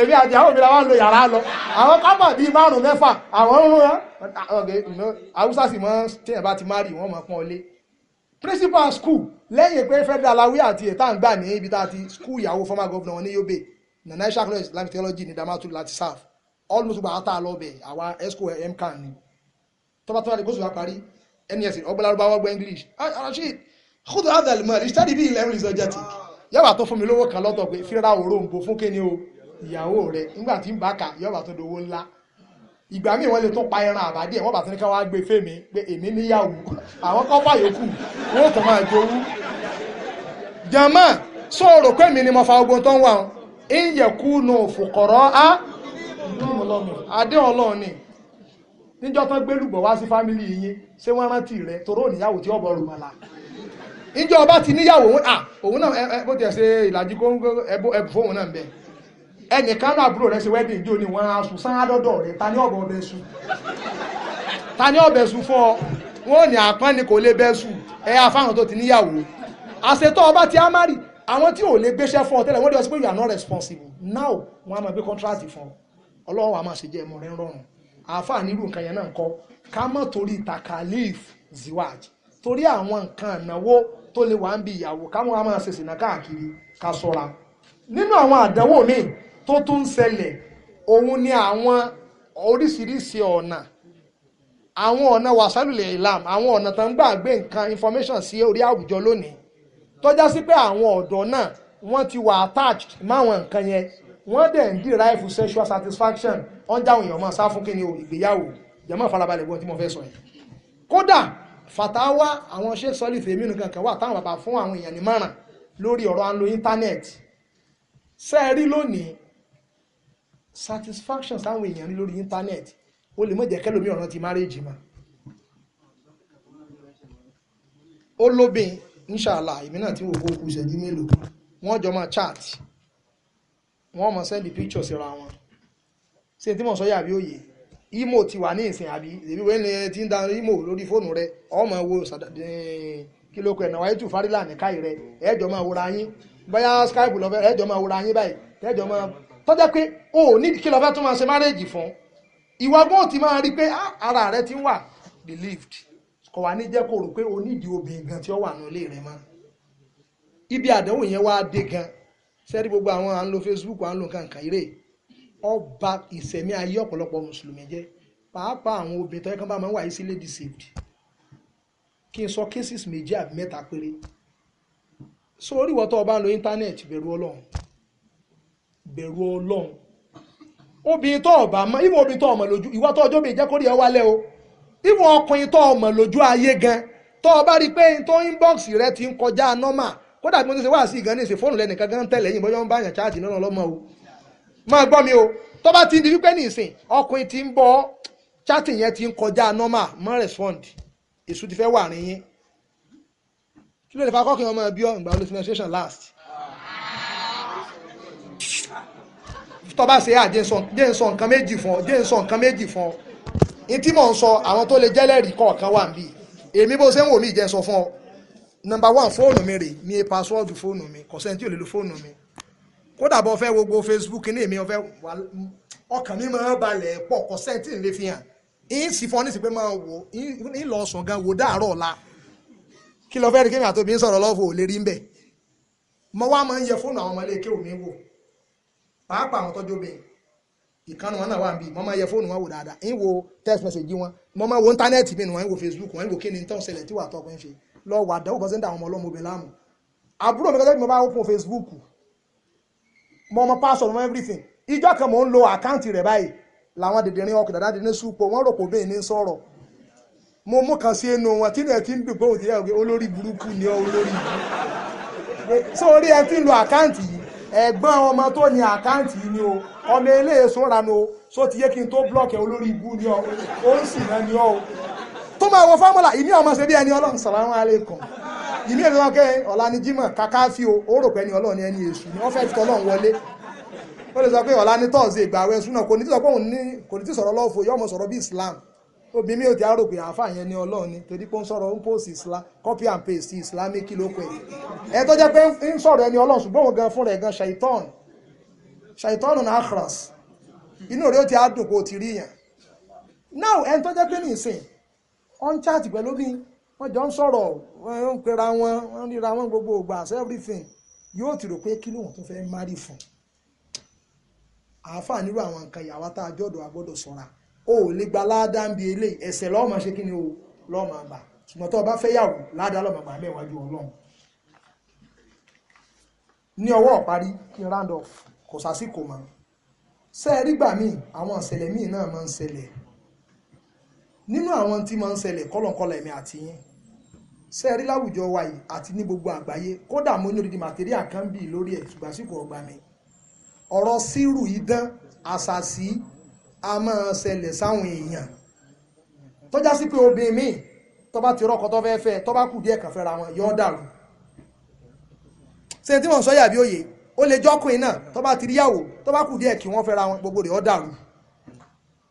A: èmi àti àwọn òmìnira wá ń lo yàrá lọ àwọn kábà bíi márùn mẹ́fà àwọn ń rán haúsá sì mọ́ téèyàn bá ti má rí wọ́n mọ̀ pọ́n lé principal school lẹ́yìn pé federal awi àti ètà ń gbà ní ibi tá a ti school ìyàwó former governor wọn ní Yobe nana isha college islamic theology ní Damaturu láti serve almost gba ata lọ́bẹ̀ àwa esco mcan ni tọ́ba tọ́ba ní gbósùn wa parí nes ọgbọ́n lárúbáwọ́ gbọ́ English ṣe kódà adàlmọ́ ìṣàdìbí ilẹ̀ ìrìnsọ̀jẹ̀tì yọ́bà tó fún mi lówó kan lọ́tọ̀ pé fíra òróǹbó fún kéne o ìyàwó rẹ̀ nígbà tí ń bá kà yọ́bà tó dowó ńlá ìgbà míì wọ́n lè tún pa ẹran àbádí ẹ̀ wọ́n bá ti ní ká wá gbé fèmí pé èmi níyàwó àwọn kọ́pà yòókù wọ́n tó máa jowú. jama sọ̀rọ̀ pé mi ni mo fa ogun tó ń wà ń yẹ̀kú nù fòkọ̀rọ̀ á adé ọlọ́run ni níjọ́ tán gbélùbọ̀ wá sí fámìlì yín ṣé wọ́n rántí rẹ̀ toró níyàwó tí ọ̀bọ̀ rùmọ̀lá ìjọ ọba ti níyàwó òun à òun náà bó tiẹ̀ ṣe ìlàjì góńgó ẹbú fóun náà bẹ̀ ẹnìkan náà àbúrò rẹ ṣe wedding jó ni wọn á sùn sáà dọ́dọ̀ rẹ ta ní ọ̀bẹ ọbẹ̀ sùn ta ni ọ̀bẹ sùn fọ́ wọn ò ní àpọ́n ni kò lè bẹ́ sùn ẹ afáhàn tó ti níyàwó àṣetọ́ ọba ti á má rì àwọn tí ò lè gbéṣẹ́ fún ọ tẹ́lẹ̀ wọ́n dẹ̀ sọ pé you are not responsible now wọ́n á máa gbé contract fún ọ ọlọ́wọ́ a máa ṣe jẹ́ ẹmọ rẹ ń rọrùn àáfàá nírú nǹkan yẹn náà ń kọ́ ká mọ̀ torí takalif ziwaj torí àwọn nǹkan ìnáwó tó lè wà ń bi ìyàwó káwọn a máa ṣèṣìnà káàkiri ká ka nínú àwọn àdánwò míì tó tún ń ṣẹlẹ̀ òun ni àwọn oríṣiríṣi ọ̀nà àwọn ọ̀nà wàsálùlẹ̀ ìlàm àwọn ọ̀nà tó ń gbà gbé nǹkan information sí orí àwùjọ lónìí tọ́já sí pé àwọn ọ̀dọ́ náà wọ́n ti wà attached máwọn nǹkan yẹn wọ́n dẹ̀ ń derive sexual satisfaction wọ́n kí ni Fatawa àwọn sheikh sọ́lì fèmí nìkan kan wà táwọn bàbá fún àwọn èèyàn ní márùn lórí ọ̀rọ̀ à ń sẹ́ẹ̀rí lónìí satisfaction sáwọn èèyàn rí lórí íńtánẹ́ẹ̀tì ó lè má jẹ́ kẹ́lòmí ọ̀ràn ti márèèjì mọ́ ó lóbìn inṣàlá èmi náà tí wò kó kú ìṣẹ́jú mélòó wọ́n jọ máa chat wọ́n máa send pictures síra wọn ṣé tí imo ti wà ní ìsìn àbí èmi wẹ́n ni ti ń da imo lórí fóònù rẹ ọmọ wo kí ló kọ ẹ̀nà wáyé tù fárílà nìka rẹ ẹ̀ẹ́dọ̀ máa wòra yín bóyá skype lọ fẹ́ ẹ̀ẹ́dọ̀ máa wòra yín báyìí ẹ̀ẹ́dọ̀ máa tọ́jà pé o ní kí lọ fẹ́ tún máa ṣe márẹ́jì fún ìwà gbọ́n ti máa rí pé ara rẹ ti ń wà relieved kò wá ní jẹ́ kó rò pé o nídìí obìnrin gan tí ó wà nílé rẹ mọ́ ibi àdánwò yẹn wá dé gan sẹ́rí gbogbo àwọn à ń lo facebook à ń lo nǹkan kan ire ó ba ìsẹ̀mí ayé ọ̀pọ̀lọpọ̀ mùsùlùmí jẹ́ pàápàá àwọn obìnrin tó yẹ kán bá máa ń wà yìí sílé deceived kí n sọ cases méjì àbí mẹ́ta péré so orí ìwọ tó o bá ń lo íńtánẹ́ẹ̀tì bẹ̀rù ọlọ́run bẹ̀rù ọlọ́run obìnrin tó ọba mọ ìwọ obìnrin tó ọmọ lójú ìwọ tó ọjọ́ bíi jẹ́ kórìí ẹ wálẹ̀ o ìwọ ọkùnrin tó ọmọ lójú ayé gan tó o rí i pé tó inbox rẹ ti ń kọjá normal kódà bí mo ti ṣe wá sí ìgànnì ìṣe fóònù lẹ́nìkan gan tẹ̀lé yìnbọn yọ̀ ń bá yàn chaájì náà lọ́mọ o máa gbọ́ mi o tó bá ti di wípé nìsín ọkùnrin ti ń bọ́ chatting yẹn ti ń kọjá normal mọ́ respond èso ti fẹ́ wà rìn yín kí ló lè fa kọ́kìn ọmọ ẹbí ọ̀gbà olùsìnàṣẹ́sàn last tó bá ṣe àjẹ́ sọ nǹkan méjì fún ọ jẹ́ sọ nǹkan méjì fún ọ ìtí mò ń sọ àwọn tó lè jẹ́lẹ̀rí kọ̀ọ̀kan wà níbí èmi bó ṣe ń wò mí ìjẹ́ sọ fún ọ number one fóònù mi rè mi password fóònù mi kò sẹ́ni tí ò lè lo fóònù mi kódà bọ́ fẹ́ gbogbo facebook ní èmi ọ̀fẹ́ ọkàn mi máa balẹ̀ pọ̀ kọ́ sẹ́ńtì lè fi hàn ń sì fọ́ ní sí pé máa wò ń lọ sùn gan wò dáàárọ̀ ọ̀la kí lọ fẹ́ rí kémi àtòbí ń sọ̀rọ̀ lọ́fọ̀ ò lè rí ń bẹ̀ mo wá máa ń yẹ fóònù àwọn ọmọlé kéwù mi wò pàápàá àwọn tọ́jú obìnrin ìkànnì wọn náà wà níbí mo máa yẹ fóònù wọn wò dáadáa ń wo text message wọn mo máa wo íńtánẹ́ẹ̀tì mi wọn ń facebook wọn ń wo kí ni tán ṣẹlẹ̀ tí wà tọkùn ṣe lọ wà dáwọ́ bọ́sẹ̀ ń dà àwọn ọmọ ọlọ́mọbìnrin láàmú àbúrò mi kọ́tẹ́ facebook mo mọ password mo everything ìjọ kan mò ń lo àkáǹtì rẹ̀ báyìí làwọn dèdèrìn ọkọ̀ dàdá dèdèrìn súpò wọ́n rò pò bẹ́ẹ̀ ní sọ̀rọ̀ mo mú kan sí ẹnu wọn tí náà ti ń dùgbò òtí ẹ̀rọ olórí burúkú ni olórí so orí ẹ ti ń lo àkáǹtì yìí ẹ̀gbọ́n ọmọ tó ní àkáǹtì yìí ni o ọmọ eléyèsó ranu o so ti yé kí n tó blọ́ọ̀kì olórí ibú ni ọ ó ń sì náà ni ọ o tó máa wọ fọ́múlà ìní ọmọ ṣe bí ẹni ọlọ́run sàlámù aláìkùm ìmí ẹ̀rọ wọn kẹ́yìn ni Jímọ̀ kàkà fi o ó rò pé ẹni ni ẹni èṣù ni wọ́n fẹ́ fi tọ́lọ́run wọlé ó lè sọ pé ọ̀la ni tọ́ọ̀sì ìgbà àwẹ̀ súnà kò ní tí sọ pé òun ní kò ní tí sọ̀rọ̀ lọ́fọ̀ yọ́mọ sọ̀rọ̀ bí Islam obì mi ò ti àrò pé àáfà yẹn ni Ọlọ́run ni torí pé ń sọ̀rọ̀ ń post Islam copy and paste Islamic kí ló pẹ́ ẹ tó jẹ́ pé ń sọ̀rọ̀ ẹni Ọlọ́run ṣùgbọ́n òun gan fún rẹ̀ gan ṣàìtọ́n ṣàìtọ́n náà àkàràs inú rẹ̀ ó ti àdùn kó o ti rí yẹn now ẹni tó jẹ́ pé nìsín ọ̀n chaàtì pẹ̀lú bíi wọ́n jọ ń sọ̀rọ̀ wọ́n ń pera wọn wọ́n ń ríra wọn gbogbo ògbà everything yóò ti rò pé kí lóun tó fẹ́ mari fún àáfàá nírú àwọn nǹkan ìyàwó tá a jọ́dọ̀ a gbọ́dọ̀ sọ́ra o ò lè gba láàdá ń bi eléyìí ẹsẹ̀ lọ́ọ́ máa ṣe kí ni o lọ́ọ́ máa gbà ṣùgbọ́n tó o bá fẹ́ yàwó láàdá lọ́ọ́ máa gbà bẹ́ẹ̀ wájú ọlọ́run ní ọwọ́ ọ̀parí kí n off kò sásìkò mọ́ ṣe é rígbà míì àwọn ìṣẹ̀lẹ̀ míì náà máa ń ṣẹlẹ̀ nínú àwọn tí máa ń ṣẹlẹ̀ kọ́lọ̀kọ́lọ̀ ẹ̀mí àtìyìn ṣe rí láwùjọ wa yìí àti ní gbogbo àgbáyé kódà mo ní odidi material kan bì lórí ẹ̀ ṣùgbọ́n àsìkò ọgbà mi ọ̀rọ̀ sírù idán àṣàṣì a máa ṣẹlẹ̀ sáwọn èèyàn tọ́já sí pé obìnrin míì tó bá ti rọ́kọ tó fẹ́ fẹ́ tó bá kù díẹ̀ kan fẹ́ra wọn yọ́ dàrú ṣe tí wọ́n sọ yàbí òye ó lè jọ́kùnrin náà tó bá ti ríyàwó tó bá kù díẹ̀ kí wọ́n fẹ́ra wọn gbogbo rẹ̀ yọ́ dàrú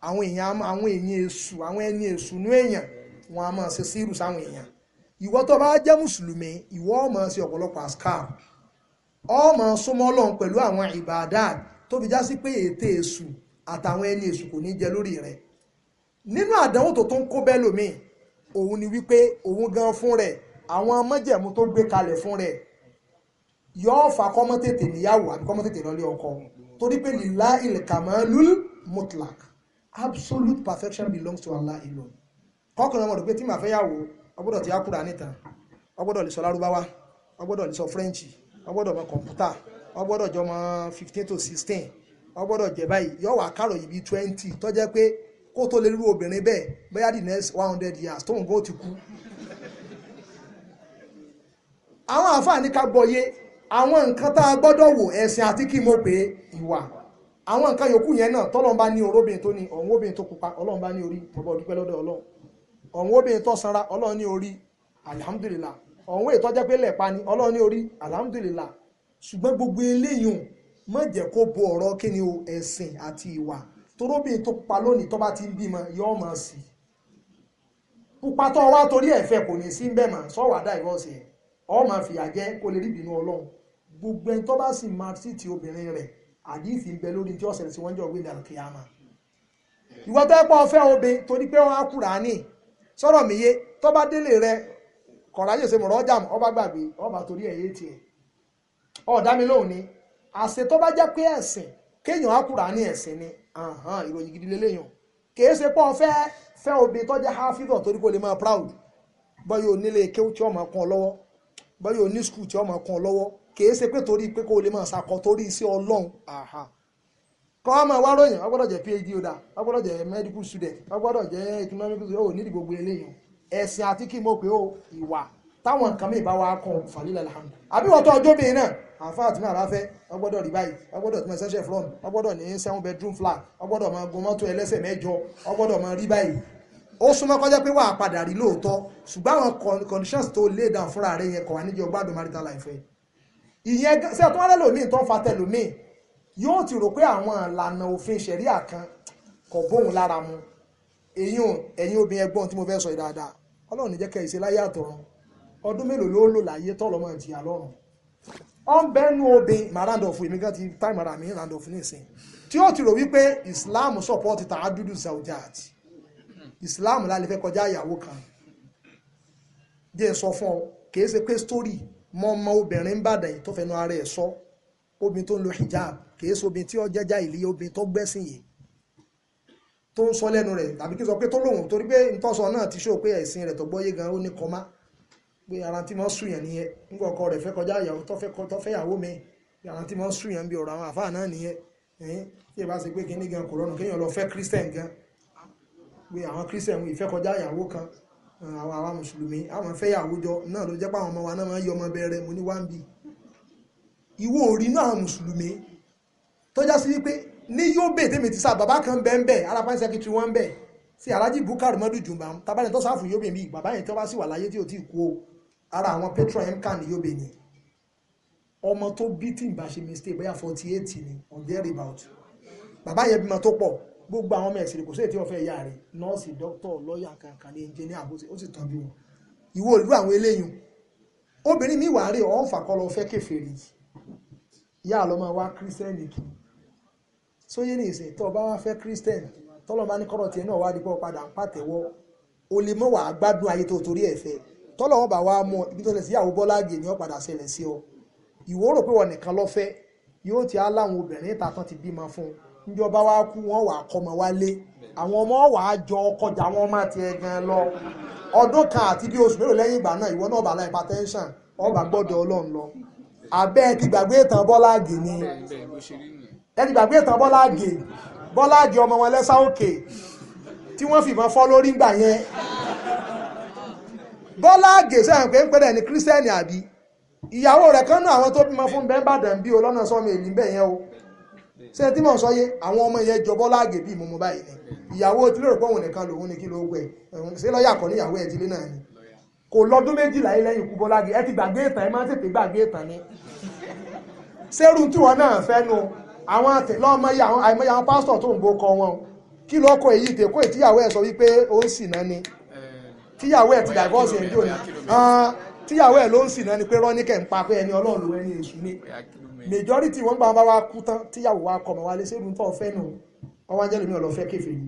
A: àwọn èèyàn àwọn èèyàn èṣù àwọn ẹni èṣù nú èèyàn wọn a máa ṣe sírù sáwọn èèyàn ìwọ tó bá jẹ́ mùsùlùmí ìwọ ọmọ sí ọ̀pọ̀lọpọ̀ askar ọmọ súnmọ́ Ọlọ́run pẹ̀lú àwọn ìbàdàn tó fi já sí pé ète èṣù àtàwọn ẹni èṣù kò ní jẹ lórí rẹ̀ nínú àdánwò tó tó ń kó bẹ́ẹ̀ lómi òun ni wípé òun gan fún rẹ̀ àwọn májẹ̀mú tó gbé kalẹ̀ fún rẹ̀ yóò fa kọ́mọ tètè níyàwó àbí kọ́mọ tètè lọ́lé ọkọ torí pé lílá ilkamalul mutlak absolute perfection belongs to Allah alone kọ́kànlá wọn rò pé tí màá fẹ́ yàwó ọgbọ́dọ̀ ti ákùrà níta ọgbọ́dọ̀ lè sọ lárúbáwá ọgbọ́dọ̀ lè sọ french ọgbọ́dọ̀ mọ kọ̀ǹpútà ọgbọ́dọ̀ jọmọ fifteen to 16, ọgbọ́dọ̀ jẹ báyìí yọ wà kárọ̀ yìí bíi twenty tó jẹ́ pé kó tó lè rú obìnrin bẹ́ẹ̀ bóyá the next one years tóun gbọ́ ti kú. àwọn àǹfààní ká gbọ́yé àwọn nǹkan tá a gbọ́dọ̀ wò ẹ̀sìn àti kí mo pè é ìwà àwọn nǹkan yòókù yẹn náà tọ́lọ́mbá ní oróbìnrin tó ní ọ̀hún obìnrin tó pupa ọlọ́mbá ní orí bọ́bọ́ dúpẹ́ lọ́dọ̀ ọlọ́run ọ̀hún obìnrin tó sanra ọlọ́run ní orí alihamudulila ọ̀hún ètò ọjọ́ pé lẹ́pa ni ọlọ́run ní orí alihamudulila ṣùgbọ́n gbogbo eléyìí má jẹ́ kó bo ọ̀rọ̀ kí ni o ẹ̀sìn àti ìwà torobìnrin tó pupa lónìí tó bá ti ń bímọ yóò máa sí pupa tó wá torí ẹ̀fẹ̀ kò ní sí ń bẹ̀ mọ́ sọ́wọ́ àdá ìrọ́sì ẹ̀ ọ́ máa fìyà jẹ kó lè rí ìbínú ọlọ́run gbogbo ẹni tó bá sì máa sí ti obìnrin rẹ̀ àdífì ń bẹ lórí tí ọ̀sẹ̀ tí wọ́n jọ wí ní àkíyàmá ìwọ́n tó ẹ obìnrin torí pé wọ́n á kúrà ní sọ̀rọ̀ mi yé tó délé rẹ kọ̀ráyè ṣe mọ̀rọ̀ ọjà ọba gbàgbé ọba torí ẹ̀ yé tiẹ̀ ọ̀dá mi ni àṣẹ jẹ́ pé ẹ̀sìn kéèyàn á kúrà ní ẹ̀sìn ni ìròyìn gidi lélẹ́yìn kìí ṣe fẹ́ fẹ́ obì hafidọ̀ torí kò lè máa proud bọ́yọ̀ onílé tí ọmọ lọ́wọ́ bọ́yọ̀ tí ọmọ kan lọ́wọ́ kọ́ ọmọ wa ròyìn wọ́n gbọ́dọ̀ jẹ́ phd ọ̀dà wọ́n gbọ́dọ̀ jẹ́ medical student wọ́n gbọ́dọ̀ jẹ́ economic student ó nídìí gbogbo eléyìí ẹ̀sìn àti kí mo pè ó ìwà táwọn nǹkan mìíràn bá wa kàn fàlílà làhàmù àbí wọ́n tó ọjọ́ bíi náà àǹfààní àti náà ráfẹ́ wọ́n gbọ́dọ̀ rí báyìí wọ́n gbọ́dọ̀ tún ẹsẹ́ṣẹ́ from wọ́n gbọ́dọ̀ ní seven bedroom flat wọ́n gbọ́dọ̀ máa gun mọ́tò ẹlẹ́sẹ̀ mẹ́jọ wọ́n gbọ́dọ̀ máa rí báyìí ó súnmọ́ kọjá pé wà á padà rí lóòótọ́ ṣùgbọ́n àwọn conditions tó lay down fúnra rẹ̀ yẹn kọ̀ wá níjọ gbádùn marital life ẹ̀ ìyẹn sẹ́ẹ̀ tó wá lẹ́lòmíì tó ń fa tẹlòmíì yóò ti rò pé àwọn ìlànà òfin ṣẹ̀ríà kan kò bóun lára mu ẹ̀yin ẹ̀yin obìnrin ẹgbọ́n tí mo fẹ́ sọ yìí dáadáa ọlọ́run ní jẹ́ kẹ́ ìṣe láyé àtọ̀run ọdún mélòó ló lò láyé tọ́lọ́ mọ́ ìjìyà lọ́run ọ ń bẹ́nu obìn màrádọ̀fù èmi gan ti táìmù ara mi rádọ̀fù nísìn tí ó ti rò wípé Islam support ta adudu zaujat Islam lálẹ́ fẹ́ kọjá ìyàwó kan jẹ́ sọ fún ọ kìí ṣe pé story mọ́ ọmọ obìnrin ń bàdàn tó fẹnu ara ẹ̀ sọ obìnrin tó ń lo hijab kìí sobin tí ó jẹ́já ìlú obin tó gbẹ́sìn yìí tó ń sọ lẹ́nu rẹ̀ tàbí kí n sọ pé tó lòhùn torí pé ntọ́sọ náà ti ṣó pé ẹ̀sìn rẹ̀ tó gbọ́yé gan ó ní kọ́má pé ara tí wọ́n sùn yàn nìyẹn nígbà ọkọ rẹ̀ fẹ́ kọjá ìyàwó tọ́fẹ́ yàwó mi ara tí wọ́n sùn yàn bí ọ̀rọ̀ àwọn àfáà náà nìyẹn ẹ̀yìn tí ìbá ṣe pé kí ní gan kò rọrùn kéèyàn lọ fẹ́ gan pé àwọn ń tó já sí wípé ní Yobe tèmi ti sá bàbá kan bẹ́ẹ̀ bẹ́ẹ̀ ara prime secretary wọn bẹ́ẹ̀ sí Alhaji Bukari mọ́dù jùmbá tabalẹ̀ tó sáfù Yobe mi bàbá yẹn tó bá sì wà láyé tí ò tí ì kú o ara àwọn petro mcan Yobe ni ọmọ tó bí tí ìbá ṣe mistake bóyá forty eight ni on there about bàbá yẹn bímọ tó pọ̀ gbogbo àwọn ọmọ ẹ̀sìn kò sí ètí ọ̀fẹ́ ìyá rẹ̀ nọ́ọ̀sì dókítọ̀ lọ́ọ̀yà kankan ní ẹnjìníà àbótí ó sì tọ́jú wọn ìwọ ìlú àwọn eléyìn obìnrin mi wà rí ọ̀hún fàkọ́ lọ fẹ́ kèfèrí yìí ìyá àlọ́ máa kírísítẹ́nì kìí sóyè ní ìsìn tó o bá wá fẹ́ Christian tọ́lọ́ bá ní kọ́rọ̀ tiẹ̀ náà wá di pọ́ padà ń pàtẹ́wọ́ o lè mọ̀ wá gbádùn ayé tó o torí ẹ̀ fẹ́ tọ́lọ́ wọn bá wá mọ ibi tó ṣẹlẹ̀ sí ìyàwó Bọ́lá Ìgè ni ó padà ṣẹlẹ̀ sí ọ ìwọ rò pé wọn nìkan ló fẹ́ yóò ti á láwọn obìnrin ìta tán ti bímọ fún un níjọba wa kú wọn wà wa wálé àwọn ọmọ wà á jọ kọjá wọn má tiẹ̀ gan lọ ọdún kan àti bí oṣù mélòó lẹ́yìn ìgbà náà ìwọ náà bá láì hypertension ọba gbọ́dọ̀ Ọlọ́run lọ abẹ́ ti gbàgbé ìtàn Bọ́lá Ìgè ni ẹni gbàgbé ìtàn bọ́lá àgè bọ́lá àgè ọmọ wọn lẹ́sà òkè tí wọ́n fìbọn fọ́ lórí gbà yẹn bọ́lá àgè sẹ́yìn pé ń pẹ́rẹ́ ní kírísítẹ́nì àbí ìyàwó rẹ̀ kan náà àwọn tó bímọ fún bẹ́ẹ̀ bàdàn bí o lọ́nà sọ́mi èlì bẹ́ẹ̀ yẹn o ṣé tí mò ń sọ yé àwọn ọmọ yẹn jọ bọ́lá àgè bí báyìí ni ìyàwó tí lóòrò pọ̀ òun nìkan lòun ni kí ló gbẹ ṣé lọ́ọ̀yà kọ́ níyàwó ẹ̀ ti lé náà ni kò lọ́dún méjìlá ilẹ̀ ikú bọ́lá ẹ ti gbàgbé ìtàn ẹ má tètè gbàgbé ìtàn ni ṣerú tí wọn náà fẹ́ nu àwọn àtẹ̀lọ́mọye àwọn àìmọye àwọn pásítọ̀ tó ń bo kọ wọn kí ló kọ èyí tèkó ìtíyàwó ẹ̀ sọ wípé ó ń ni tíyàwó ẹ̀ ti divorce ẹ̀ jò ní tíyàwó ẹ̀ ló ń sìnà ni pé rọ́níkẹ̀ ń pa pé ẹni ọlọ́run ló ẹni èṣù ni majority wọn gbà wọn bá wa kú tán tíyàwó wa kọ̀ wa lé sẹ́dùn tó fẹ́ nù ọwọ́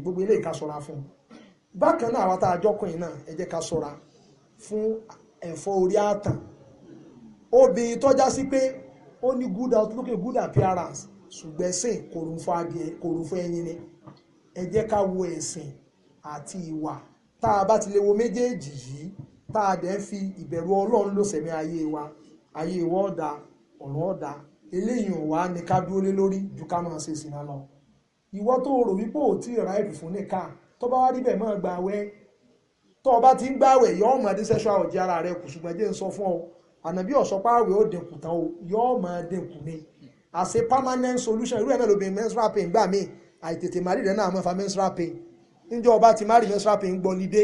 A: gbogbo ilé ìka sọra fún bákan náà àwọn tá a jọkùnrin náà ẹ jẹ́ ká fún ẹ̀fọ́ orí obìnrin tọ́já sí pé ṣùgbọ́n ẹ̀sìn kòròfo adìẹ kòròfo ẹyin ni ẹ jẹ́ ká wo ẹ̀sìn àti ìwà tá a bá ti lè wo méjèèjì yìí tá a dẹ̀ fi ìbẹ̀rù ọlọ́run lò sẹ̀mí ayé wa ayé ìwọ ọ̀dà ọ̀rọ̀ ọ̀dà eléyìí ò wá ní ká dúró lé lórí ju ká máa ṣe ìsìn lọ ìwọ tó rò wípé ò tí ì ráìdù fún nìka tó bá wá rí máa gba awẹ́ tó o bá ti ń gbàwẹ̀ yọ ọmọ adé sẹ́ṣọ́ àwọ̀jẹ́ ara rẹ kù ṣùgbọ́n jẹ́ ń sọ fún ọ ànàbí ọ̀sọ́pá àwẹ̀ ó dínkù tán o yọ ọmọ dínkù ni as a permanent solution irú ẹ̀ náà lóbi menstrual pain gbà mí àìtètè màrí rẹ̀ náà mọ́ fa menstrual pain níjọ́ ọba ti márì menstrual pain gbọ́ lídé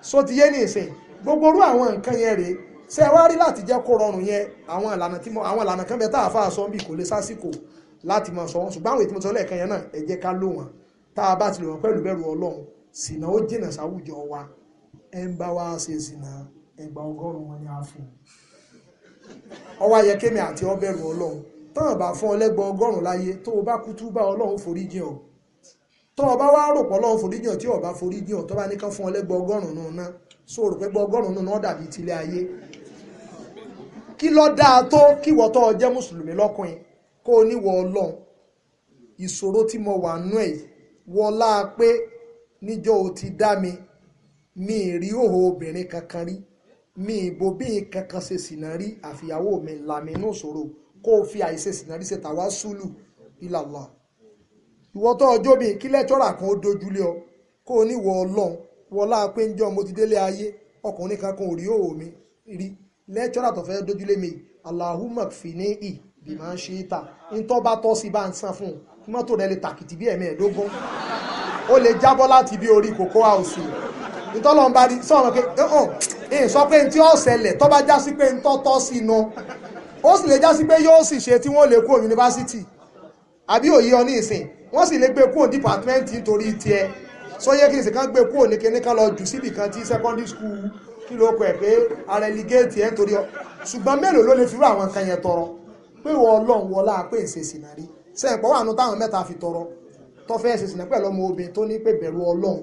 A: so ti yé ní ìsìn gbogbo orú àwọn nǹkan yẹn rèé ṣé ẹ wá rí láti jẹ́ kó rọrùn yẹn àwọn ìlànà tí mo àwọn ìlànà kan bẹ tá a fà sọ bí kò lè sásìkò láti mọ sọ wọn ṣùgbọ́n àwọn ètò ìmọ̀tò lẹ́ẹ̀kan yẹn náà ẹ jẹ́ ká lò wọ́n tá a bá ti lò wọ́n pẹ̀lú bẹ̀rù ọlọ́run ṣìnà ó jìnà sáwùjọ wa ẹ ń bá wa ṣe ṣìnà ẹgbà ọgọ́rùn-ún wọn ni a fún un ọwọ́ ayẹkẹ́mi àti ọbẹ̀rù ọlọ́run tán àbá fún ọ lẹ́gbọ̀n ọgọ́rùn-ún láyé tó o bá kú tú bá ọlọ́run foríjì ọ tó o bá wá rò pọ̀ ọlọ́run foríjì ọ tí o bá foríjì ọ tó bá ní kán fún ọ lẹ́gbọ̀n ọgọ́rùn-ún náà so rò pé ọgọ́rùn-ún náà dàbí tilé ayé kí ló dáa tó kí wọ́n tó jẹ́ mùsùlùmí lọ́kùnrin kó o níwọ̀ ọlọ́run ìṣòro tí mo wà nú ẹ̀ wọlá pé níjọ́ o ti dá mi mi ì rí òhò obìnrin kankan rí mi ì bo bí kankan ṣe sì náà rí àfìyàwó mi làmínú ìṣòro kó o fi àìṣe sìnàrí ṣe tàwa sùlù ìlàlá ìwọ tó ọjọ́ bíi kí lẹ́tọ́rà kan ó dojúlé ọ kó o níwọ ọlọ́run wọlá pé ń jọ mo ti délé ayé ọkùnrin kan kan ò rí òwò mi rí lẹ́tọ́rà tó fẹ́ dojúlé mi Allahumma fìní ì bí máa ń ṣe é ta ntọ́ bá tọ́ sí bá ń san fún un mọ́tò rẹ lè tàkìtì bí ẹ̀mẹ́ẹ̀dógún ó lè jábọ́ láti bí orí kòkó àòsì ìtọ́lọ́mbari sọ̀rọ̀ pé ẹ̀ sọ pé ntí ọ̀sẹ̀lẹ̀ tọ́ bá já sí pé ntọ́ tọ́ sí nu ó sì lè jásí pé yóò sì ṣe tí wọ́n lè kúrò yunifásitì àbí òye ọ ní ìsìn wọ́n sì lè gbé kúrò dìpàtmẹ́ǹtì nítorí tiẹ̀ sọ́yẹ́ kí n sì kán gbé kúrò ní kíní kan lọ jù síbì kan tí secondary school kí ló kọ ẹ̀ pé ara ẹligéètì ẹ̀ torí ọ ṣùgbọ́n mélòó ló lè fi rú àwọn kan yẹn tọrọ pé wọ́n ọlọ́run wọlá pé èsè sìnà rí sẹ́yìn pọ̀ wà nù táwọn mẹ́ta fi tọrọ tó fẹ́ ṣe sìnà pẹ̀lú ọmọ obìnrin tó ní pé bẹ̀rù ọlọ́run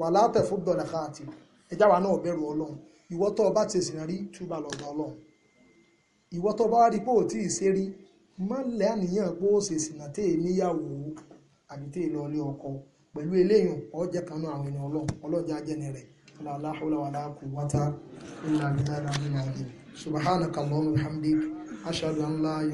A: wà látẹ̀ fún dọ̀lẹ̀ káàtì ẹ̀já wa náà bẹ̀rù ọlọ́run ìwọ tó ti ṣe sìnà rí túbà lọ́dọ̀ ọlọ́run ìwọ tó bá wá rí pé ò tí ì ṣe rí má lẹ́ àníyàn pé ó ṣe sìnà tẹ́ ẹ níyàwó àbí tẹ́ ẹ lọ ilé ọkọ pẹ̀lú eléyìn ọ̀jẹ̀ kan náà àwọn ènìyàn ọlọ́run ọlọ́jà jẹ́ni rẹ̀ aláhùlà wàlá kù wátá ńlá ńlá ńlá ńlá subhanaka allahumma wa bihamdik ashhadu an